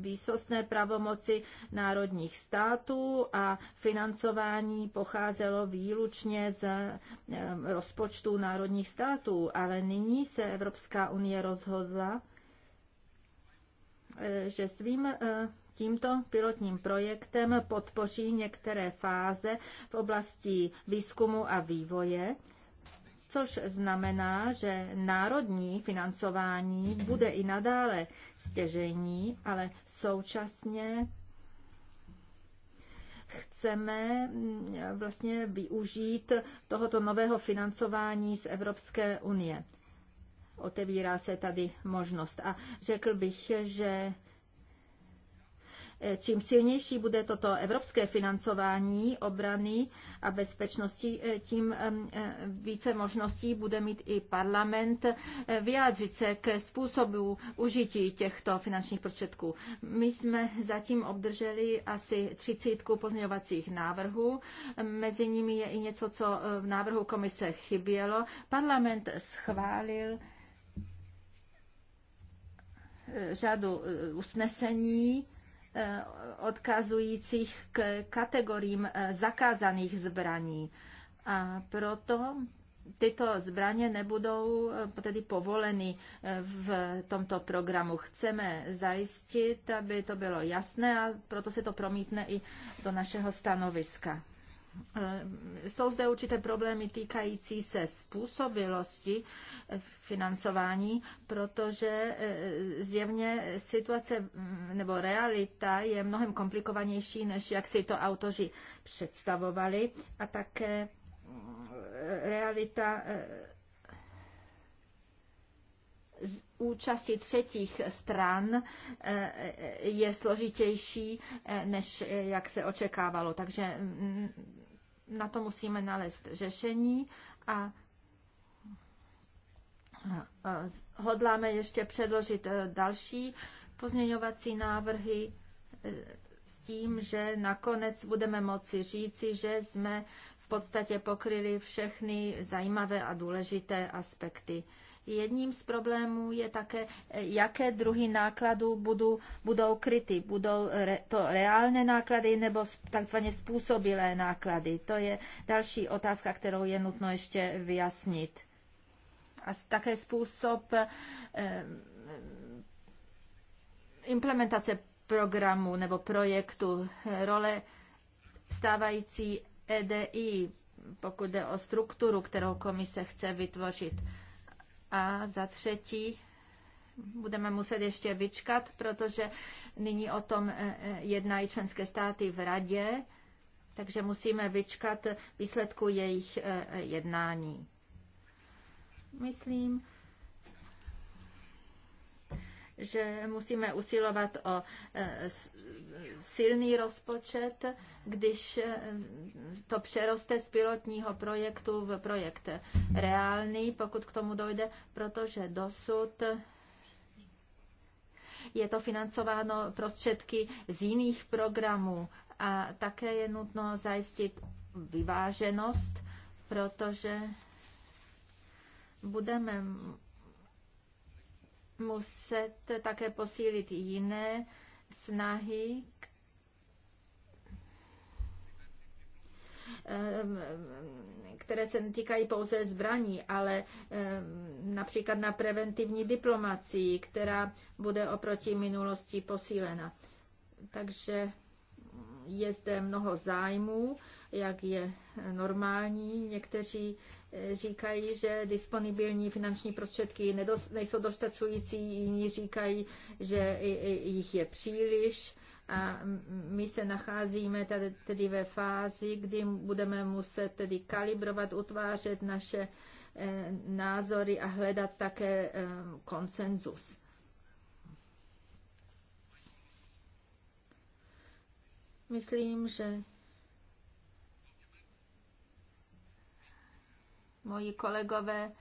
výsostné pravomoci národních států a financování pocházelo výlučně z eh, rozpočtu národních států, ale nyní se Evropská unie rozhodla, eh, že svým Tímto pilotním projektem podpoří některé fáze v oblasti výzkumu a vývoje což znamená, že národní financování bude i nadále stěžení, ale současně chceme mm, vlastně využít tohoto nového financování z Evropské unie. Otevírá se tady možnost. A řekl bych, že Čím silnější bude toto evropské financování obrany a bezpečnosti, eh, tím eh, více možností bude mít i parlament eh, vyjádřit se k způsobu užití těchto finančních prostředků. My jsme zatím obdrželi asi třicítku pozměňovacích návrhů. Mezi nimi je i něco, co v návrhu komise chybělo. Parlament schválil řadu usnesení, Eh, odkazujících k kategoriím eh, zakázaných zbraní. A proto tyto zbraně nebudou eh, tedy povoleny v tomto programu. Chceme zajistit, aby to bylo jasné a proto se to promítne i do našeho stanoviska. Jsou zde určité problémy týkající se způsobilosti financování, protože e, zjevně situace mm, nebo realita je mnohem komplikovanější, než jak si to autoři představovali a také mm, realita e, z účasti třetích stran e, je složitější, než jak se očekávalo. Takže mm, na to musíme nalézt řešení a hodláme ještě předložit e, další pozměňovací návrhy e, s tím, že nakonec budeme moci říci, že jsme v podstatě pokryli všechny zajímavé a důležité aspekty Jedním z problémů je také, jaké druhy nákladů budou, budou kryty. Budou to reálné náklady nebo takzvaně způsobilé náklady? To je další otázka, kterou je nutno ještě vyjasnit. A také způsob eh, eh, implementace programu nebo projektu, role stávající EDI, pokud jde o strukturu, kterou komise chce vytvořit. A za třetí, budeme muset ještě vyčkat, protože nyní o tom e, e, jednají členské státy v radě, takže musíme vyčkat výsledku jejich e, jednání. Myslím, že musíme usilovat o e, silný rozpočet, když e, to přeroste z pilotního projektu v projekt reálný, pokud k tomu dojde, protože dosud je to financováno prostředky z jiných programů a také je nutno zajistit vyváženost, protože budeme muset také posílit jiné snahy, eh, které se netýkají pouze zbraní, ale eh, například na preventivní diplomacii, která bude oproti minulosti posílena. Takže je zde mnoho zájmů, jak je normální. Někteří eh, říkají, že disponibilní finanční prostředky nejsou dostačující, jiní říkají, že jich je příliš. A my se nacházíme tady, tedy ve fázi, kdy budeme muset tedy kalibrovat, utvářet naše eh, názory a hledat také eh, konsenzus. Myslím, že moji kolegové,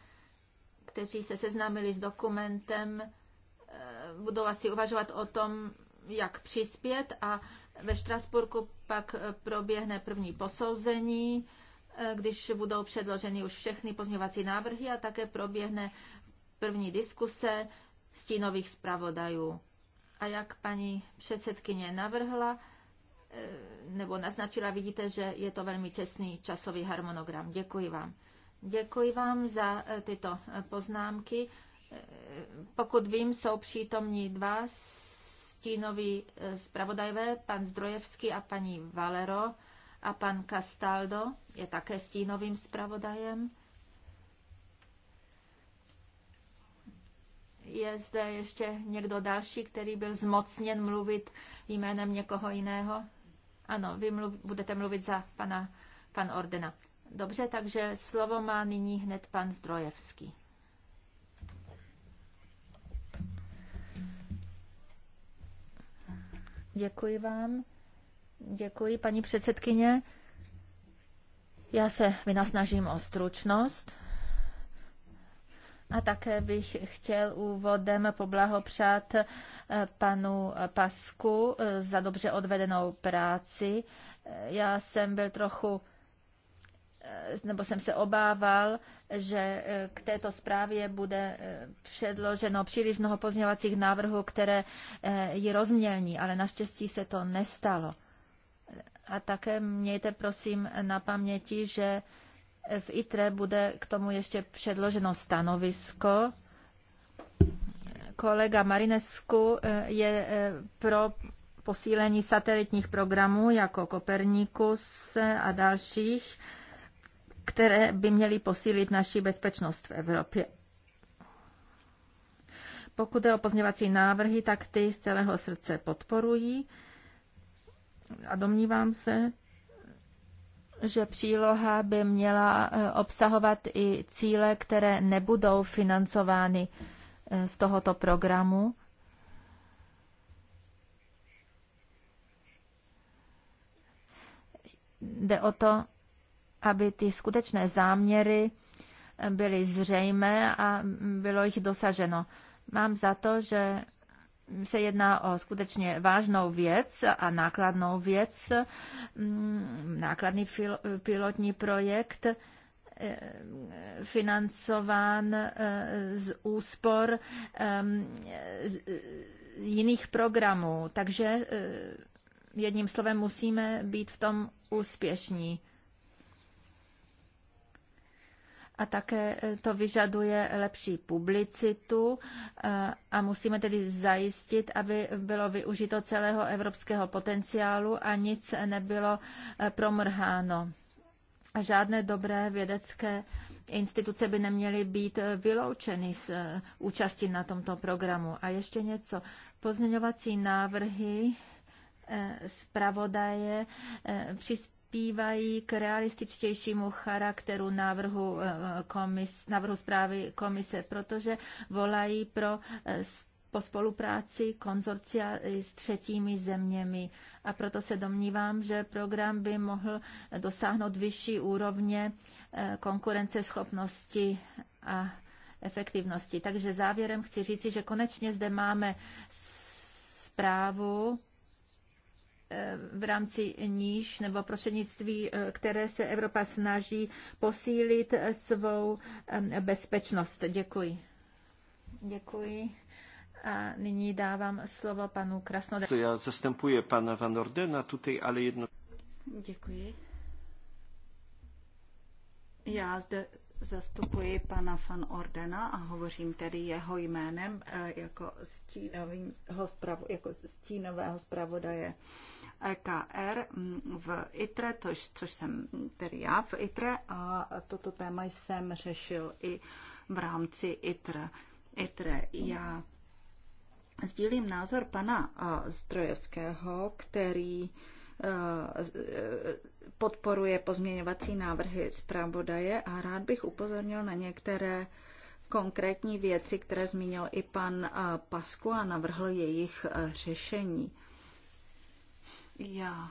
kteří se seznámili s dokumentem, eh, budou asi uvažovat o tom, jak přispět a ve Štrasburku pak proběhne první posouzení, eh, když budou předloženy už všechny pozměňovací návrhy a také proběhne první diskuse stínových zpravodajů. A jak paní předsedkyně navrhla, Eh, nebo naznačila, vidíte, že je to velmi těsný časový harmonogram. Děkuji vám. Děkuji vám za eh, tyto eh, poznámky. Pokud vím, jsou přítomní dva stínoví zpravodajové, pan Zdrojevský a paní Valero a pan Castaldo je také stínovým zpravodajem. Je zde ještě někdo další, který byl zmocněn mluvit jménem někoho jiného? Ano, vy mluv, budete mluvit za pana pan Ordena. Dobře, takže slovo má nyní hned pan Zdrojevský. Děkuji vám. Děkuji, paní předsedkyně. Já se vynasnažím o stručnost. A také bych chtěl úvodem poblahopřát eh, panu Pasku eh, za dobře odvedenou práci. Eh, já jsem byl trochu nebo jsem se obával, že k této zprávě bude předloženo příliš mnoho pozměňovacích návrhů, které ji rozmělní, ale naštěstí se to nestalo. A také mějte prosím na paměti, že v ITRE bude k tomu ještě předloženo stanovisko. Kolega Marinesku eh, je eh, pro posílení satelitních programů jako Kopernikus eh, a dalších, které by měly posílit naši bezpečnost v Evropě. Pokud je o pozněvací návrhy, tak ty z celého srdce podporují a domnívám se, že příloha by měla eh, obsahovat i cíle, které nebudou financovány eh, z tohoto programu. Jde o to, aby ty skutečné záměry eh, byly zřejmé a bylo jich dosaženo. Mám za to, že se jedná o skutečně vážnou věc a nákladnou věc, mm, nákladný pilotní projekt eh, financován eh, z úspor ehm, eh, jiných programů. Takže jedním slovem musíme být v tom úspěšní a také e, to vyžaduje lepší publicitu e, a musíme tedy zajistit, aby bylo využito celého evropského potenciálu a nic nebylo e, promrháno. A žádné dobré vědecké instituce by neměly být vyloučeny z účasti na tomto programu. A ještě něco. Pozměňovací návrhy zpravodaje přis přispívají k realističtějšímu charakteru návrhu, eh, komis, návrhu zprávy komise, protože volají pro eh, po spolupráci konzorcia s třetími zeměmi. A proto se domnívám, že program by mohl dosáhnout vyšší úrovně eh, konkurenceschopnosti a efektivnosti. Takže závěrem chci říci, že konečně zde máme zprávu, Eh, v rámci níž nebo prostřednictví, eh, které se Evropa snaží posílit eh, svou bezpečnost. Děkuji. Děkuji. A nyní dávám slovo panu Krasnodarskému. Já zastupuji pana Van Ordena tutaj, ale jedno... Děkuji. Já zde Zastupuji pana van Ordena a hovořím tedy jeho jménem eh, jako, zpravo, jako stínového zpravodaje EKR mm, v ITRE, tož, což jsem tedy já v ITRE a toto téma jsem řešil i v rámci ITRE. ITRE já sdílím názor pana Strojevského, eh, který eh, podporuje pozměňovací návrhy zpravodaje a rád bych upozornil na některé konkrétní věci, které zmínil i pan Pasku a navrhl jejich řešení. Já.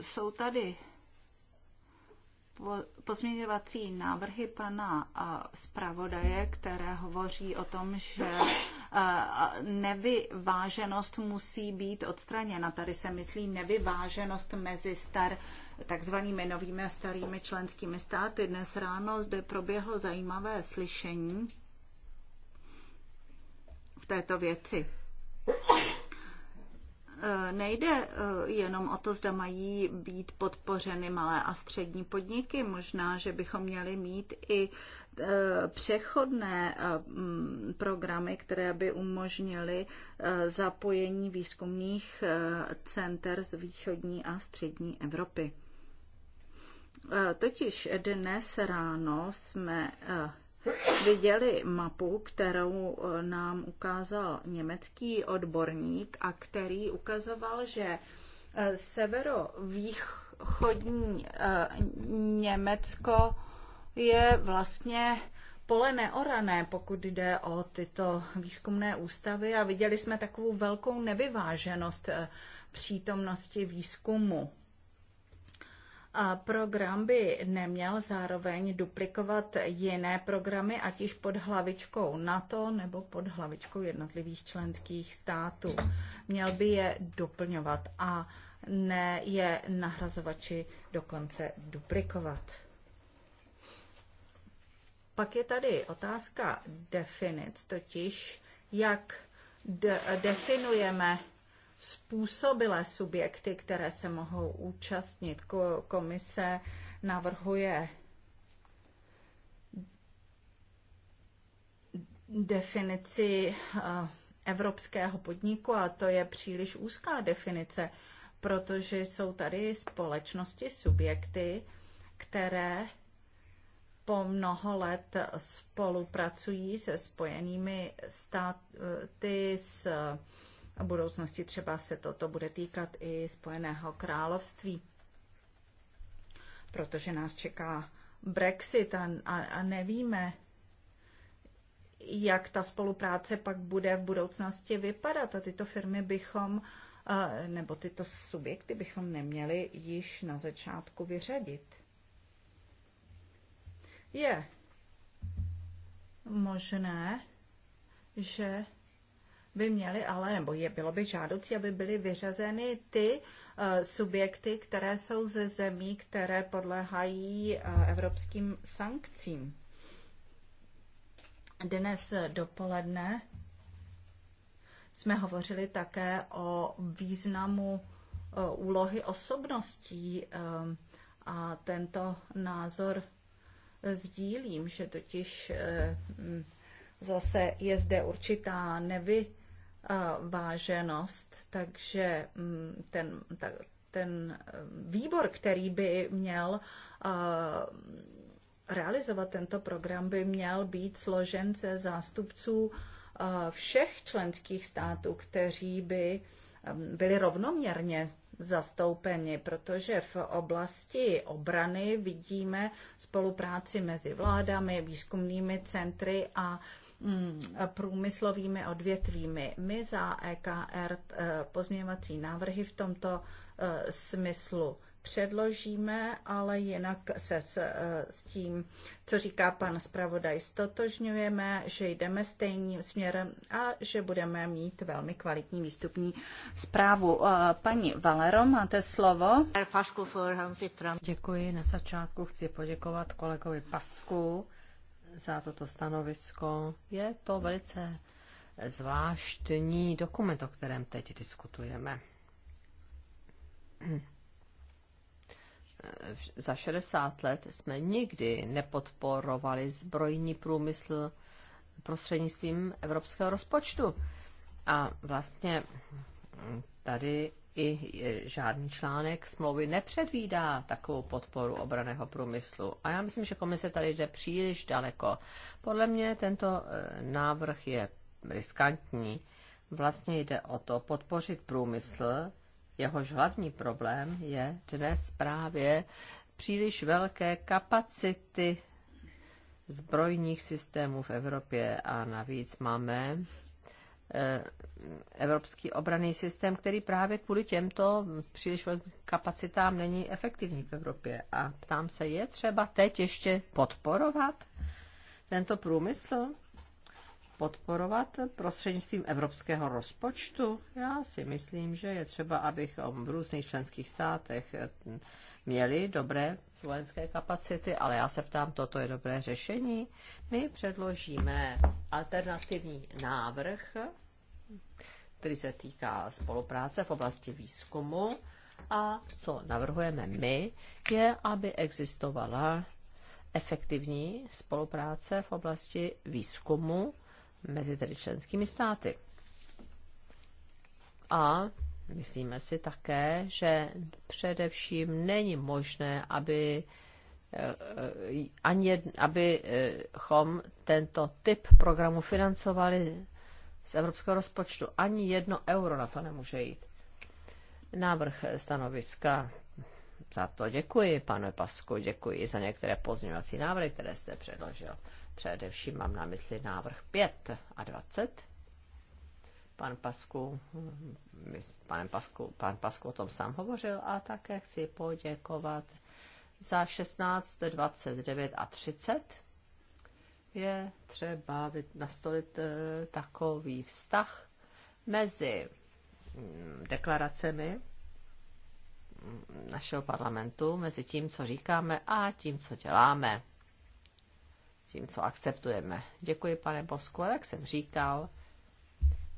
Jsou tady pozměňovací návrhy pana zpravodaje, které hovoří o tom, že nevyváženost musí být odstraněna. Tady se myslí nevyváženost mezi star, takzvanými novými a starými členskými státy. Dnes ráno zde proběhlo zajímavé slyšení v této věci nejde eh, jenom o to, zda mají být podpořeny malé a střední podniky. Možná, že bychom měli mít i Eh, přechodné eh, mm, programy, které by umožnily eh, zapojení výzkumných center z východní a střední Evropy. Totiž dnes ráno jsme viděli mapu, kterou nám ukázal německý odborník a který ukazoval, že severovýchodní Německo je vlastně pole neorané, pokud jde o tyto výzkumné ústavy a viděli jsme takovou velkou nevyváženost eh, přítomnosti výzkumu. A program by neměl zároveň duplikovat jiné programy, ať již pod hlavičkou NATO nebo pod hlavičkou jednotlivých členských států. Měl by je doplňovat a ne je nahrazovači dokonce duplikovat. Pak je tady otázka definic, totiž jak de- definujeme způsobilé subjekty, které se mohou účastnit. Komise navrhuje definici eh, evropského podniku a to je příliš úzká definice, protože jsou tady společnosti, subjekty, které po mnoho let spolupracují se spojenými státy s a budoucnosti třeba se toto bude týkat i Spojeného království, protože nás čeká Brexit a, a, a nevíme, jak ta spolupráce pak bude v budoucnosti vypadat. A tyto firmy bychom, eh, nebo tyto subjekty bychom neměli již na začátku vyřadit. Je možné, že by měly ale, nebo je, bylo by žádoucí, aby byly vyřazeny ty uh, subjekty, které jsou ze zemí, které podléhají uh, evropským sankcím. Dnes dopoledne jsme hovořili také o významu uh, úlohy osobností a tento názor sdílím, že totiž eh, zase je zde určitá nevyváženost, takže ten, ten eh, výbor, který by měl eh, realizovat tento program, by měl být složen ze zástupců všech členských států, kteří by byli rovnoměrně zastoupeni, protože v oblasti obrany vidíme spolupráci mezi vládami, výzkumnými centry a mm, průmyslovými odvětvími. My za EKR eh, pozměňovací návrhy v tomto eh, smyslu předložíme, ale jinak se s, eh, s tím, co říká pan zpravodaj, stotožňujeme, že jdeme stejným směrem a že budeme mít velmi kvalitní výstupní zprávu. Eh, paní Valero, máte slovo. Děkuji. Na začátku chci poděkovat kolegovi Pasku za toto stanovisko. Je to velice zvláštní dokument, o kterém teď diskutujeme za 60 let jsme nikdy nepodporovali zbrojní průmysl prostřednictvím evropského rozpočtu. A vlastně tady i žádný článek smlouvy nepředvídá takovou podporu obraného průmyslu. A já myslím, že komise tady jde příliš daleko. Podle mě tento eh, návrh je riskantní. Vlastně jde o to podpořit průmysl, jehož hlavní problém je dnes právě příliš velké kapacity zbrojních systémů v Evropě a navíc máme eh, evropský obraný systém, který právě kvůli těmto příliš velkým kapacitám není efektivní v Evropě. A ptám se, je třeba teď ještě podporovat tento průmysl? podporovat prostřednictvím evropského rozpočtu? Já si myslím, že je třeba, abychom v různých členských státech eh, měli dobré vojenské kapacity, ale já se ptám, toto je dobré řešení. My předložíme alternativní návrh, který se týká spolupráce v oblasti výzkumu. A co navrhujeme my, je, aby existovala efektivní spolupráce v oblasti výzkumu mezi tedy členskými státy. A myslíme si také, že především není možné, aby eh, ani abychom tento typ programu financovali z evropského rozpočtu. Ani jedno euro na to nemůže jít. Návrh stanoviska za to děkuji, pane Pasku, děkuji za některé pozměňovací návrhy, které jste předložil. Především mám na mysli návrh 5 a 20. Pan Pasku, panem Pasku, pan Pasku o tom sám hovořil a také chci poděkovat za 16, 29 a 30 je třeba nastolit eh, takový vztah mezi mm, deklaracemi našeho parlamentu, mezi tím, co říkáme a tím, co děláme tím, co akceptujeme. Děkuji, pane Bosko. Jak jsem říkal,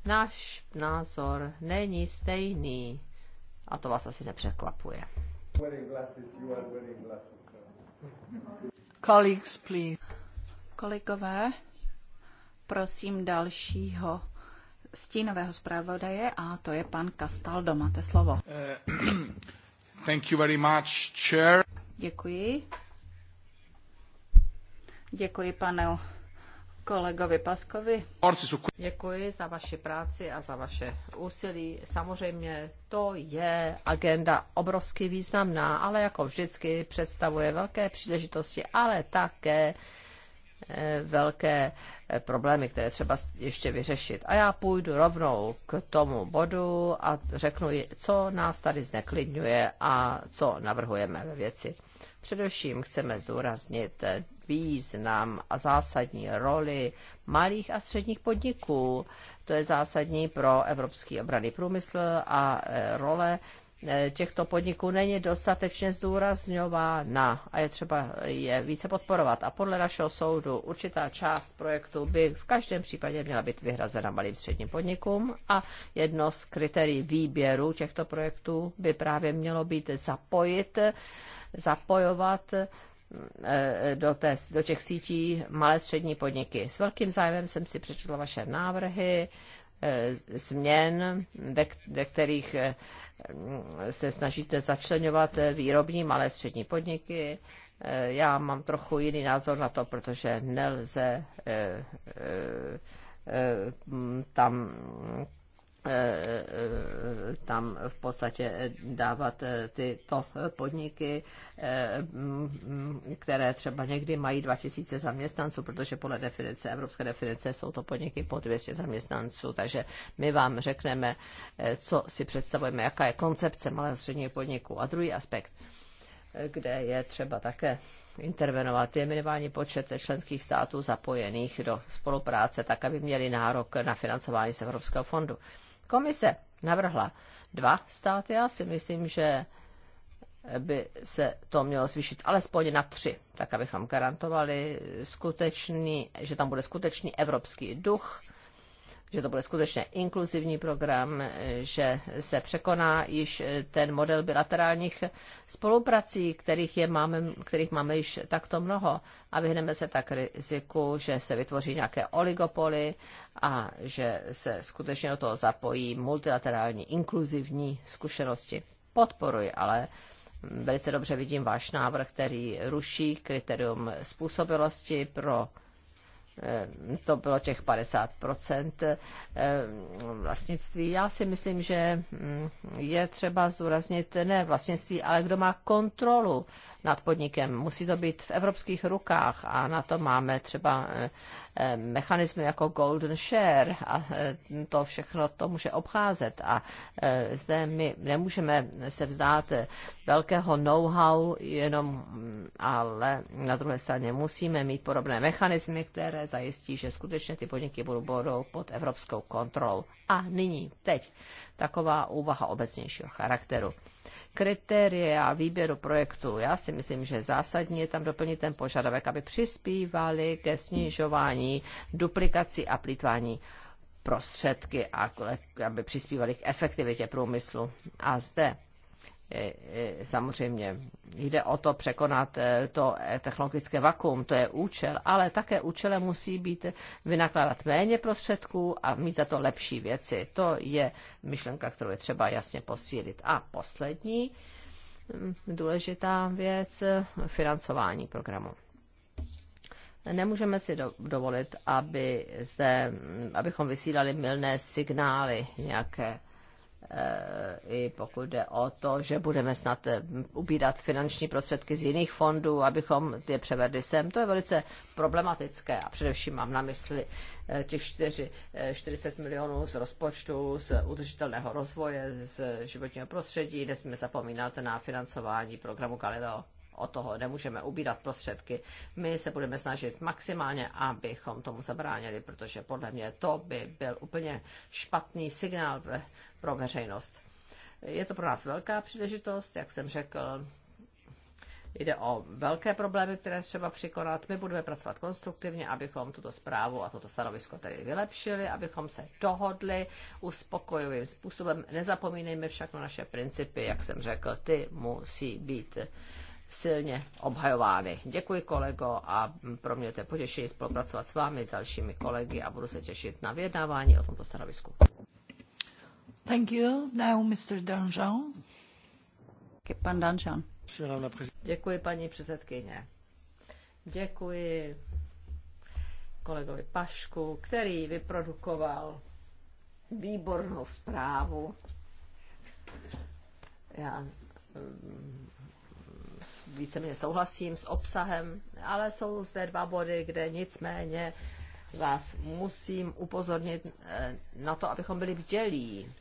náš názor není stejný. A to vás asi nepřekvapuje. Colleagues, please. Kolegové, prosím dalšího stínového zpravodaje a to je pan Castaldo. Máte slovo. Uh, thank you very much, chair. Děkuji, Děkuji panu kolegovi Paskovi. Děkuji za vaši práci a za vaše úsilí. Samozřejmě to je agenda obrovsky významná, ale jako vždycky představuje velké příležitosti, ale také eh, velké eh, problémy, které třeba ještě vyřešit. A já půjdu rovnou k tomu bodu a řeknu, co nás tady zneklidňuje a co navrhujeme ve věci. Především chceme zdůraznit eh, význam a zásadní roli malých a středních podniků. To je zásadní pro evropský obraný průmysl a e, role e, těchto podniků není dostatečně zdůrazňována a je třeba je více podporovat. A podle našeho soudu určitá část projektu by v každém případě měla být vyhrazena malým středním podnikům a jedno z kritérií výběru těchto projektů by právě mělo být zapojit, zapojovat Eh, do, té, do těch sítí malé střední podniky. S velkým zájmem jsem si přečetla vaše návrhy, eh, změn, ve, ve kterých eh, se snažíte začlenovat výrobní malé střední podniky. Já mám trochu jiný názor na to, protože nelze tam E, e, tam v podstatě dávat e, tyto podniky, které třeba někdy mají 2000 zaměstnanců, protože podle definice, evropské definice jsou to podniky po 200 zaměstnanců, takže my vám řekneme, co si představujeme, jaká je koncepce malého středního podniku. A druhý aspekt, kde je třeba také intervenovat, je minimální počet členských států zapojených do spolupráce, tak aby měli nárok na financování z Evropského fondu. Komise navrhla dva státy. Já si myslím, že by se to mělo zvýšit alespoň na tři, tak abychom garantovali skutečný, že tam bude skutečný evropský duch že to bude skutečně inkluzivní program, že se překoná již ten model bilaterálních spoluprací, kterých, je máme, kterých máme již takto mnoho a vyhneme se tak riziku, že se vytvoří nějaké oligopoly a že se skutečně do toho zapojí multilaterální inkluzivní zkušenosti. Podporuji, ale velice dobře vidím váš návrh, který ruší kritérium způsobilosti pro Eh, to bylo těch 50% eh, vlastnictví. Já si myslím, že mm, je třeba zúraznit ne vlastnictví, ale kdo má kontrolu nad podnikem. Musí to být v evropských rukách a na to máme třeba eh, eh, mechanismy jako golden share a eh, to všechno to může obcházet. A zde my nemůžeme se vzdát velkého know-how, jenom, mm, ale na druhé straně musíme mít podobné mechanismy, které zajistí, že skutečně ty podniky budou, budou pod evropskou kontrolou. A nyní, teď, taková úvaha obecnějšího charakteru a výběru projektu. Já si myslím, že zásadní je tam doplnit ten požadavek, aby přispívali ke snižování duplikací a plítvání prostředky a aby přispívali k efektivitě průmyslu. A zde Eh, eh, samozřejmě jde o to překonat eh, to technologické vakuum, to je účel, ale také účelem musí být vynakládat méně prostředků a mít za to lepší věci. To je myšlenka, kterou je třeba jasně posílit. A poslední hm, důležitá věc, financování programu. Nemůžeme si dovolit, aby zde, hm, abychom vysílali milné signály nějaké i pokud jde o to, že budeme snad eh, ubírat finanční prostředky z jiných fondů, abychom je převedli sem. To je velice problematické a především mám na mysli eh, těch 4, 40 eh, milionů z rozpočtu, z udržitelného rozvoje, z životního prostředí, nesmíme zapomínat na financování programu Galileo od toho nemůžeme ubírat prostředky. My se budeme snažit maximálně, abychom tomu zabránili, protože podle mě to by byl úplně špatný signál pro veřejnost. Je to pro nás velká příležitost, jak jsem řekl, jde o velké problémy, které třeba překonat. My budeme pracovat konstruktivně, abychom tuto zprávu a toto stanovisko tedy vylepšili, abychom se dohodli uspokojivým způsobem. Nezapomínejme však na naše principy, jak jsem řekl, ty musí být silně obhajovány. Děkuji kolego a pro mě to je potěšení spolupracovat s vámi, s dalšími kolegy a budu se těšit na vyjednávání o tomto stanovisku. Thank you. Now Mr. Danjean. Pan Danjean. Děkuji, paní předsedkyně. Děkuji kolegovi Pašku, který vyprodukoval výbornou zprávu. Já mm, víceméně souhlasím s obsahem, ale jsou zde dva body, kde nicméně vás musím upozornit eh, na to, abychom byli bdělí.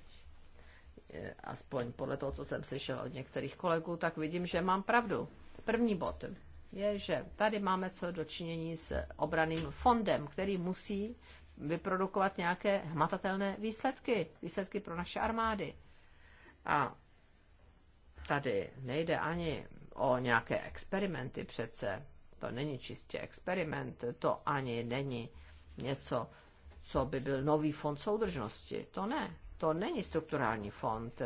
Eh, aspoň podle toho, co jsem slyšel od některých kolegů, tak vidím, že mám pravdu. První bod je, že tady máme co dočinění s obraným fondem, který musí vyprodukovat nějaké hmatatelné výsledky, výsledky pro naše armády. A tady nejde ani o nějaké experimenty přece. To není čistě experiment, to ani není něco, co by byl nový fond soudržnosti. To ne. To není strukturální fond,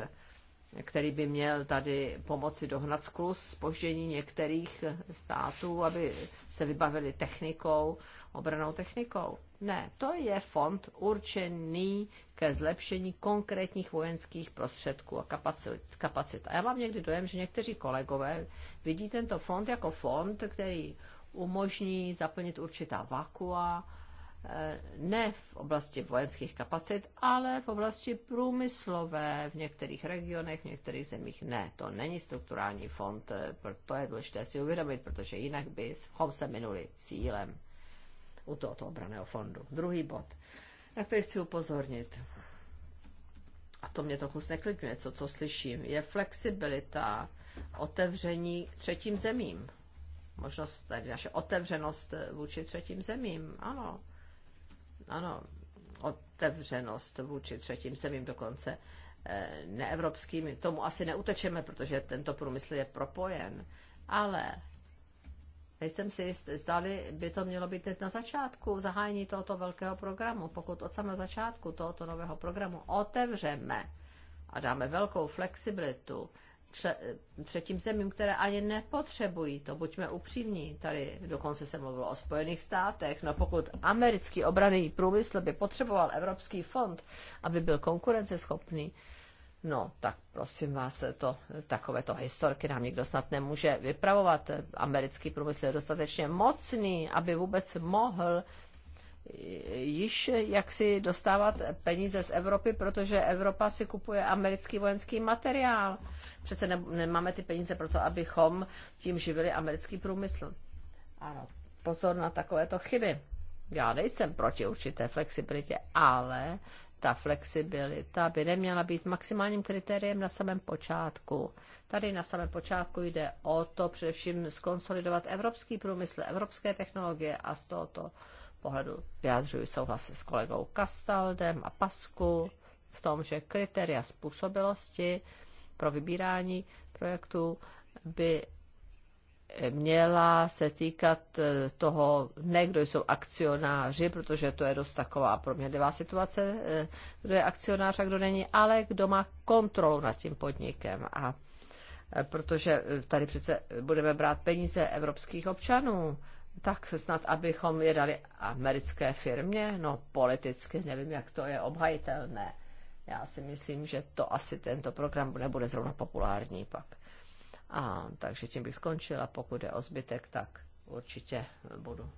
který by měl tady pomoci dohnat sklus spoždění některých států, aby se vybavili technikou, obranou technikou. Ne, to je fond určený ke zlepšení konkrétních vojenských prostředků a kapacit. kapacit. A já mám někdy dojem, že někteří kolegové vidí tento fond jako fond, který umožní zaplnit určitá vakua, eh, ne v oblasti vojenských kapacit, ale v oblasti průmyslové, v některých regionech, v některých zemích ne. To není strukturální fond, eh, proto je důležité si uvědomit, protože jinak bychom se minuli cílem u tohoto obraného fondu. Druhý bod, na který chci upozornit, a to mě trochu zneklidňuje, co, co slyším, je flexibilita otevření třetím zemím. Možnost, tedy naše otevřenost vůči třetím zemím, ano. Ano, otevřenost vůči třetím zemím dokonce eh, neevropským. Tomu asi neutečeme, protože tento průmysl je propojen. Ale Nejsem si jist, zdali by to mělo být na začátku zahájení tohoto velkého programu. Pokud od samého začátku tohoto nového programu otevřeme a dáme velkou flexibilitu třetím zemím, které ani nepotřebují to, buďme upřímní. Tady dokonce se mluvilo o Spojených státech. No pokud americký obraný průmysl by potřeboval Evropský fond, aby byl konkurenceschopný, No, tak prosím vás, to, takovéto historky nám nikdo snad nemůže vypravovat. Americký průmysl je dostatečně mocný, aby vůbec mohl již jaksi dostávat peníze z Evropy, protože Evropa si kupuje americký vojenský materiál. Přece ne, nemáme ty peníze pro to, abychom tím živili americký průmysl. Ano, pozor na takovéto chyby. Já nejsem proti určité flexibilitě, ale ta flexibilita by neměla být maximálním kritériem na samém počátku. Tady na samém počátku jde o to především skonsolidovat evropský průmysl, evropské technologie a z tohoto pohledu vyjádřuji souhlas s kolegou Kastaldem a Pasku v tom, že kritéria způsobilosti pro vybírání projektů by měla se týkat eh, toho, ne kdo jsou akcionáři, protože to je dost taková proměnlivá situace, eh, kdo je akcionář a kdo není, ale kdo má kontrolu nad tím podnikem. A eh, protože tady přece budeme brát peníze evropských občanů, tak snad, abychom je dali americké firmě, no politicky nevím, jak to je obhajitelné. Já si myslím, že to asi tento program nebude zrovna populární pak. A takže tím bych skončila. Pokud je o zbytek, tak určitě budu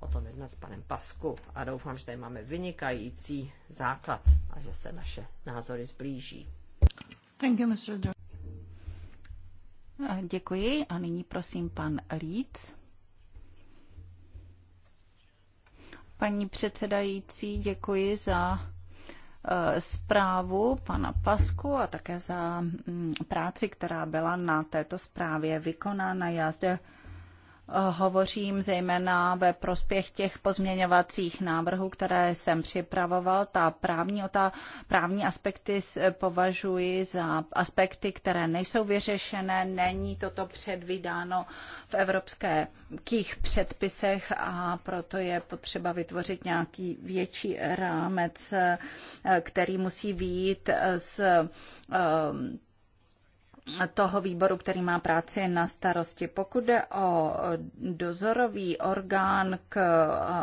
o tom jednat s panem Pasku a doufám, že tady máme vynikající základ a že se naše názory zblíží. Thank you, Mr. Děkuji a nyní prosím pan Líc. Paní předsedající, děkuji za Eh, zprávu pana Pasku a také za mm, práci, která byla na této zprávě vykonána. Já zde hovořím zejména ve prospěch těch pozměňovacích návrhů, které jsem připravoval. Ta právní, ta právní aspekty považuji za aspekty, které nejsou vyřešené, není toto předvídáno v evropských předpisech a proto je potřeba vytvořit nějaký větší rámec, který musí výjít z eh, toho výboru, který má práci na starosti. Pokud jde o dozorový orgán k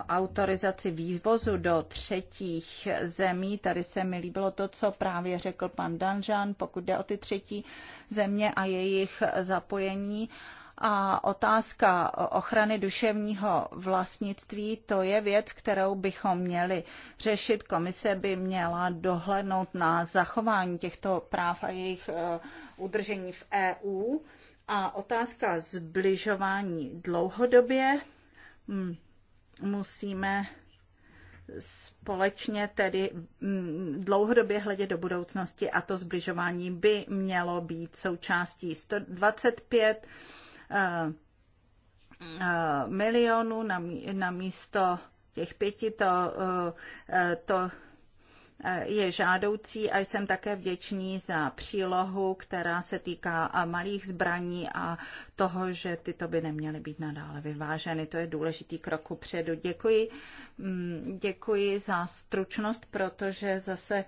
autorizaci vývozu do třetích zemí, tady se mi líbilo to, co právě řekl pan Danžan, pokud jde o ty třetí země a jejich zapojení a otázka ochrany duševního vlastnictví, to je věc, kterou bychom měli řešit. Komise by měla dohlednout na zachování těchto práv a jejich eh, udržení v EU. A otázka zbližování dlouhodobě. Hmm, musíme společně tedy mm, dlouhodobě hledět do budoucnosti a to zbližování by mělo být součástí 125 Eh, eh, milionů na, na místo těch pěti, to, eh, to je žádoucí a jsem také vděčný za přílohu, která se týká malých zbraní a toho, že tyto by neměly být nadále vyváženy. To je důležitý krok předu. Děkuji, mm, děkuji za stručnost, protože zase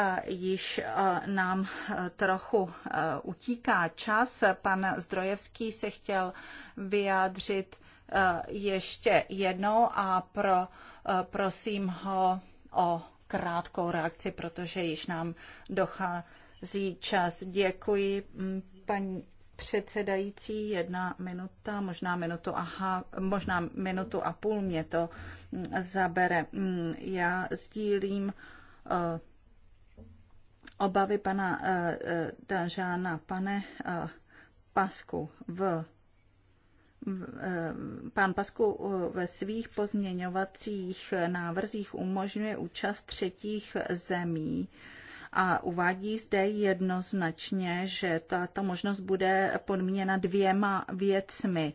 Eh, již eh, nám eh, trochu utíká čas. Pan Zdrojevský se chtěl vyjádřit ještě jednou a pro, prosím ho o krátkou reakci, protože již nám dochází čas. Děkuji, hm, paní předsedající, jedna minuta, možná minutu, aha, možná minutu a půl mě to hm, zabere. Hm, já sdílím obavy pana eh, eh, Dažána, pane eh, Pasku v Pán Pasku ve svých pozměňovacích návrzích umožňuje účast třetích zemí a uvádí zde jednoznačně, že tato možnost bude podmíněna dvěma věcmi.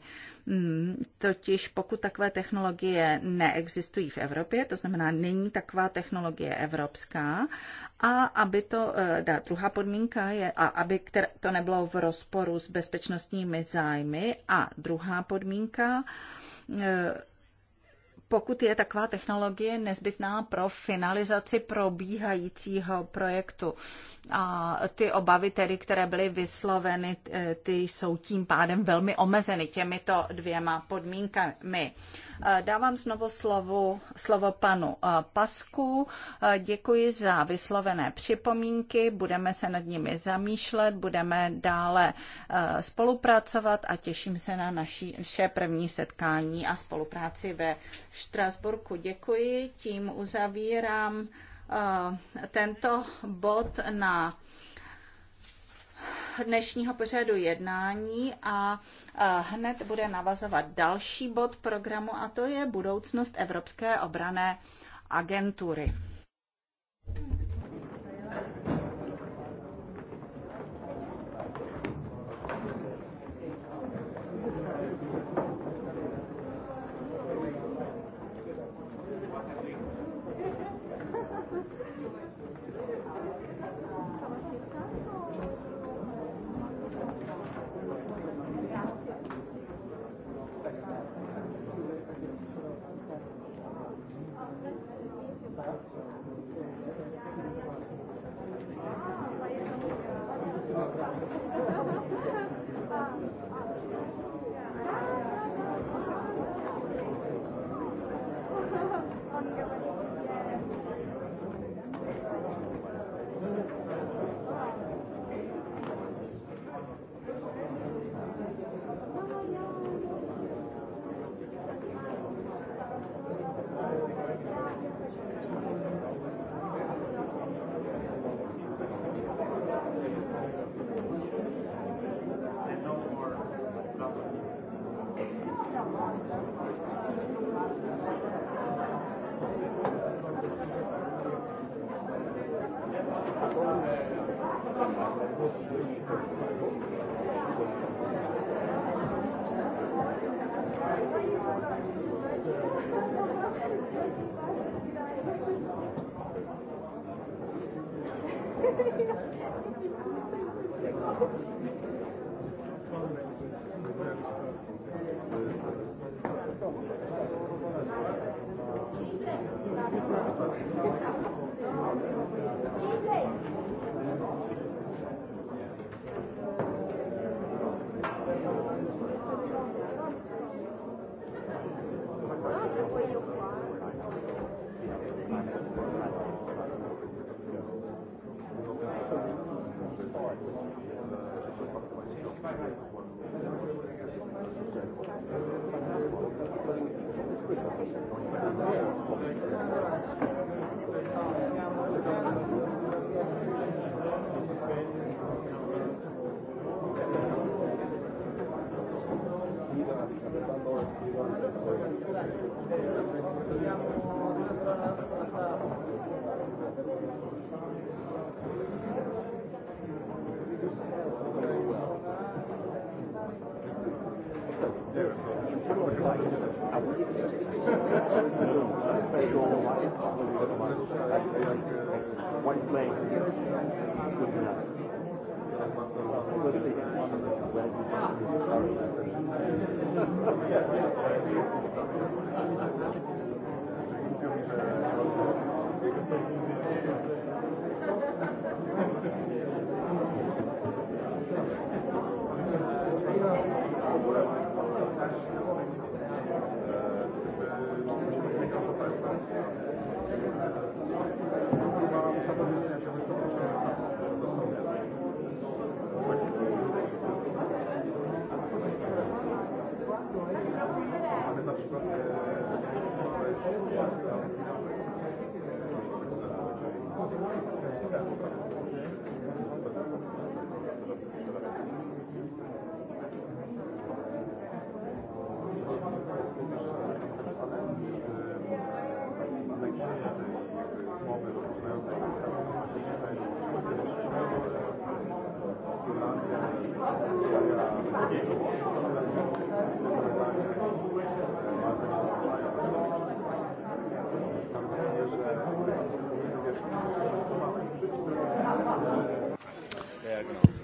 Hmm, totiž pokud takové technologie neexistují v Evropě, to znamená, není taková technologie evropská, a aby to, da, eh, druhá podmínka je, a aby to nebylo v rozporu s bezpečnostními zájmy a druhá podmínka, eh, pokud je taková technologie nezbytná pro finalizaci probíhajícího projektu. A ty obavy tedy, které byly vysloveny, eh, ty jsou tím pádem velmi omezeny těmito dvěma podmínkami. Eh, dávám znovu slovo, slovo panu eh, Pasku. Eh, děkuji za vyslovené připomínky, budeme se nad nimi zamýšlet, budeme dále spolupracovat a těším se na naši, naše první setkání a spolupráci ve Štrasburku. Děkuji, tím uzavírám tento bod na dnešního pořadu jednání a hned bude navazovat další bod programu a to je budoucnost Evropské obrané agentury.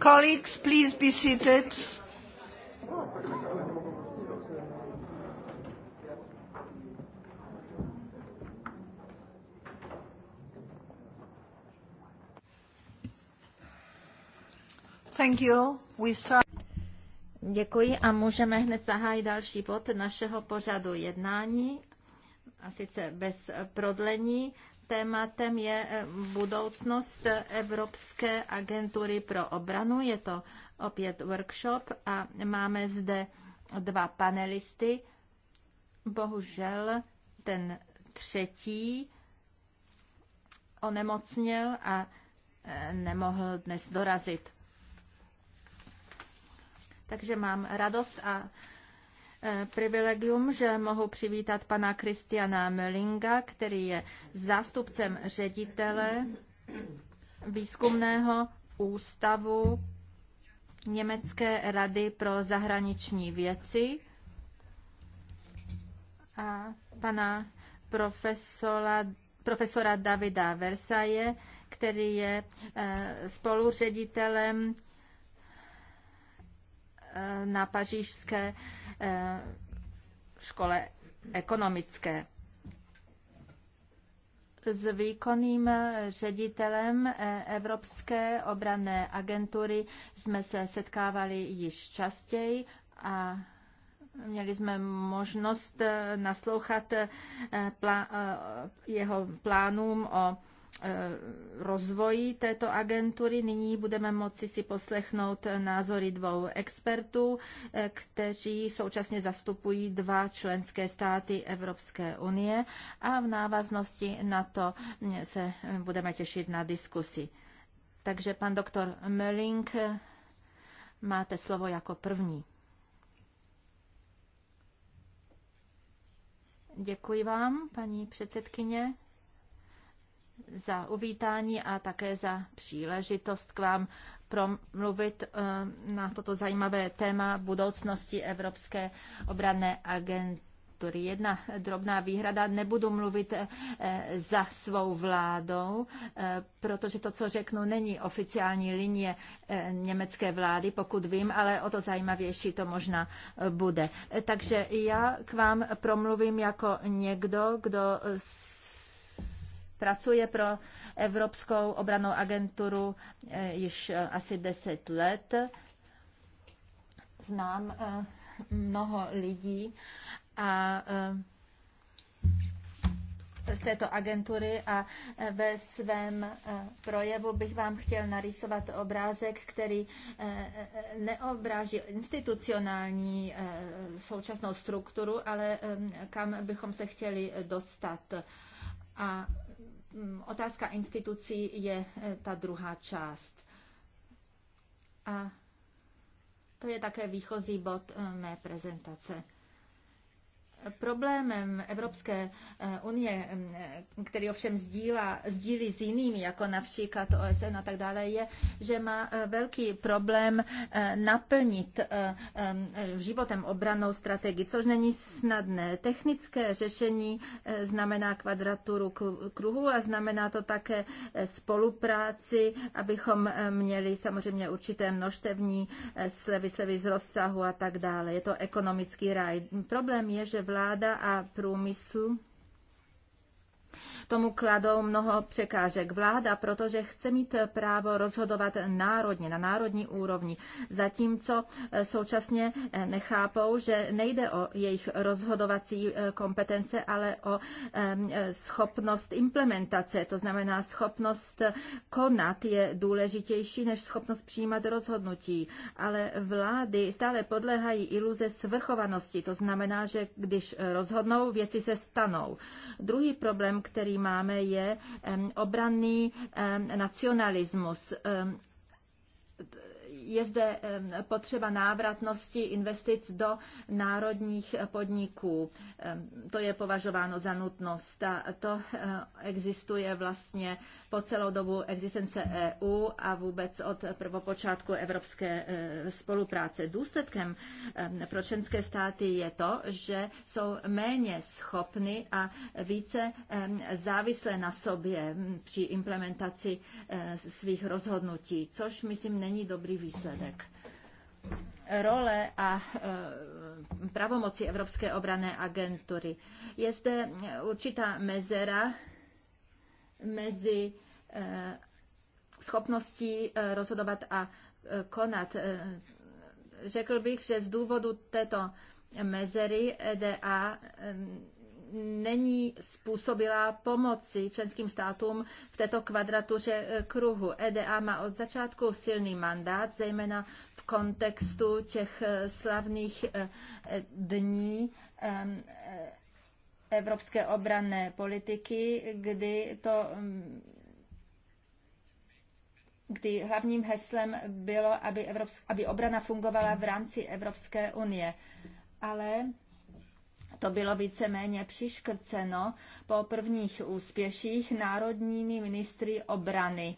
Colleagues, please be seated. Thank you. We start... Děkuji a můžeme hned zahájit další bod našeho pořadu jednání, a sice bez prodlení tématem je eh, budoucnost Evropské agentury pro obranu. Je to opět workshop a máme zde dva panelisty. Bohužel ten třetí onemocněl a eh, nemohl dnes dorazit. Takže mám radost a privilegium, že mohu přivítat pana Kristiana Mellinga, který je zástupcem ředitele výzkumného ústavu Německé rady pro zahraniční věci a pana profesora, profesora Davida Versaje, který je eh, spoluředitelem Eh, na pařížské eh, škole ekonomické. S výkonným eh, ředitelem Evropské obranné agentury jsme se setkávali již častěji a Měli jsme možnost naslouchat jeho plánům o Eh, rozvoji této agentury. Nyní budeme moci si poslechnout názory dvou expertů, eh, kteří současně zastupují dva členské státy Evropské unie a v návaznosti na to mm, se eh, budeme těšit na diskusi. Takže pan doktor Mölling, máte slovo jako první. Děkuji vám, paní předsedkyně za uvítání a také za příležitost k vám promluvit eh, na toto zajímavé téma budoucnosti Evropské obranné agentury. Jedna drobná výhrada, nebudu mluvit eh, za svou vládou, eh, protože to, co řeknu, není oficiální linie německé vlády, pokud vím, ale o to zajímavější to možná bude. Takže já k vám promluvím jako někdo, kdo pracuje pro Evropskou obranou agenturu eh, již eh, asi 10 let. Znám eh, mnoho lidí a z této agentury a ve svém projevu bych vám chtěl narysovat obrázek, který neobráží institucionální současnou strukturu, ale kam bychom se chtěli dostat. A Mm, otázka institucí je eh, ta druhá část. A to je také výchozí bod eh, mé prezentace. Problémem Evropské eh, unie, mm, eh, který ovšem sdílá, sdílí s jinými, jako například OSN a tak dále, je, že má eh, velký problém naplnit životem obranou strategii, což není snadné. Technické řešení znamená kvadraturu kruhu a znamená to také spolupráci, abychom měli samozřejmě určité množstevní slevy, slevy z rozsahu a tak dále. Je to ekonomický ráj. Problém je, že vláda a průmysl tomu kladou mnoho překážek. Vláda, protože chce mít právo rozhodovat národně, na národní úrovni, zatímco eh, současně eh, nechápou, že nejde o jejich rozhodovací eh, kompetence, ale o schopnost implementace, to znamená schopnost konat je důležitější než schopnost přijímat rozhodnutí. Ale vlády stále podléhají iluze svrchovanosti, to znamená, že když rozhodnou, věci se stanou. Druhý problém, který máme, je obranný nacionalismus je zde potřeba návratnosti investic do národních podniků. To je považováno za nutnost. A to eh, existuje vlastně po celou dobu existence EU a vůbec od prvopočátku evropské eh, spolupráce. Důsledkem pro členské státy je to, že jsou méně schopny a více závislé na sobě při implementaci eh, svých rozhodnutí, což myslím není dobrý výsledek výsledek. Role a e, pravomoci Evropské obrané agentury. Je zde určitá mezera mezi e, schopností e, rozhodovat a konat. Řekl bych, že z důvodu této mezery EDA není způsobila pomoci členským státům v této kvadratuře eh, kruhu. EDA má od začátku silný mandát, zejména v kontextu těch eh, slavných eh, dní evropské obranné politiky, kdy to mm, kdy hlavním heslem bylo, aby, Evropsk- aby obrana fungovala v rámci Evropské unie. Ale to bylo víceméně přiškrceno po prvních úspěších národními ministry obrany.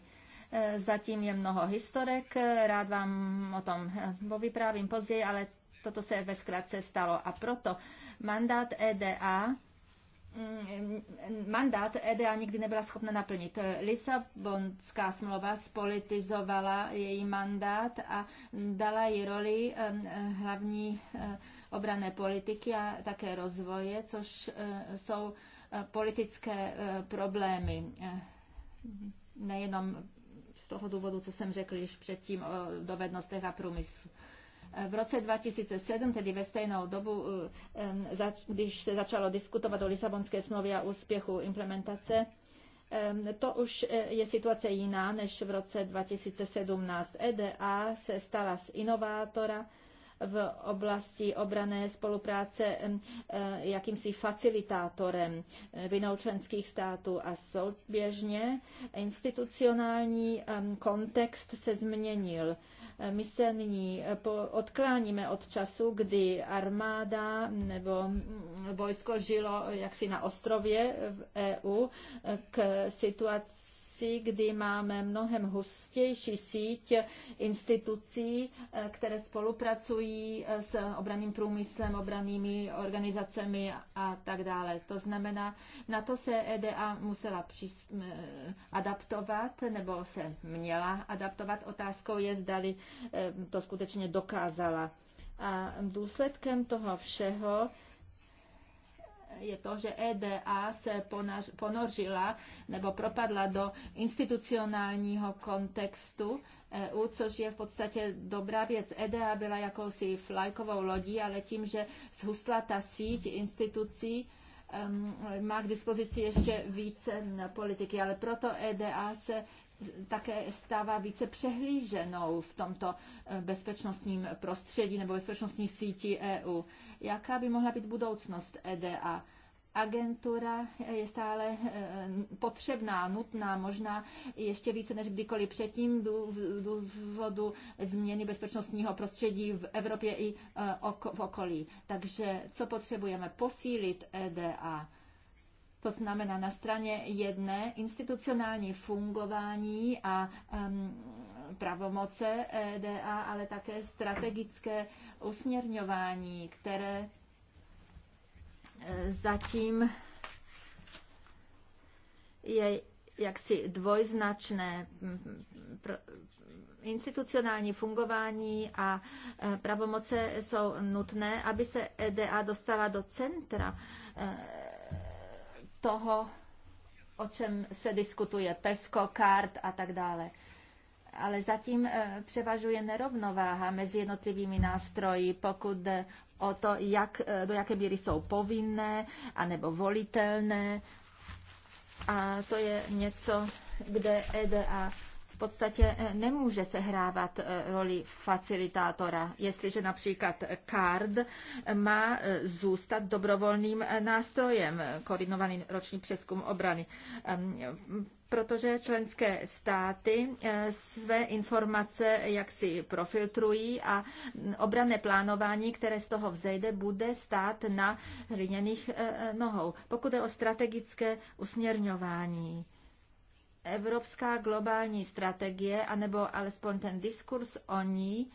E, zatím je mnoho historek, rád vám o tom povyprávím e, později, ale toto se ve zkratce stalo. A proto mandát EDA mm, e, mandát EDA nikdy nebyla schopna naplnit. Lisabonská smlouva spolitizovala její mandát a dala jí roli hlavní obrané politiky a také rozvoje, což e, jsou e, politické e, problémy. Nejenom z toho důvodu, co jsem řekl již předtím o dovednostech a průmyslu. V roce 2007, tedy ve stejnou dobu, když se začalo diskutovat o Lisabonské smlouvě a úspěchu implementace, to už je situace jiná než v roce 2017. EDA se stala z inovátora v oblasti obrané spolupráce e, jakýmsi facilitátorem e, vinou členských států a souběžně institucionální kontext se změnil. E, my se nyní odkláníme od času, kdy armáda nebo vojsko žilo jaksi na ostrově v EU k situaci situaci, kdy máme mnohem hustější síť institucí, eh, které spolupracují eh, s obraným průmyslem, obranými organizacemi a tak dále. To znamená, na to se EDA musela eh, adaptovat nebo se měla adaptovat. Otázkou je, zdali to skutečně dokázala. A důsledkem toho všeho je to, že EDA se ponaž, ponořila nebo propadla do institucionálního kontextu EU, což je v podstatě dobrá věc. EDA byla jakousi flajkovou lodí, ale tím, že zhusla ta síť institucí, má k dispozici ještě více politiky, ale proto EDA se také stává více přehlíženou v tomto eh, bezpečnostním prostředí nebo bezpečnostní síti EU. Jaká by mohla být budoucnost EDA? agentura je stále eh, potřebná, nutná, možná ještě více než kdykoliv předtím důvodu změny bezpečnostního prostředí v Evropě i eh, v okolí. Takže co potřebujeme? Posílit EDA to znamená na straně jedné institucionální fungování a um, pravomoce EDA, eh, ale také strategické usměrňování, které eh, zatím je jaksi dvojznačné institucionální fungování a eh, pravomoce jsou nutné, aby se EDA dostala do centra toho, o čem se diskutuje, pesko kart a tak dále. Ale zatím eh, převažuje nerovnováha mezi jednotlivými nástroji, pokud jde o to, jak, eh, do jaké míry jsou povinné anebo volitelné. A to je něco, kde EDA podstatě eh, nemůže sehrávat eh, roli facilitátora, jestliže například CARD má eh, zůstat dobrovolným nástrojem, koordinovaný roční přeskum obrany ehm, protože členské státy své informace jaksi profiltrují a obrané plánování, které z toho vzejde, bude stát na hliněných nohou. Pokud je o strategické usměrňování, evropská globální strategie, anebo alespoň ten diskurs o ní,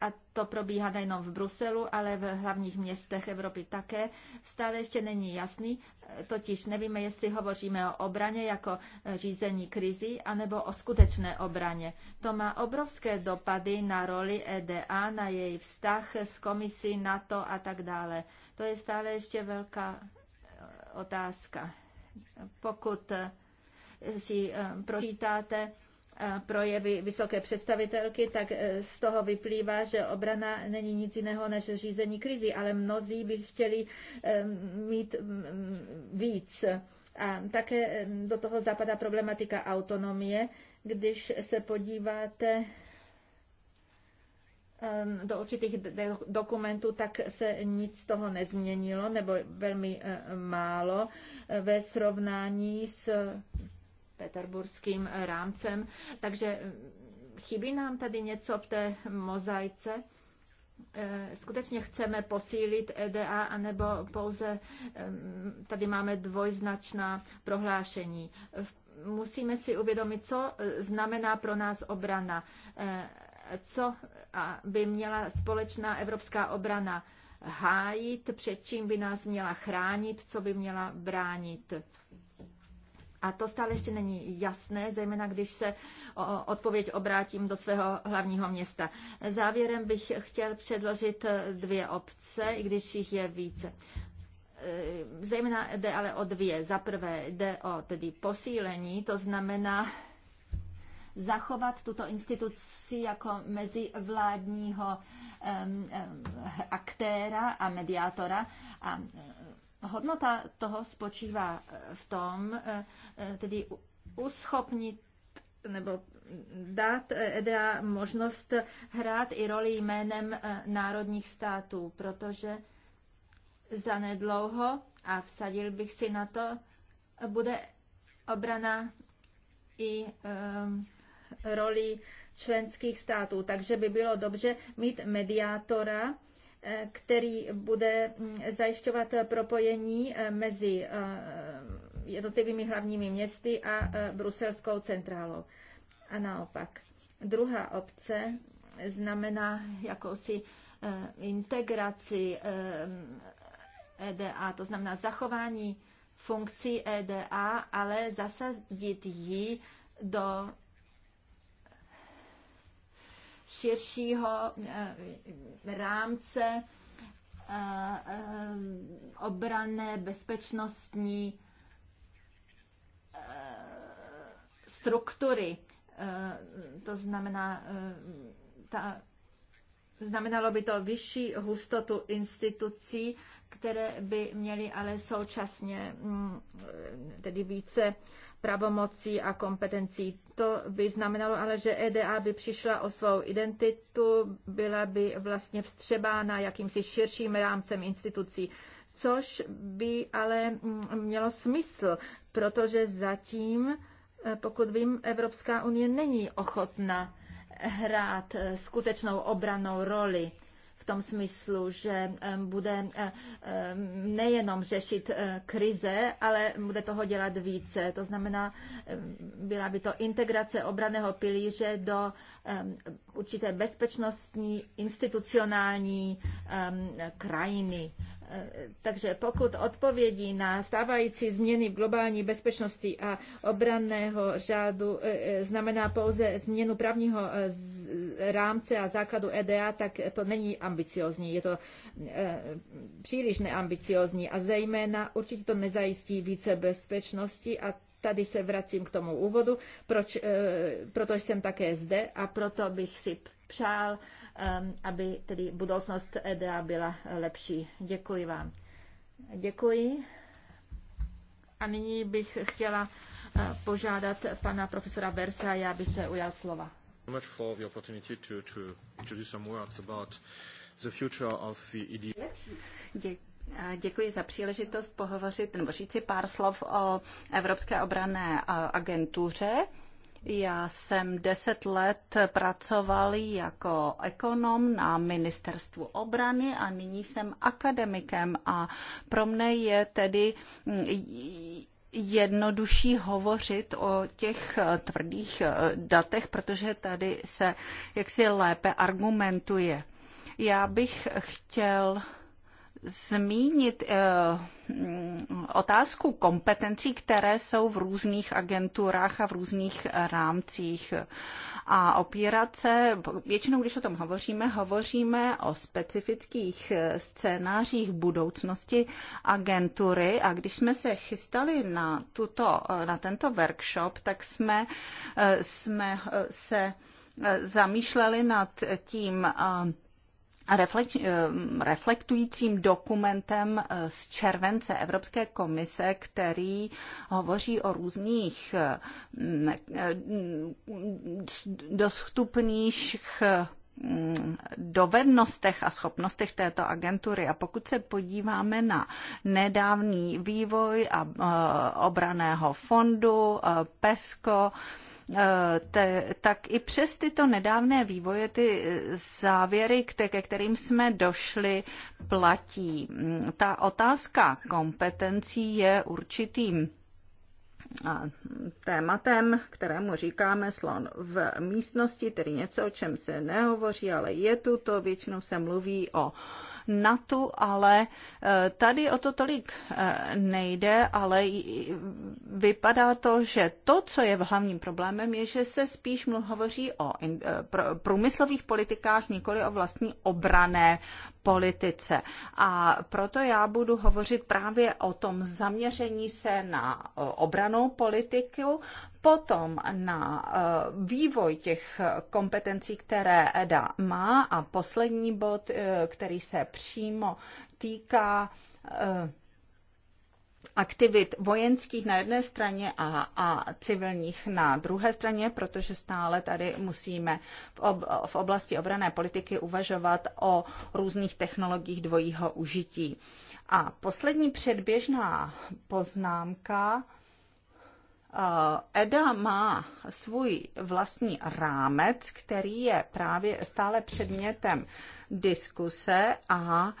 a to probíhá nejenom v Bruselu, ale v hlavních městech Evropy také, stále ještě není jasný, totiž nevíme, jestli hovoříme o obraně jako řízení krizi, anebo o skutečné obraně. To má obrovské dopady na roli EDA, na její vztah s komisí NATO a tak dále. To je stále ještě velká eh, otázka. Pokud eh, si eh, pročítáte eh, projevy vysoké představitelky, tak eh, z toho vyplývá, že obrana není nic jiného než řízení krizi, ale mnozí by chtěli mít mm, víc. A také do toho zapadá problematika autonomie. Když se podíváte do určitých dokumentů, tak se nic z toho nezměnilo, nebo velmi málo ve srovnání s peterburským rámcem. Takže eh, chybí nám tady něco v té mozaice? Eh, skutečně chceme posílit EDA, anebo pouze eh, tady máme dvojznačná prohlášení. Musíme si uvědomit, co znamená pro nás obrana, co by měla společná evropská obrana hájit, před čím by nás měla chránit, co by měla bránit. A to stále ještě není jasné, zejména když se odpověď obrátím do svého hlavního města. Závěrem bych chtěl předložit dvě obce, i když jich je více e, zejména jde ale o dvě. Za prvé jde o tedy posílení, to znamená zachovat tuto instituci jako mezivládního um, um, aktéra a mediátora a Hodnota toho spočívá eh, v tom, eh, eh, tedy uschopnit nebo dát EDA možnost hrát i roli jménem národních států, protože zanedlouho, a vsadil bych si na to, bude obrana i um, roli členských států. Takže by bylo dobře mít mediátora, který bude mm, zajišťovat propojení eh, mezi eh, jednotlivými hlavními městy a eh, bruselskou centrálou. A naopak. Druhá obce znamená jakousi integraci EDA, e to znamená zachování funkcí EDA, ale zasadit ji do širšího eh, rámce eh, eh, obrané bezpečnostní struktury. To znamená, ta, znamenalo by to vyšší hustotu institucí, které by měly ale současně mm, tedy více pravomocí a kompetencí. To by znamenalo ale, že EDA by přišla o svou identitu, byla by vlastně vstřebána jakýmsi širším rámcem institucí což by ale mm, mělo smysl, protože zatím, e, pokud vím, Evropská unie není ochotna hrát e, skutečnou obranou roli v tom smyslu, že bude nejenom řešit eh, krize, ale bude toho dělat více. To znamená, byla by to integrace obraného pilíře do určité bezpečnostní, institucionální krajiny takže pokud odpovědí na stávající změny v globální bezpečnosti a obranného řádu e, e, znamená pouze změnu právního e, rámce a základu EDA, tak to není ambiciozní. Je to příliš neambiciozní a zejména určitě to nezajistí více bezpečnosti a tady se vracím k tomu úvodu, proč, protože jsem také zde a proto bych si přál, Ehm, aby tedy budoucnost EDA byla lepší. Děkuji vám. Děkuji. A nyní bych chtěla eh, požádat pana profesora Versa, já by se ujal slova. E děkuji. za příležitost pohovořit nebo si pár slov o Evropské obrané agentuře. Já jsem deset let pracoval jako ekonom na ministerstvu obrany a nyní jsem akademikem a pro mne je tedy mm, jednodušší hovořit o těch eh, tvrdých eh, datech, protože tady se jaksi lépe argumentuje. Já bych chtěl zmínit eh, mm, otázku kompetencí, které jsou v různých agenturách a v různých eh, rámcích. A opírat se, většinou když o tom hovoříme, hovoříme o specifických eh, scénářích budoucnosti agentury a když jsme se chystali na, tuto, na tento workshop, tak jsme, jsme se zamýšleli nad tím, Eh, reflektujícím dokumentem eh, z července Evropské komise, který hovoří o různých eh, dostupných mm, dovednostech a schopnostech této agentury. A pokud se podíváme na nedávný vývoj a obraného fondu, PESCO, te, tak i přes tyto nedávné vývoje ty závěry, ke kterým jsme došli, platí. Ta otázka kompetencí je určitým tématem, kterému říkáme slon v místnosti, tedy něco, o čem se nehovoří, ale je tu, to většinou se mluví o na tu, ale eh, tady o to tolik eh, nejde, ale vypadá to, že to, co je hlavním problémem, je, že se spíš hovoří o eh, průmyslových politikách, nikoli o vlastní obrané politice. A proto já budu hovořit právě o tom zaměření se na obranou politiku, potom na eh, vývoj těch kompetencí, které EDA má. A poslední bod, eh, který se přímo týká eh, aktivit vojenských na jedné straně a, a civilních na druhé straně, protože stále tady musíme v, ob, v oblasti obrané politiky uvažovat o různých technologiích dvojího užití. A poslední předběžná poznámka Eh, EDA má svůj vlastní rámec, který je právě stále předmětem diskuse a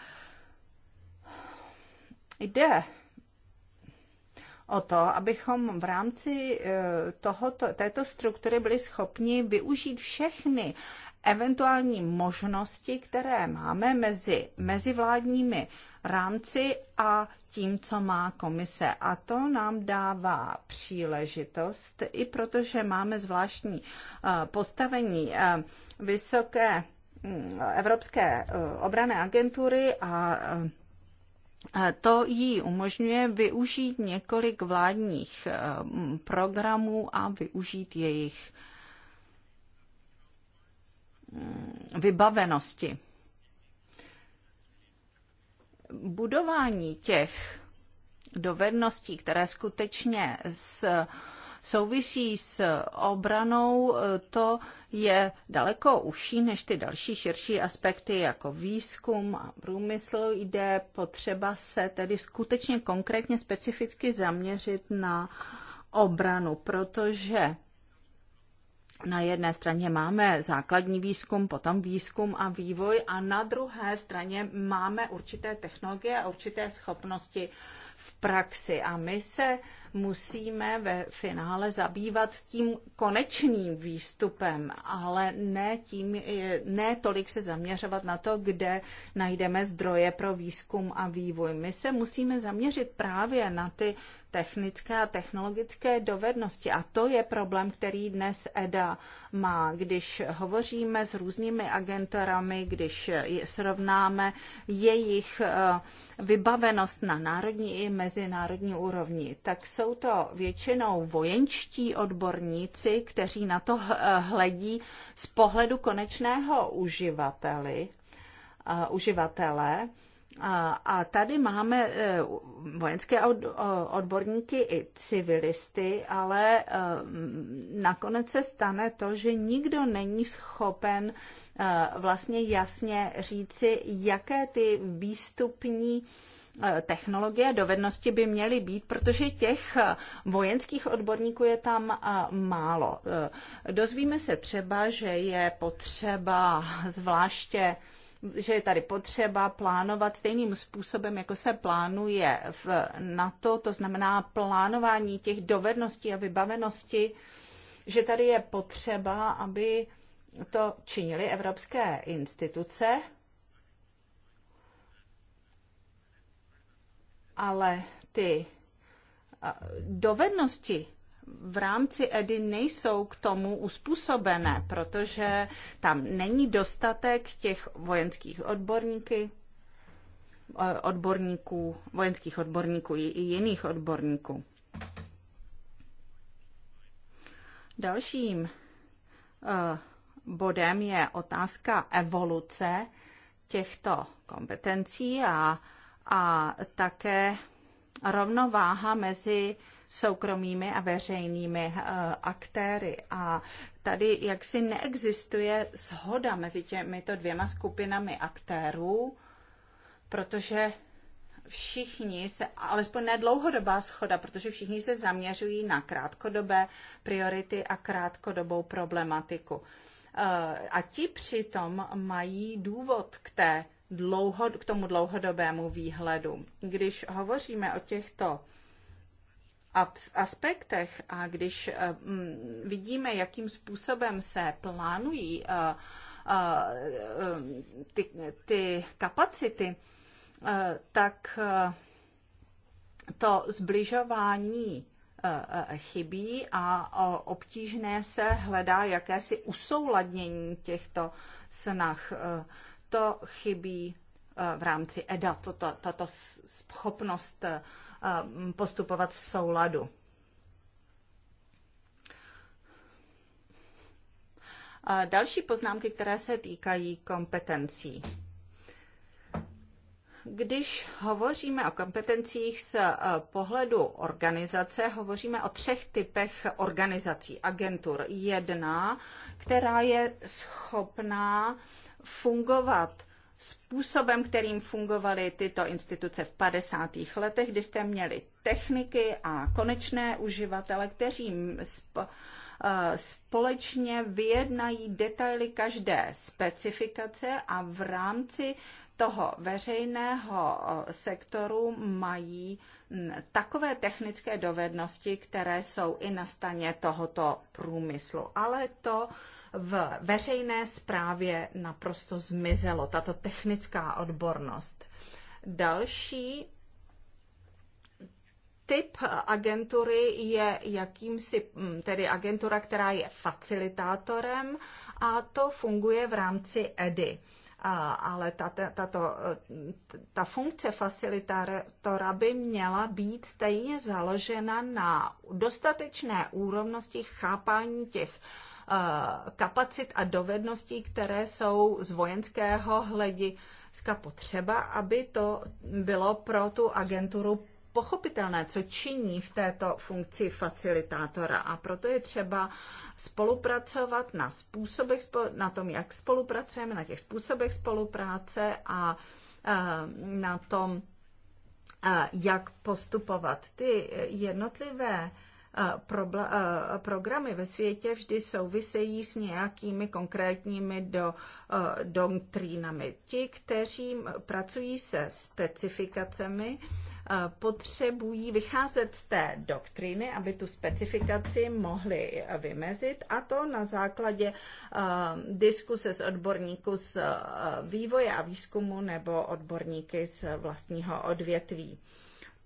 jde o to, abychom v rámci eh, tohoto, této struktury byli schopni využít všechny eventuální možnosti, které máme mezi mezivládními rámci a tím, co má komise. A to nám dává příležitost, i protože máme zvláštní eh, postavení eh, vysoké mm, Evropské eh, obrané agentury a to jí umožňuje využít několik vládních mm, programů a využít jejich mm, vybavenosti budování těch dovedností, které skutečně s souvisí s obranou, e, to je daleko užší než ty další širší aspekty jako výzkum a průmysl. Jde potřeba se tedy skutečně konkrétně specificky zaměřit na obranu, protože na jedné straně máme základní výzkum, potom výzkum a vývoj a na druhé straně máme určité technologie a určité schopnosti v praxi. A my se musíme ve finále zabývat tím konečným výstupem, ale ne, tím, ne tolik se zaměřovat na to, kde najdeme zdroje pro výzkum a vývoj. My se musíme zaměřit právě na ty technické a technologické dovednosti. A to je problém, který dnes EDA má. Když hovoříme s různými agenturami, když srovnáme jejich eh, vybavenost na národní i mezinárodní úrovni, tak jsou jsou to většinou vojenčtí odborníci, kteří na to eh, hledí z pohledu konečného uživateli, eh, uživatele. A tady máme eh, vojenské odborníky i civilisty, ale nakonec se stane to, že nikdo není schopen vlastně jasně říci, jaké ty výstupní Eh, technologie, dovednosti by měly být, protože těch eh, vojenských odborníků je tam eh, málo. Dozvíme se třeba, že je potřeba zvláště že je tady potřeba plánovat stejným způsobem, jako se plánuje v NATO, to znamená plánování těch dovedností a vybavenosti, že tady je potřeba, aby to činili evropské instituce, ale ty dovednosti v rámci EDY nejsou k tomu uspůsobené, protože tam není dostatek těch vojenských odborníky, e, odborníků, vojenských odborníků i jiných odborníků. Dalším e, bodem je otázka evoluce těchto kompetencí a a také rovnováha mezi soukromými a veřejnými eh, aktéry. A tady jaksi neexistuje shoda mezi těmito dvěma skupinami aktérů, protože všichni se, alespoň ne dlouhodobá schoda, protože všichni se zaměřují na krátkodobé priority a krátkodobou problematiku. Eh, a ti přitom mají důvod k té dlouho, k tomu dlouhodobému výhledu. Když hovoříme o těchto aspektech a když eh, vidíme, jakým způsobem se plánují eh, eh, ty, ty kapacity, tak to zbližování chybí a obtížné se hledá jakési usouladnění těchto snah to chybí eh, v rámci EDA, toto, tato schopnost eh, postupovat v souladu. A další poznámky, které se týkají kompetencí. Když hovoříme o kompetencích z eh, pohledu organizace, hovoříme o třech typech organizací, agentur. Jedna, která je schopná fungovat způsobem, kterým fungovaly tyto instituce v 50. letech, kdy jste měli techniky a konečné uživatele, kteří eh, společně vyjednají detaily každé specifikace a v rámci toho veřejného eh, sektoru mají takové technické dovednosti, které jsou i na staně tohoto průmyslu. Ale to v veřejné správě naprosto zmizelo, tato technická odbornost. Další typ agentury je jakýmsi, mm, tedy agentura, která je facilitátorem a to funguje v rámci EDI. A, ale ta ta eh, ta funkce facilitátora by měla být stejně založena na dostatečné úrovnosti chápání těch uh, kapacit a dovedností, které jsou z vojenského hlediska potřeba, aby to bylo pro tu agenturu pochopitelné, co činí v této funkci facilitátora a proto je třeba spolupracovat na způsobech, na tom, jak spolupracujeme, na těch způsobech spolupráce a na tom, jak postupovat. Ty jednotlivé programy ve světě vždy souvisejí s nějakými konkrétními do, e, doktrínami. Ti, kteří pracují se specifikacemi, e, potřebují vycházet z té doktriny, aby tu specifikaci mohli vymezit a to na základě e, diskuse s odborníků z vývoje a výzkumu nebo odborníky z vlastního odvětví.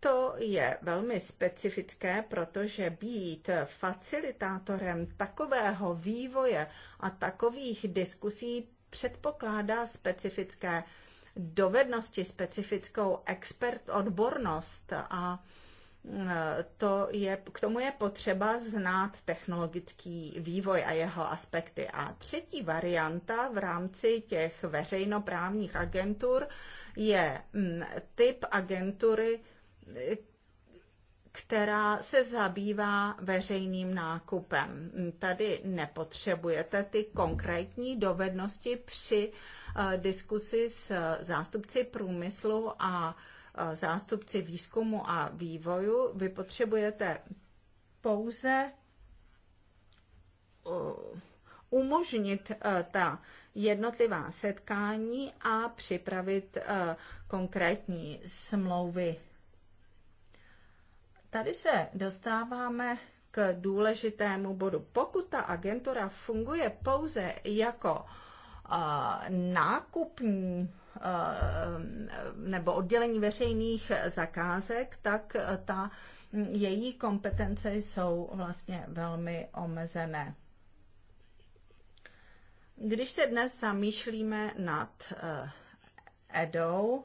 To je velmi specifické, protože být facilitátorem takového vývoje a takových diskusí předpokládá specifické dovednosti, specifickou expert odbornost a mm, to je, k tomu je potřeba znát technologický vývoj a jeho aspekty. A třetí varianta v rámci těch veřejnoprávních agentur je mm, typ agentury, která se zabývá veřejným nákupem. Tady nepotřebujete ty konkrétní dovednosti při eh, diskusi s zástupci průmyslu a eh, zástupci výzkumu a vývoju. Vy potřebujete pouze eh, umožnit ta jednotlivá setkání a připravit konkrétní smlouvy Tady se dostáváme k důležitému bodu. Pokud ta agentura funguje pouze jako nákupní nebo oddělení veřejných zakázek, tak ta její kompetence jsou vlastně velmi omezené. Když se dnes zamýšlíme nad e, EDou,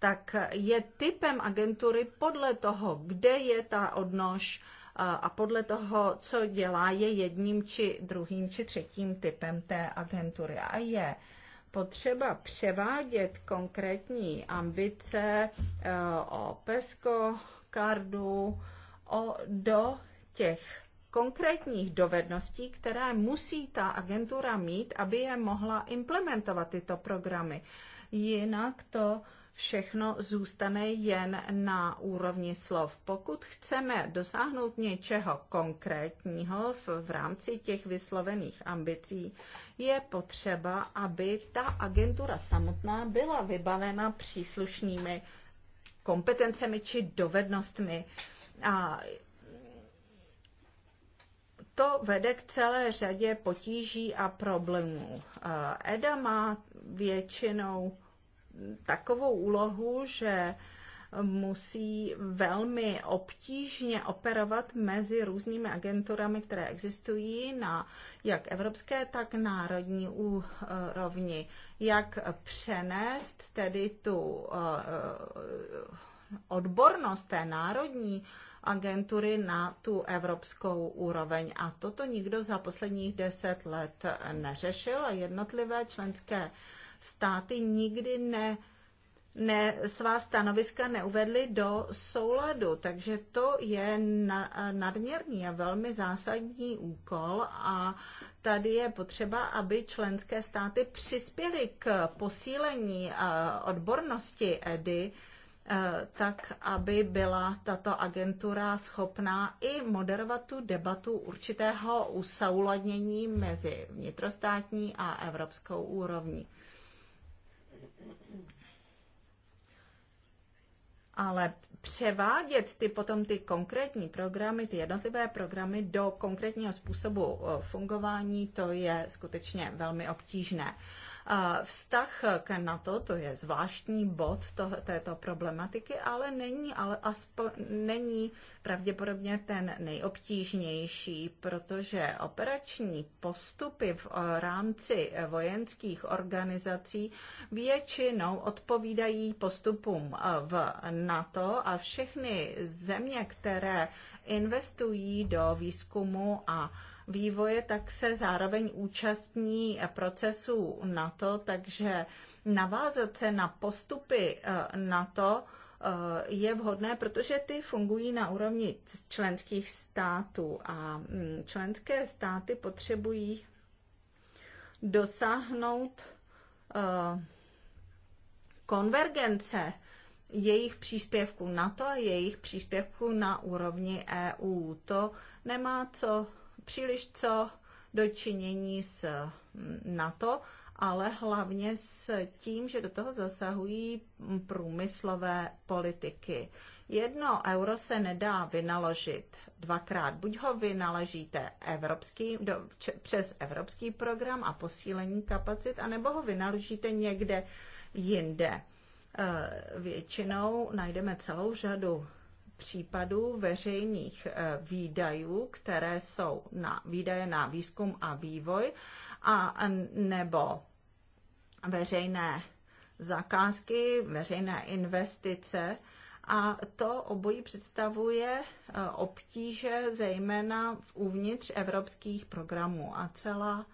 tak je typem agentury podle toho, kde je ta odnož a podle toho, co dělá, je jedním či druhým či třetím typem té agentury. A je potřeba převádět konkrétní ambice e, o PESCO, kardu, o, do těch konkrétních dovedností, které musí ta agentura mít, aby je mohla implementovat tyto programy. Jinak to všechno zůstane jen na úrovni slov. Pokud chceme dosáhnout něčeho konkrétního v, v rámci těch vyslovených ambicí, je potřeba, aby ta agentura samotná byla vybavena příslušnými kompetencemi či dovednostmi. A to vede k celé řadě potíží a problémů. EDA má většinou takovou úlohu, že musí velmi obtížně operovat mezi různými agenturami, které existují na jak evropské, tak národní úrovni. Jak přenést tedy tu eh, odbornost té národní agentury na tu evropskou úroveň. A toto nikdo za posledních deset let neřešil a jednotlivé členské státy nikdy ne, ne, svá stanoviska neuvedly do souladu. Takže to je na, nadměrný a velmi zásadní úkol a tady je potřeba, aby členské státy přispěly k posílení eh, odbornosti EDY, eh, tak aby byla tato agentura schopná i moderovat tu debatu určitého usouladnění mezi vnitrostátní a evropskou úrovní. ale převádět ty potom ty konkrétní programy, ty jednotlivé programy do konkrétního způsobu eh, fungování, to je skutečně velmi obtížné. Vztah k NATO, to je zvláštní bod to, této problematiky, ale není, ale aspo, není pravděpodobně ten nejobtížnější, protože operační postupy v rámci vojenských organizací většinou odpovídají postupům v NATO a všechny země, které investují do výzkumu a vývoje, tak se zároveň účastní procesu NATO, takže navázat se na postupy eh, NATO eh, je vhodné, protože ty fungují na úrovni členských států a mm, členské státy potřebují dosáhnout eh, konvergence jejich příspěvků na to a jejich příspěvků na úrovni EU. To nemá co příliš co dočinění s mm, NATO, ale hlavně s tím, že do toho zasahují průmyslové politiky. Jedno euro se nedá vynaložit dvakrát. Buď ho vynaložíte evropský, do, č, přes evropský program a posílení kapacit, anebo ho vynaložíte někde jinde. E, většinou najdeme celou řadu případů veřejných eh, výdajů, které jsou na výdaje na výzkum a vývoj a nebo veřejné zakázky, veřejné investice, a to obojí představuje eh, obtíže zejména uvnitř evropských programů a celá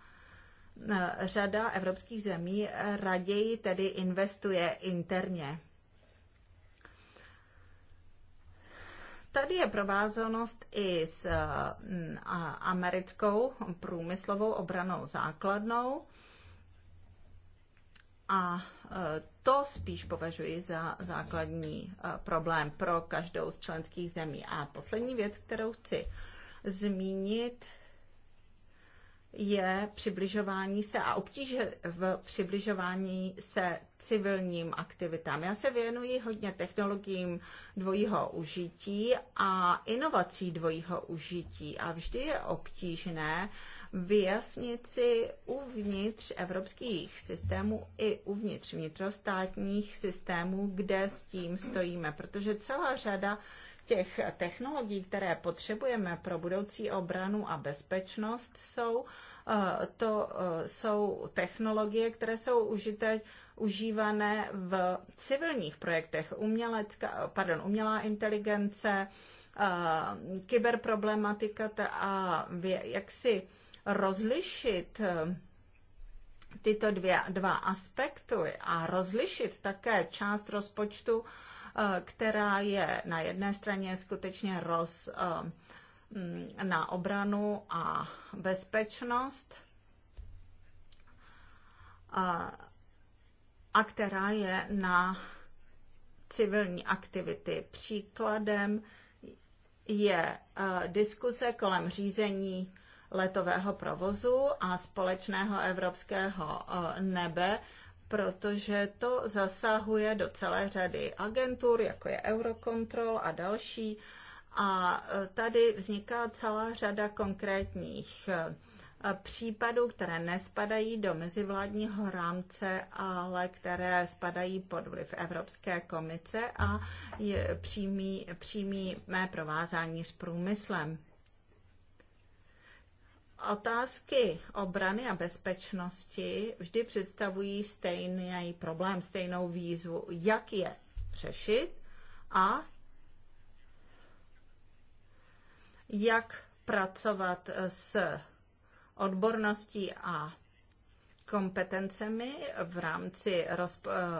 eh, řada evropských zemí raději tedy investuje interně Tady je provázanost i s mm, americkou průmyslovou obranou základnou a e, to spíš považuji za základní e, problém pro každou z členských zemí. A poslední věc, kterou chci zmínit, je přibližování se a obtíže v přibližování se civilním aktivitám. Já se věnuji hodně technologiím dvojího užití a inovací dvojího užití a vždy je obtížné vyjasnit si uvnitř evropských systémů i uvnitř vnitrostátních systémů, kde s tím stojíme, protože celá řada těch technologií, které potřebujeme pro budoucí obranu a bezpečnost, jsou, eh, to eh, jsou technologie, které jsou užité, užívané v civilních projektech. Umělecka, pardon, umělá inteligence, eh, kyberproblematika a jak si rozlišit tyto dvě, dva aspekty a rozlišit také část rozpočtu Eh, která je na jedné straně skutečně roz eh, mm, na obranu a bezpečnost eh, a která je na civilní aktivity. Příkladem je diskuse kolem řízení letového provozu a společného evropského nebe, protože to zasahuje do celé řady agentur, jako je Eurocontrol a další. A e, tady vzniká celá řada konkrétních e, případů, které nespadají do mezivládního rámce, ale které spadají pod vliv Evropské komise a je přímý, přímý mé provázání s průmyslem. Otázky obrany a bezpečnosti vždy představují stejný problém, stejnou výzvu, jak je řešit a jak pracovat s odborností a kompetencemi v rámci eh,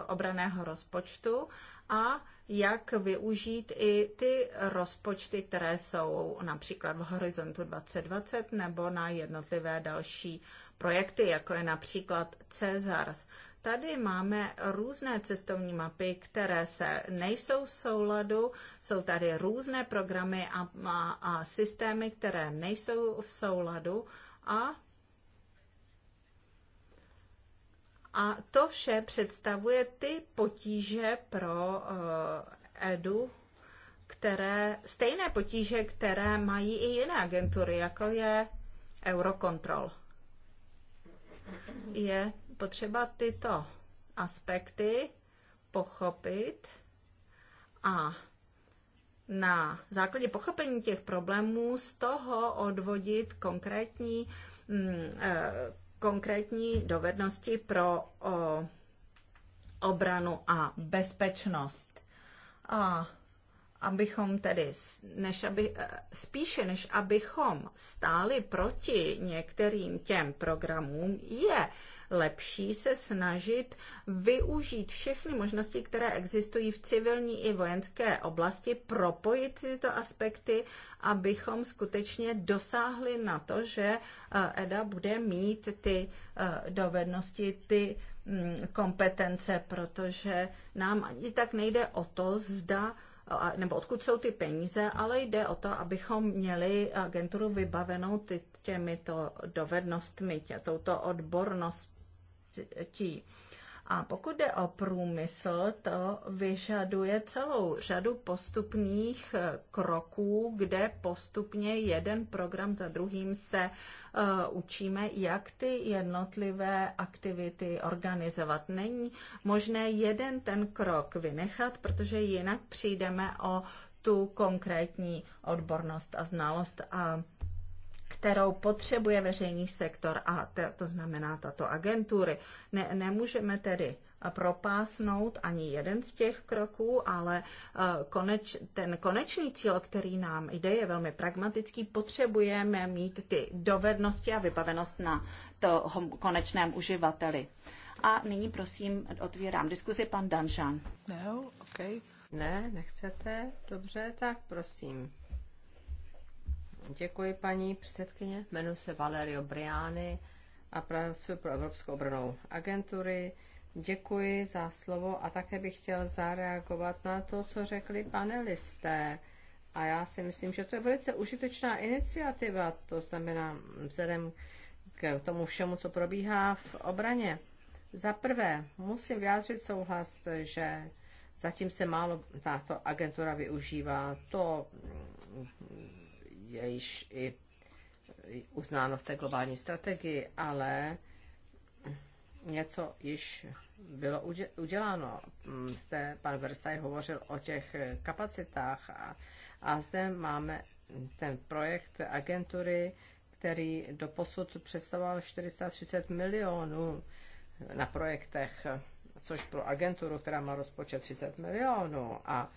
obraného rozpočtu a jak využít i ty rozpočty, které jsou například v Horizontu 2020 nebo na jednotlivé další projekty, jako je například Cezar. Tady máme různé cestovní mapy, které se nejsou v souladu, jsou tady různé programy a, a, a systémy, které nejsou v souladu a A to vše představuje ty potíže pro eh, EDU, které, stejné potíže, které mají i jiné agentury, jako je Eurocontrol. Je potřeba tyto aspekty pochopit a na základě pochopení těch problémů z toho odvodit konkrétní mm, eh, konkrétní dovednosti pro o, obranu a bezpečnost. A abychom tedy, než aby, e, spíše než abychom stáli proti některým těm programům, je lepší se snažit využít všechny možnosti, které existují v civilní i vojenské oblasti, propojit tyto aspekty, abychom skutečně dosáhli na to, že EDA eh, e bude mít ty eh, dovednosti, ty mm, kompetence, protože nám ani tak nejde o to, zda nebo odkud jsou ty peníze, ale jde o to, abychom měli agenturu vybavenou ty, těmito dovednostmi, tě, touto odbornost, rozhodnutí. A pokud jde o průmysl, to vyžaduje celou řadu postupných eh, kroků, kde postupně jeden program za druhým se eh, učíme, jak ty jednotlivé aktivity organizovat. Není možné jeden ten krok vynechat, protože jinak přijdeme o tu konkrétní odbornost a znalost a kterou potřebuje veřejný sektor a to znamená tato agentury. Ne, nemůžeme tedy eh, propásnout ani jeden z těch kroků, ale eh, koneč, ten konečný cíl, který nám jde, je velmi pragmatický. Potřebujeme mít ty dovednosti a vybavenost na to konečném uživateli. A nyní prosím otvírám diskuzi pan Danžan. No, okay. Ne, nechcete? Dobře, tak prosím. Děkuji, paní předsedkyně. Jmenuji se Valerio Briány a pracuji pro Evropskou obranou agentury. Děkuji za slovo a také bych chtěl zareagovat na to, co řekli panelisté. A já si myslím, že to je velice užitečná iniciativa, to znamená vzhledem k tomu všemu, co probíhá v obraně. Za prvé, musím vyjádřit souhlas, že zatím se málo tato agentura využívá. To je již i uznáno v té globální strategii, ale něco již bylo uděláno. Mm, zde pan Versaj hovořil o těch kapacitách a, a zde máme ten projekt agentury, který doposud představoval 430 milionů na projektech, což pro agenturu, která má rozpočet 30 milionů a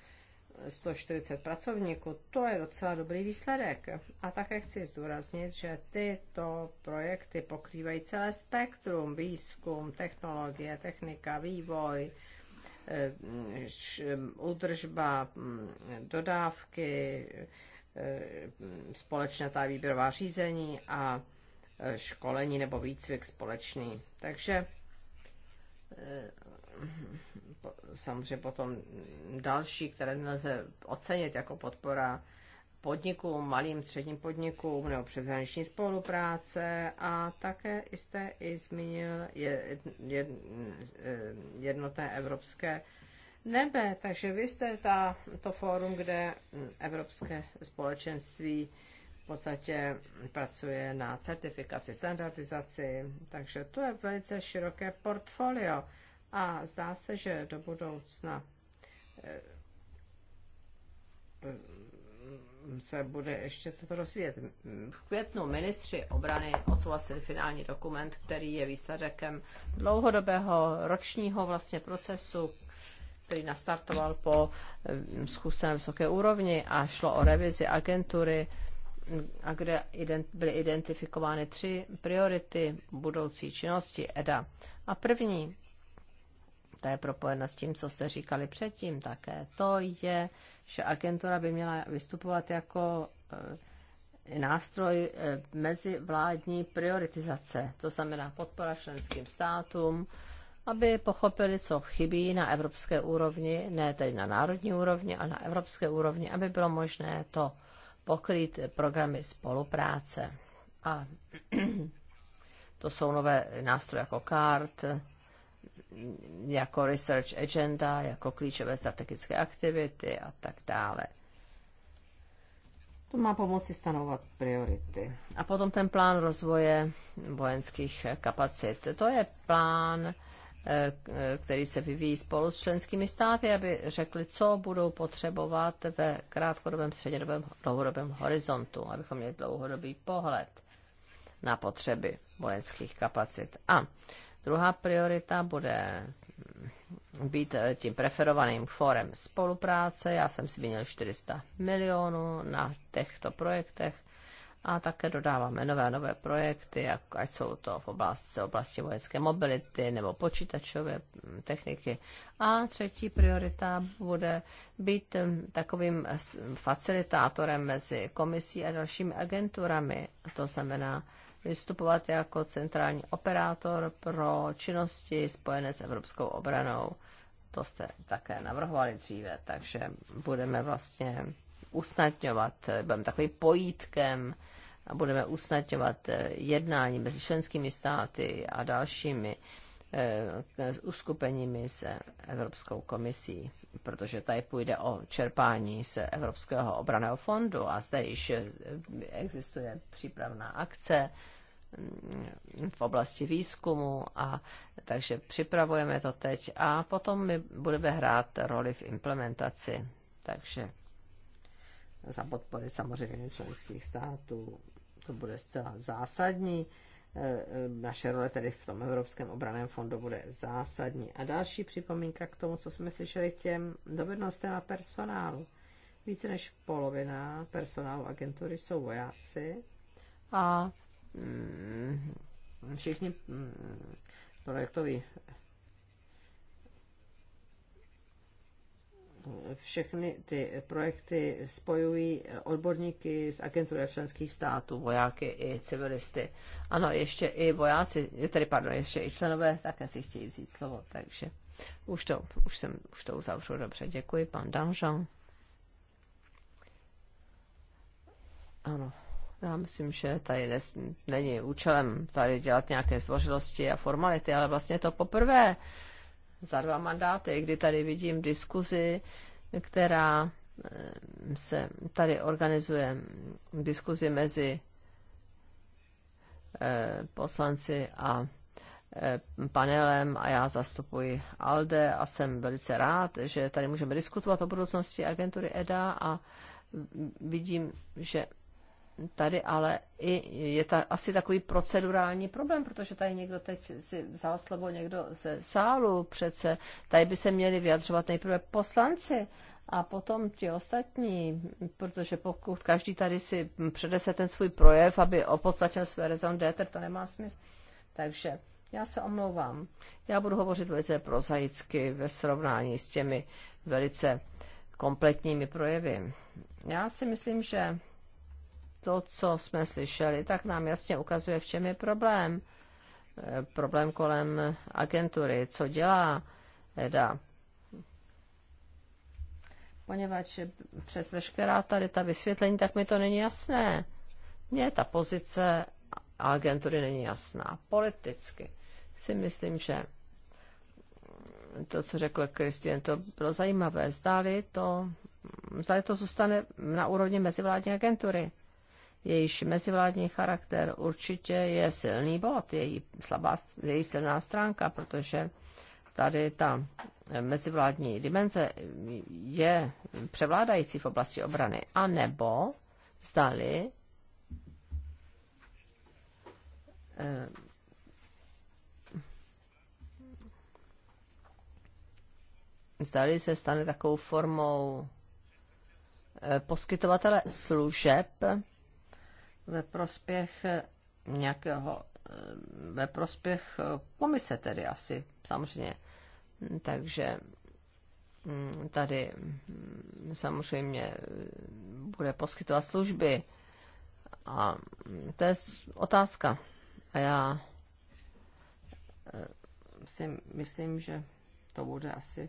140 pracovníků, to je docela dobrý výsledek. A také chci zdůraznit, že tyto projekty pokrývají celé spektrum, výzkum, technologie, technika, vývoj, udržba eh, hm, dodávky, eh, společná ta výběrová řízení a eh, školení nebo výcvik společný. Takže samozřejmě potom další, které nelze ocenit jako podpora podnikům, malým středním podnikům nebo přeshraniční spolupráce a také jste i zmínil eh, jednotné evropské nebe. Takže vy jste ta, to fórum, kde Evropské společenství v podstatě pracuje na certifikaci, standardizaci, takže to je velice široké portfolio. A zdá se, že do budoucna eh, se bude ještě toto rozvíjet. V květnu ministři obrany odsouhlasili finální dokument, který je výsledkem dlouhodobého ročního vlastně procesu, který nastartoval po eh, schůzce na vysoké úrovni a šlo o revizi agentury, a kde byly identifikovány tři priority budoucí činnosti EDA. A první to je propojeno s tím, co jste říkali předtím také. To je, že agentura by měla vystupovat jako eh, nástroj eh, mezivládní prioritizace, to znamená podpora členským státům, aby pochopili, co chybí na evropské úrovni, ne tedy na národní úrovni, ale na evropské úrovni, aby bylo možné to pokrýt programy spolupráce. A to jsou nové nástroje jako kart, jako research agenda, jako klíčové strategické aktivity a tak dále. To má pomoci stanovat priority. A potom ten plán rozvoje vojenských kapacit. To je plán, eh, který se vyvíjí spolu s členskými státy, aby řekli, co budou potřebovat ve krátkodobém, střednědobém, dlouhodobém horizontu, abychom měli dlouhodobý pohled na potřeby vojenských kapacit. A Druhá priorita bude být eh, tím preferovaným fórem spolupráce. Já jsem si měl 400 milionů na těchto projektech a také dodáváme nové a nové projekty, jako ať jsou to v oblasti, oblasti vojenské mobility nebo počítačové hm, techniky. A třetí priorita bude být hm, takovým hm, facilitátorem mezi komisí a dalšími agenturami. To znamená, vystupovat jako centrální operátor pro činnosti spojené s evropskou obranou. To jste také navrhovali dříve, takže budeme vlastně usnadňovat, budeme takovým pojítkem a budeme usnadňovat eh, jednání mezi členskými státy a dalšími Eh, s uskupeními se Evropskou komisí, protože tady půjde o čerpání z Evropského obraného fondu a zde již existuje přípravná akce mm, v oblasti výzkumu a takže připravujeme to teď a potom my budeme hrát roli v implementaci. Takže za podpory samozřejmě členských států to bude zcela zásadní. E, e, naše role tedy v tom Evropském obraném fondu bude zásadní. A další připomínka k tomu, co jsme slyšeli k těm dovednostem a personálu. Více než polovina personálu agentury jsou vojáci a mm, všichni mm, projektoví všechny ty projekty spojují odborníky z agentury členských států, vojáky i civilisty. Ano, ještě i vojáci, tedy pardon, ještě i členové také si chtějí vzít slovo, takže už to, už jsem, už to uzavřu dobře. Děkuji, pan Danžan. Ano, já myslím, že tady nes, není účelem tady dělat nějaké zdvořilosti a formality, ale vlastně to poprvé, za dva mandáty, kdy tady vidím diskuzi, která eh, se tady organizuje diskuzi mezi eh, poslanci a eh, panelem a já zastupuji ALDE a jsem velice rád, že tady můžeme diskutovat o budoucnosti agentury EDA a vidím, že tady ale i je ta, asi takový procedurální problém, protože tady někdo teď si vzal slovo někdo ze sálu přece. Tady by se měli vyjadřovat nejprve poslanci a potom ti ostatní, protože pokud každý tady si předese ten svůj projev, aby opodstatnil své raison d'être, to nemá smysl. Takže já se omlouvám. Já budu hovořit velice prozaicky ve srovnání s těmi velice kompletními projevy. Já si myslím, že to, co jsme slyšeli, tak nám jasně ukazuje, v čem je problém. Eh, problém kolem agentury, co dělá EDA. Poněvadž přes veškerá tady ta vysvětlení, tak mi to není jasné. Mně ta pozice agentury není jasná. Politicky si myslím, že to, co řekl Kristian, to bylo zajímavé. Zdáli to, zdali to zůstane na úrovni mezivládní agentury jejíž mezivládní charakter určitě je silný bod, její, slabá, její silná stránka, protože tady ta mezivládní dimenze je převládající v oblasti obrany. A nebo zdali eh, zdali se stane takovou formou eh, poskytovatele služeb, ve prospěch eh, nějakého, eh, ve prospěch eh, komise tedy asi, samozřejmě. Hm, takže hm, tady hm, samozřejmě bude poskytovat služby. A to je otázka. A já si myslím, že to bude asi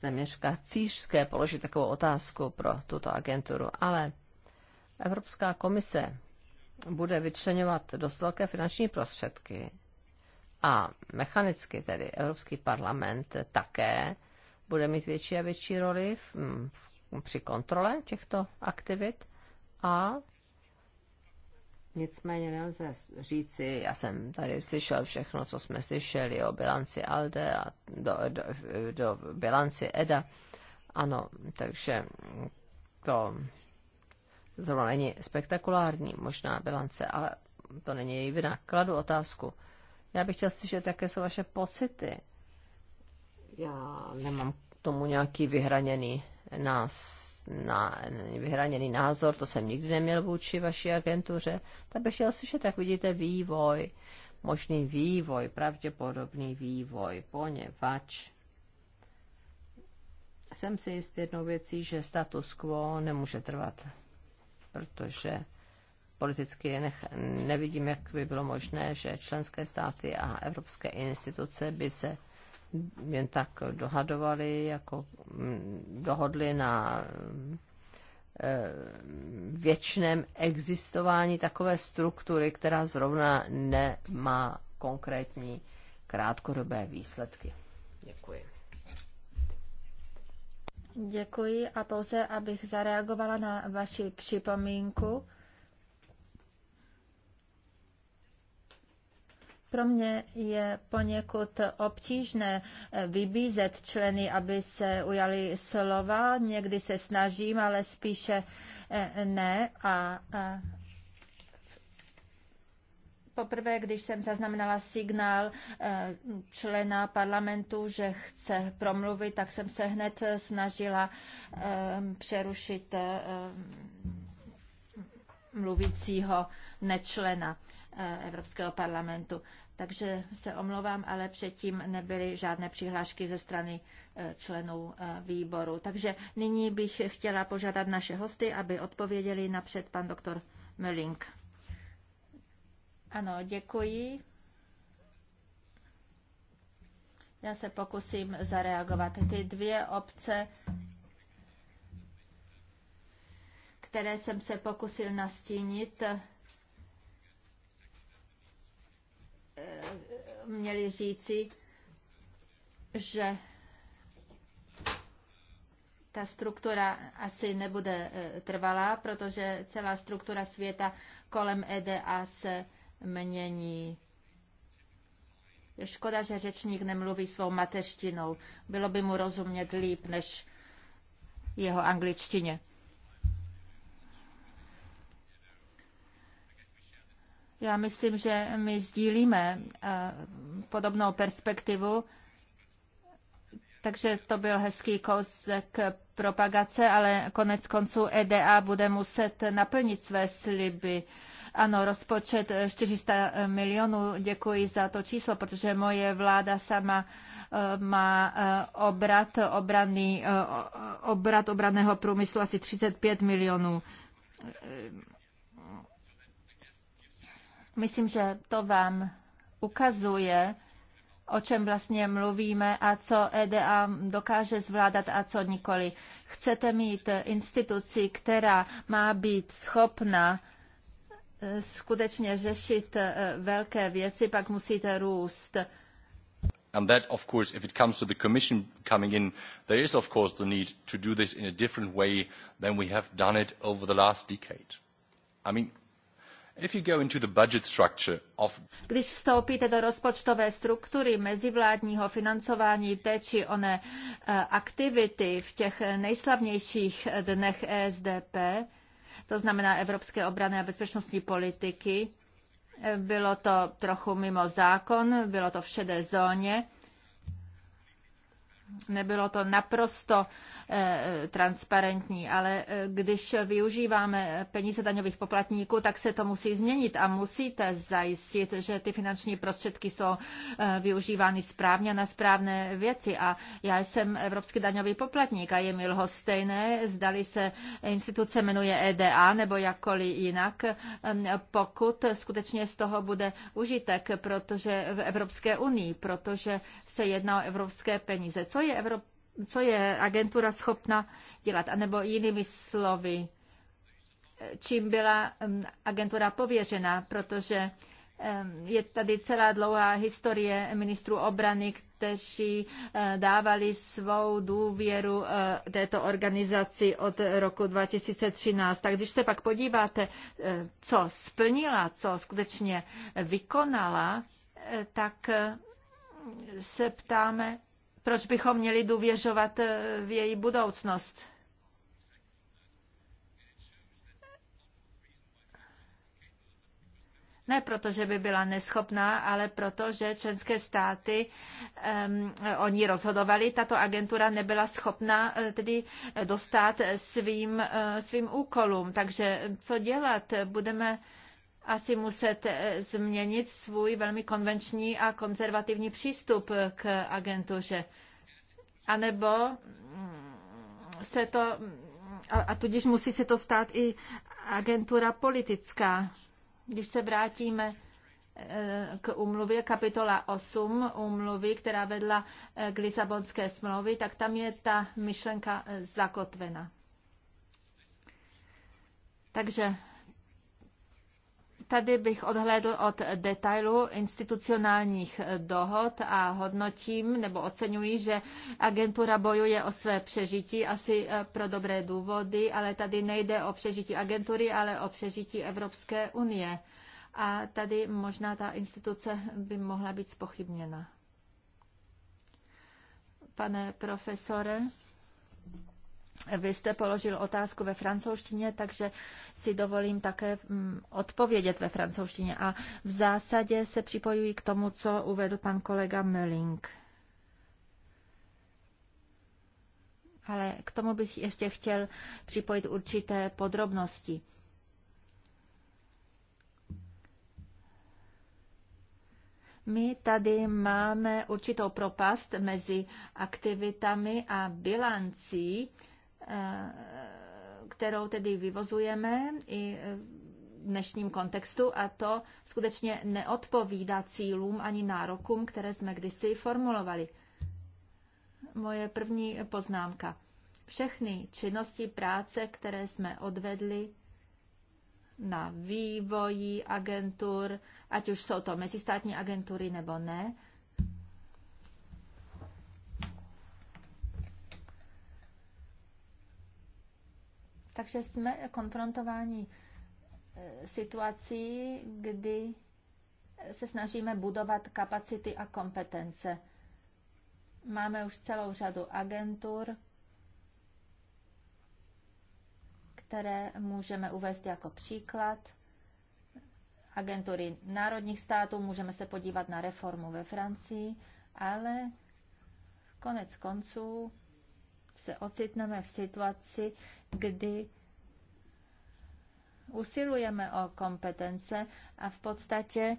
téměř kacířské položit takovou otázku pro tuto agenturu, ale Evropská komise bude vyčlenovat dost velké finanční prostředky a mechanicky tedy Evropský parlament také bude mít větší a větší roli v, v, při kontrole těchto aktivit a Nicméně nelze říci, já jsem tady slyšel všechno, co jsme slyšeli o bilanci ALDE a do, do, do bilanci EDA. Ano, takže to zrovna není spektakulární, možná bilance, ale to není její vina. Kladu otázku. Já bych chtěl slyšet, jaké jsou vaše pocity. Já nemám k tomu nějaký vyhraněný nás, na, vyhraněný názor, to jsem nikdy neměl vůči vaší agentuře, tak bych chtěl slyšet, jak vidíte vývoj, možný vývoj, pravděpodobný vývoj, poněvadž jsem si jist jednou věcí, že status quo nemůže trvat protože politicky nech, nevidím, jak by bylo možné, že členské státy a evropské instituce by se jen tak dohadovali, jako mm, dohodli na eh, věčném existování takové struktury, která zrovna nemá konkrétní krátkodobé výsledky. Děkuji. Děkuji a pouze, abych zareagovala na vaši připomínku. Pro mě je poněkud obtížné eh, vybízet členy, aby se ujali slova. Někdy se snažím, ale spíše eh, ne. A, a Poprvé, když jsem zaznamenala signál eh, člena parlamentu, že chce promluvit, tak jsem se hned snažila eh, přerušit eh, mluvícího nečlena Evropského parlamentu. Takže se omlouvám, ale předtím nebyly žádné přihlášky ze strany členů výboru. Takže nyní bych chtěla požádat naše hosty, aby odpověděli napřed pan doktor Mölling. Ano, děkuji. Já se pokusím zareagovat. Ty dvě obce, které jsem se pokusil nastínit, eh, měli říci, že ta struktura asi nebude eh, trvalá, protože celá struktura světa kolem EDA se mění. Škoda, že řečník nemluví svou mateřštinou. Bylo by mu rozumět líp než jeho angličtině. Já myslím, že my sdílíme eh, podobnou perspektivu, takže to byl hezký kousek propagace, ale konec konců EDA bude muset naplnit své sliby ano, rozpočet 400 eh, eh, milionů, děkuji za to číslo, protože moje vláda sama eh, má obrat, obraný obrat obraného průmyslu asi 35 milionů. Myslím, že to vám ukazuje, o čem vlastně mluvíme a co EDA dokáže zvládat a co nikoli. Chcete mít instituci, která má být schopna skutečně řešit eh, velké věci, pak musíte růst. And that, of course, if it comes to the Commission coming in, there is, of course, the need to do this in a different way than we have done it over the last decade. I mean, If you go into the budget structure of... Když vstoupíte do rozpočtové struktury mezivládního financování té či oné eh, aktivity v těch nejslavnějších dnech ESDP, to znamená evropské obrany a bezpečnostní politiky. Bylo to trochu mimo zákon, bylo to v šedé zóně Nebylo to naprosto eh, transparentní, ale eh, když využíváme peníze daňových poplatníků, tak se to musí změnit a musíte zajistit, že ty finanční prostředky jsou eh, využívány správně na správné věci. A já jsem evropský daňový poplatník a je mi stejné, zdali se instituce jmenuje EDA nebo jakkoliv jinak, ehm, pokud skutečně z toho bude užitek, protože v Evropské unii, protože se jedná o evropské peníze. Co co je, Evrop, co je agentura schopna dělat, anebo jinými slovy, čím byla agentura pověřena, protože je tady celá dlouhá historie ministrů obrany, kteří eh, dávali svou důvěru eh, této organizaci od roku 2013. Tak když se pak podíváte, eh, co splnila, co skutečně vykonala, tak se ptáme, proč bychom měli důvěřovat eh, v její budoucnost? Ne proto, že by byla neschopná, ale proto, že členské státy um, o ní rozhodovali. Tato agentura nebyla schopná uh, tedy eh, dostat svým, uh, svým úkolům. Takže co dělat? Budeme uh, asi muset eh, změnit svůj velmi konvenční a konzervativní přístup k agentuře. A nebo mm, se to, mm, a, a tudíž musí se to stát i agentura politická. Když se vrátíme eh, k umluvě kapitola 8 umluvy, která vedla eh, k Lisabonské smlouvy, tak tam je ta myšlenka zakotvena. Takže Tady bych odhlédl od detailu institucionálních dohod a hodnotím nebo oceňuji, že agentura bojuje o své přežití asi eh, pro dobré důvody, ale tady nejde o přežití agentury, ale o přežití Evropské unie. A tady možná ta instituce by mohla být spochybněna. Pane profesore. Vy jste položil otázku ve francouzštině, takže si dovolím také mm, odpovědět ve francouzštině. A v zásadě se připojuji k tomu, co uvedl pan kolega Mölling. Ale k tomu bych ještě chtěl připojit určité podrobnosti. My tady máme určitou propast mezi aktivitami a bilancí Eh, kterou tedy vyvozujeme i eh, v dnešním kontextu a to skutečně neodpovídá cílům ani nárokům, které jsme kdysi formulovali. Moje první poznámka. Všechny činnosti práce, které jsme odvedli na vývoji agentur, ať už jsou to mezistátní agentury nebo ne, Takže jsme konfrontováni e, situací, kdy se snažíme budovat kapacity a kompetence. Máme už celou řadu agentur, které můžeme uvést jako příklad. Agentury národních států, můžeme se podívat na reformu ve Francii, ale konec konců se ocitneme v situaci, kdy usilujeme o kompetence a v podstatě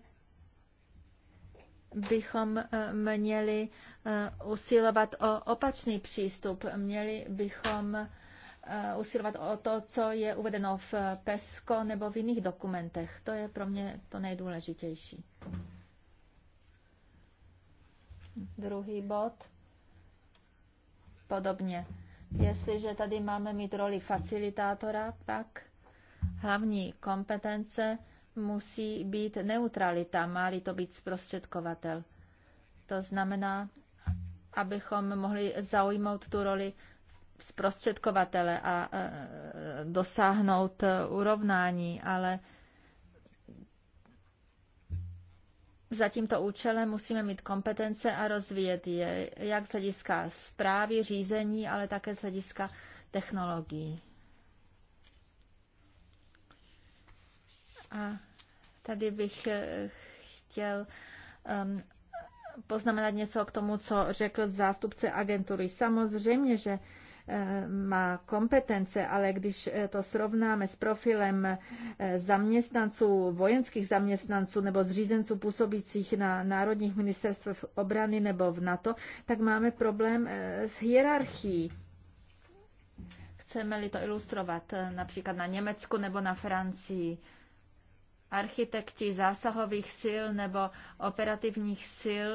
bychom eh, měli eh, usilovat o opačný přístup. Měli bychom eh, usilovat o to, co je uvedeno v PESCO nebo v jiných dokumentech. To je pro mě to nejdůležitější. Druhý bod podobně. Jestliže tady máme mít roli facilitátora, pak hlavní kompetence musí být neutralita, má-li to být zprostředkovatel. To znamená, abychom mohli zaujmout tu roli zprostředkovatele a e, e, dosáhnout e, urovnání, ale za tímto účelem musíme mít kompetence a rozvíjet je, jak z hlediska zprávy, řízení, ale také z hlediska technologií. A tady bych eh, chtěl um, poznamenat něco k tomu, co řekl zástupce agentury. Samozřejmě, že má kompetence, ale když eh, to srovnáme s profilem eh, zaměstnanců, vojenských zaměstnanců nebo zřízenců působících na národních ministerstvech obrany nebo v NATO, tak máme problém eh, s hierarchií chceme-li to ilustrovat například na Německu nebo na Francii. Architekti zásahových sil nebo operativních sil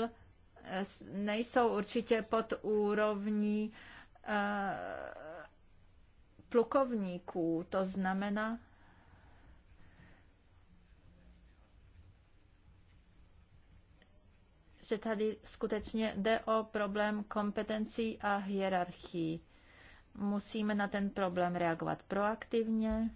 nejsou určitě pod úrovní Eh, plukovníků, to znamená že tady skutečně jde o problém kompetencí a hierarchii. Musíme na ten problém reagovat proaktivně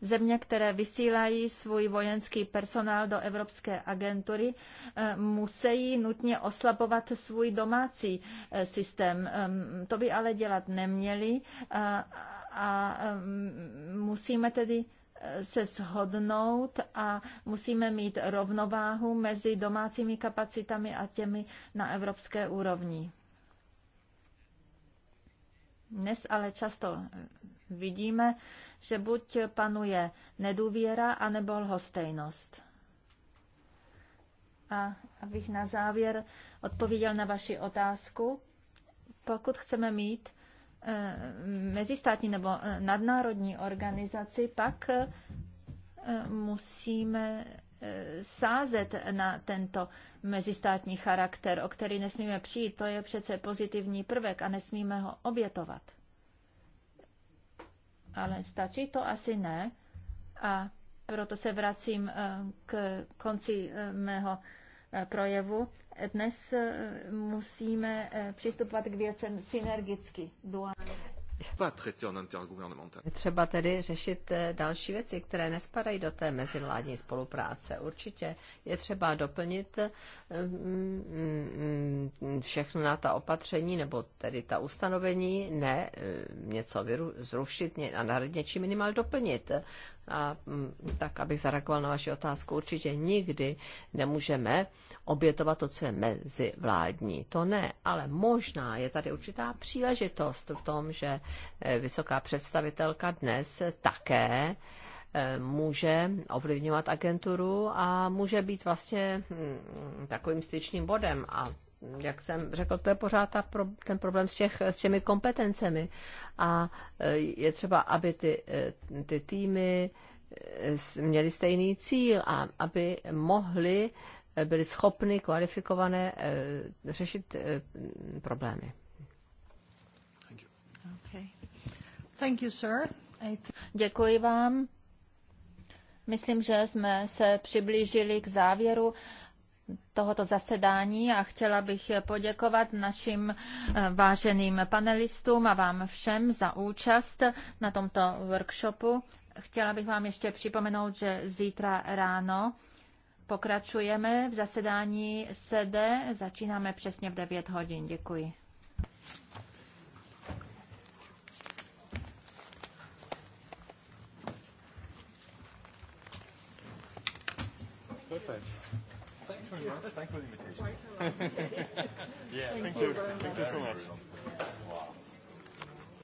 Země, které vysílají svůj vojenský personál do Evropské agentury, eh, musí nutně oslabovat svůj domácí eh, systém. Ehm, to by ale dělat neměli eh, a ehm, musíme tedy se shodnout a musíme mít rovnováhu mezi domácími kapacitami a těmi na evropské úrovni. Dnes ale často vidíme, že buď panuje nedůvěra, anebo lhostejnost. A abych na závěr odpověděl na vaši otázku, pokud chceme mít eh, mezistátní nebo eh, nadnárodní organizaci, pak eh, musíme sázet na tento mezistátní charakter, o který nesmíme přijít. To je přece pozitivní prvek a nesmíme ho obětovat. Ale stačí to asi ne. A proto se vracím eh, k konci eh, mého eh, projevu. Dnes musíme přistupovat k věcem synergicky, duálně. Třeba tedy řešit eh, další věci, které nespadají do té mezivládní spolupráce. Určitě je třeba doplnit eh, mm, mm, všechno na ta opatření, nebo tedy ta ustanovení, ne eh, něco zrušit a nahradit něčím minimálně doplnit a mm, tak, abych zareagoval na vaši otázku, určitě nikdy nemůžeme obětovat to, co je mezivládní. To ne, ale možná je tady určitá příležitost v tom, že eh, vysoká představitelka dnes také eh, může ovlivňovat agenturu a může být vlastně hm, takovým styčným bodem. A jak jsem řekl, to je pořád ta pro, ten problém s, těch, s těmi kompetencemi. A e, je třeba, aby ty, e, ty týmy e, měly stejný cíl a aby mohly, byly schopny, kvalifikované řešit problémy. Thank you. Okay. Thank you, sir. Děkuji vám. Myslím, že jsme se přiblížili k závěru tohoto zasedání a chtěla bych poděkovat našim eh, váženým panelistům a vám všem za účast na tomto workshopu. Chtěla bych vám ještě připomenout, že zítra ráno pokračujeme v zasedání sede. Začínáme přesně v 9 hodin. Děkuji. Perfect. Thanks very much. Thanks for the invitation. yeah, thank, thank you. Thank you so much. Wow.